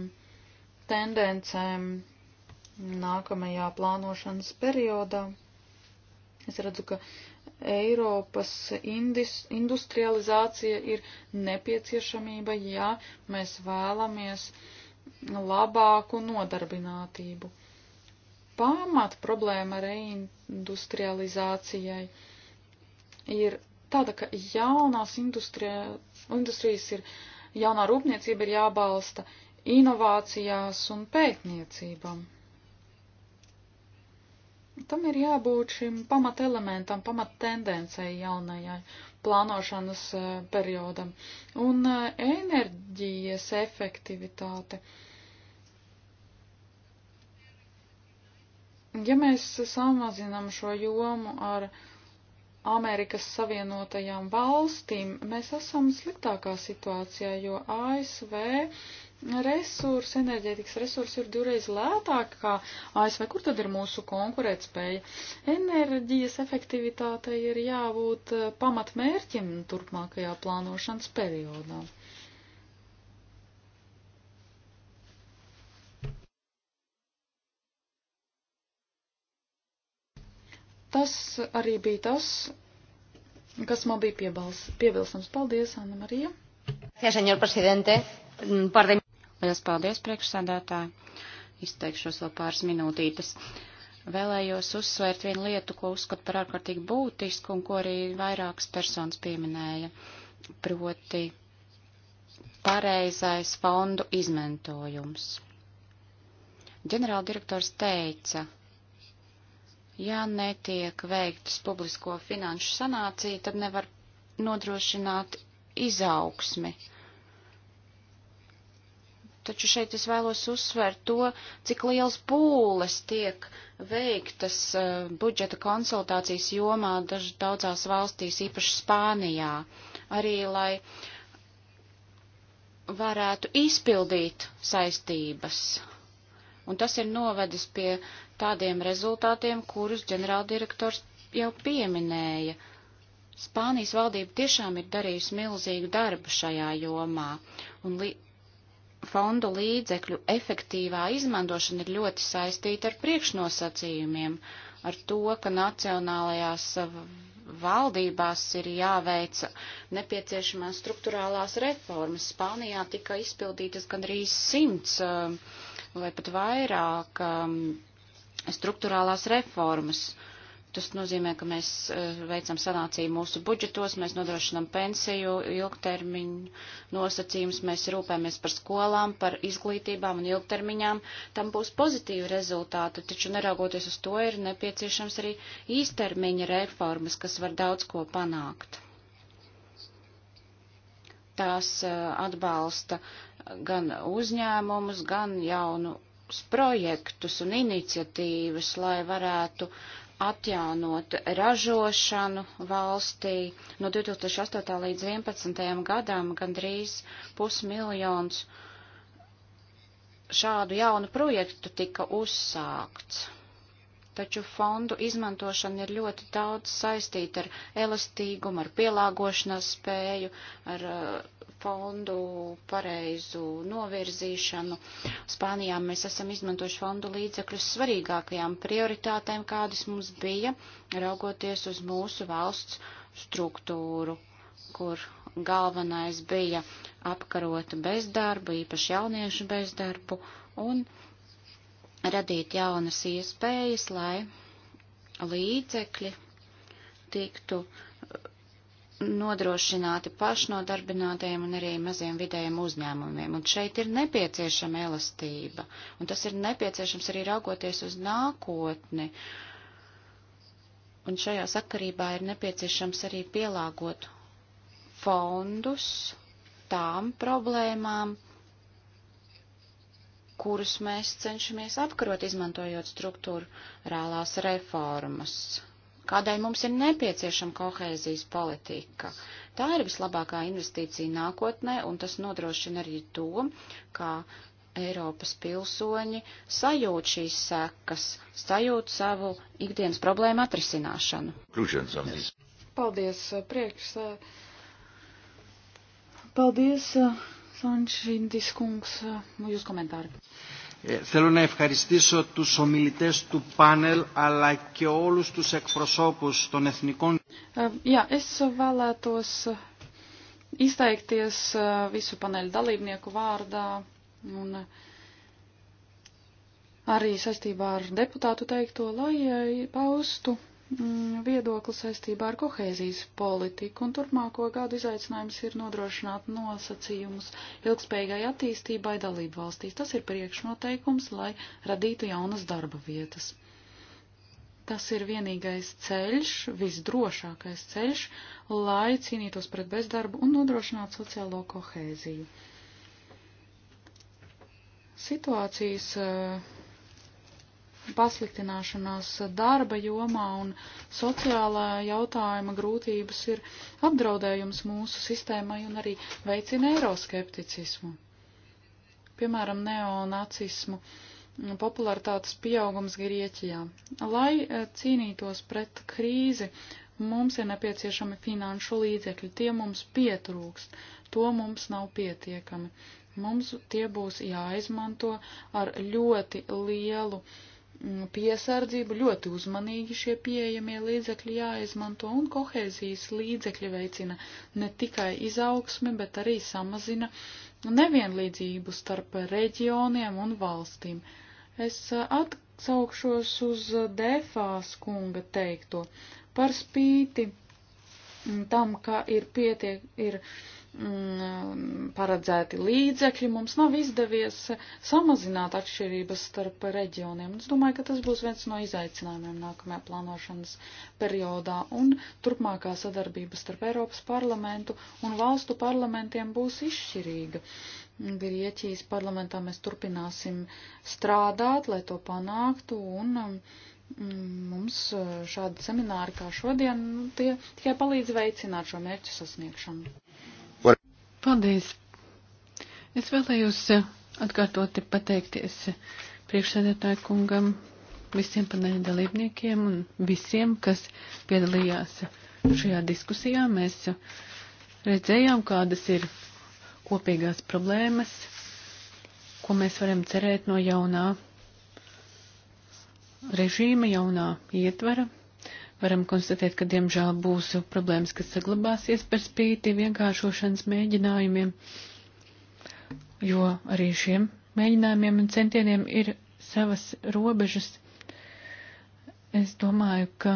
tendencēm nākamajā plānošanas periodā. Es redzu, ka Eiropas indis, industrializācija ir nepieciešamība, ja mēs vēlamies labāku nodarbinātību. Pāmat problēma reindustrializācijai ir tāda, ka jaunās industrijas ir, jaunā rūpniecība ir jābalsta inovācijās un pētniecībām. Tam ir jābūt šim pamatelementam, pamattendencei jaunajai plānošanas e, periodam. Un e, enerģijas efektivitāte. Ja mēs samazinam šo jomu ar Amerikas Savienotajām valstīm, mēs esam sliktākā situācijā, jo ASV resursi, enerģētikas resursi ir divreiz lētāk kā ASV. Kur tad ir mūsu konkurētspēja? Enerģijas efektivitātei ir jābūt eh, pamatmērķim turpmākajā plānošanas periodā. Tas arī bija tas, kas man bija piebilstams. Paldies, Anna Marija. Gracias, señor presidente. Par de... Lielas paldies, priekšsādātāji. Izteikšos vēl pāris minūtītes. Vēlējos uzsvērt vienu lietu, ko uzskatu par ārkārtīgi būtisku un ko arī vairākas personas pieminēja, proti pareizais fondu izmantojums. Ģenerāldirektors teica, ja netiek veiktas publisko finanšu sanācija, tad nevar nodrošināt izaugsmi. Uh, taču šeit es vēlos uzsvērt to, cik liels pūles tiek veiktas uh, budžeta konsultācijas jomā daž, daudzās valstīs, īpaši Spānijā, arī lai varētu izpildīt saistības. Un tas ir novedis pie tādiem rezultātiem, kurus ģenerāldirektors jau pieminēja. Spānijas valdība tiešām ir darījusi milzīgu darbu šajā jomā, un fondu līdzekļu efektīvā izmantošana ir ļoti saistīta ar priekšnosacījumiem, ar to, ka nacionālajās valdībās ir jāveic nepieciešamās struktūrālās reformas. Spānijā tika izpildītas gandrīz simts um, vai pat vairāk um, struktūrālās reformas. Uh, Tas nozīmē, ka mēs eh, veicam sanācību mūsu budžetos, mēs nodrošinam pensiju, ilgtermiņu nosacījumus, mēs rūpējamies par skolām, par izglītībām un ilgtermiņām. Tam būs pozitīvi rezultāti, taču neraugoties uz to ir nepieciešams arī īstermiņa reformas, kas var daudz ko panākt. Tās eh, atbalsta gan uzņēmumus, gan jaunu projektus un iniciatīvas, lai varētu atjaunot ražošanu valstī. No 2008. līdz 2011. gadam gandrīz pusmiljons šādu jaunu projektu tika uzsākts taču fondu izmantošana ir ļoti daudz saistīta ar elastīgumu, ar pielāgošanās spēju, ar uh, fondu pareizu novirzīšanu. Spānijā mēs esam izmantojuši fondu līdzekļus svarīgākajām prioritātēm, kādas mums bija, raugoties uz mūsu valsts struktūru, kur galvenais bija apkarot bezdarbu, īpaši jauniešu bezdarbu un bezdarbu radīt jaunas iespējas, lai līdzekļi tiktu uh, nodrošināti pašnodarbinātajiem un arī maziem vidējiem uzņēmumiem. Un šeit ir nepieciešama elastība, un tas ir nepieciešams arī raugoties uz nākotni. Un šajā sakarībā ir nepieciešams arī pielāgot fondus tām problēmām, kurus mēs cenšamies apkarot, izmantojot struktūru rālās reformas. Kādēļ mums ir nepieciešama kohēzijas politika? Tā ir vislabākā investīcija nākotnē, un tas nodrošina arī to, kā Eiropas pilsoņi sajūt šīs sekas, sajūt savu ikdienas problēmu atrisināšanu. Paldies, prieks. Paldies Σοντσίντης Κούγκς, μου γιους κομμεντάρι. Θέλω να ευχαριστήσω τους ομιλητές του πάνελ αλλά και όλους τους εκπροσώπους των εθνικών... Jā, es vēlētos eh, izteikties eh, visu paneļu dalībnieku vārdā un eh, arī saistībā ar deputātu teikto, lai paustu Mm, viedokli saistībā ar kohēzijas politiku, un turpmāko gadu izaicinājums ir nodrošināt nosacījumus ilgspējīgai attīstībai dalību valstīs. Tas ir priekšnoteikums, lai radītu jaunas darba vietas. Tas ir vienīgais ceļš, visdrošākais ceļš, lai cīnītos pret bezdarbu un nodrošinātu sociālo kohēziju. Situācijas eh, pasliktināšanās darba jomā un sociālā jautājuma grūtības ir apdraudējums mūsu sistēmai un arī veicina eiroskepticismu. Piemēram, neonacismu popularitātes pieaugums Grieķijā. Lai eh, cīnītos pret krīzi, mums ir nepieciešami finanšu līdzekļi, tie mums pietrūkst, to mums nav pietiekami. Mums tie būs jāizmanto ar ļoti lielu Mm, piesardzību, ļoti uzmanīgi šie pieejamie līdzekļi jāizmanto, un kohēzijas līdzekļi veicina ne tikai izaugsmi, bet arī samazina nevienlīdzību starp reģioniem un valstīm. Es uh, atsaukšos uz uh, Defās kunga teikto par spīti mm, tam, ka ir pietiek, ir uh, Mm, paredzēti līdzekļi, mums nav izdevies samazināt atšķirības starp reģioniem. Es domāju, ka tas būs viens no izaicinājumiem nākamajā plānošanas periodā, un turpmākā sadarbība starp Eiropas parlamentu un valstu parlamentiem būs izšķirīga. Grieķijas parlamentā mēs turpināsim strādāt, lai to panāktu, un um, mums uh, šādi semināri kā šodien tie tikai palīdz veicināt šo mērķu sasniegšanu. Paldies! Es vēlējos eh, atkārtoti pateikties eh, priekšsēdētāju kungam, visiem paneļa dalībniekiem un visiem, kas piedalījās šajā diskusijā. Mēs eh, redzējām, kādas ir kopīgās problēmas, ko mēs varam cerēt no jaunā režīma, jaunā ietvara varam konstatēt, ka diemžēl būs problēmas, kas saglabāsies par spīti vienkāršošanas mēģinājumiem, jo arī šiem mēģinājumiem un centieniem ir savas robežas. Es domāju, ka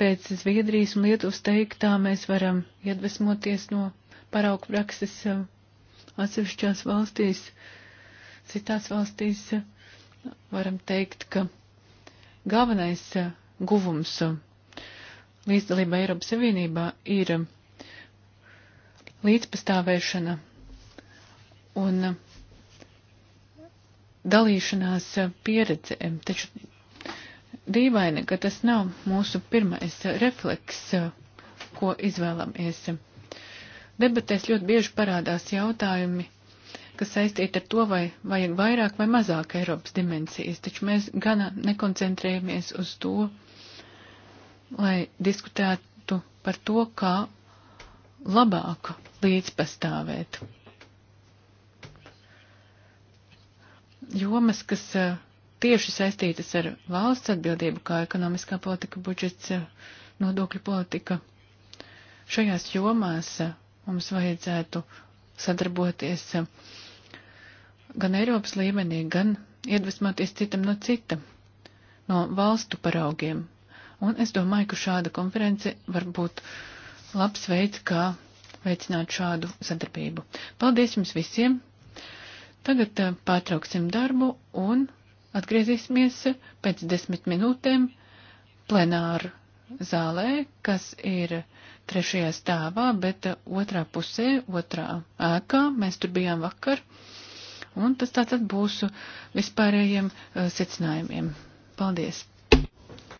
pēc Zviedrijas un Lietuvas teiktā mēs varam iedvesmoties no paraugu prakses uh, atsevišķās valstīs, citās valstīs. Uh, varam teikt, ka galvenais guvums līdzdalība Eiropas Savienībā ir līdzpastāvēšana un dalīšanās pieredze. Taču dīvaini, ka tas nav mūsu pirmais refleks, ko izvēlamies. Debatēs ļoti bieži parādās jautājumi, kas saistīta ar to, vai vajag vairāk vai mazāk Eiropas dimensijas, taču mēs gana nekoncentrējamies uz to, lai diskutētu par to, kā labāk līdzpastāvēt. Jomas, kas eh, tieši saistītas ar valsts atbildību, kā ekonomiskā politika, budžets, eh, nodokļu politika, šajās jomās eh, mums vajadzētu sadarboties gan Eiropas līmenī, gan iedvesmoties citam no cita, no valstu paraugiem. Un es domāju, ka šāda konference var būt labs veids, kā veicināt šādu sadarbību. Paldies jums visiem! Tagad eh, pārtrauksim darbu un atgriezīsimies pēc desmit minūtēm plenāru zālē, kas ir trešajā stāvā, bet eh, otrā pusē, otrā ēkā, mēs tur bijām vakar. Un tas tātad būs vispārējiem eh, secinājumiem. Paldies!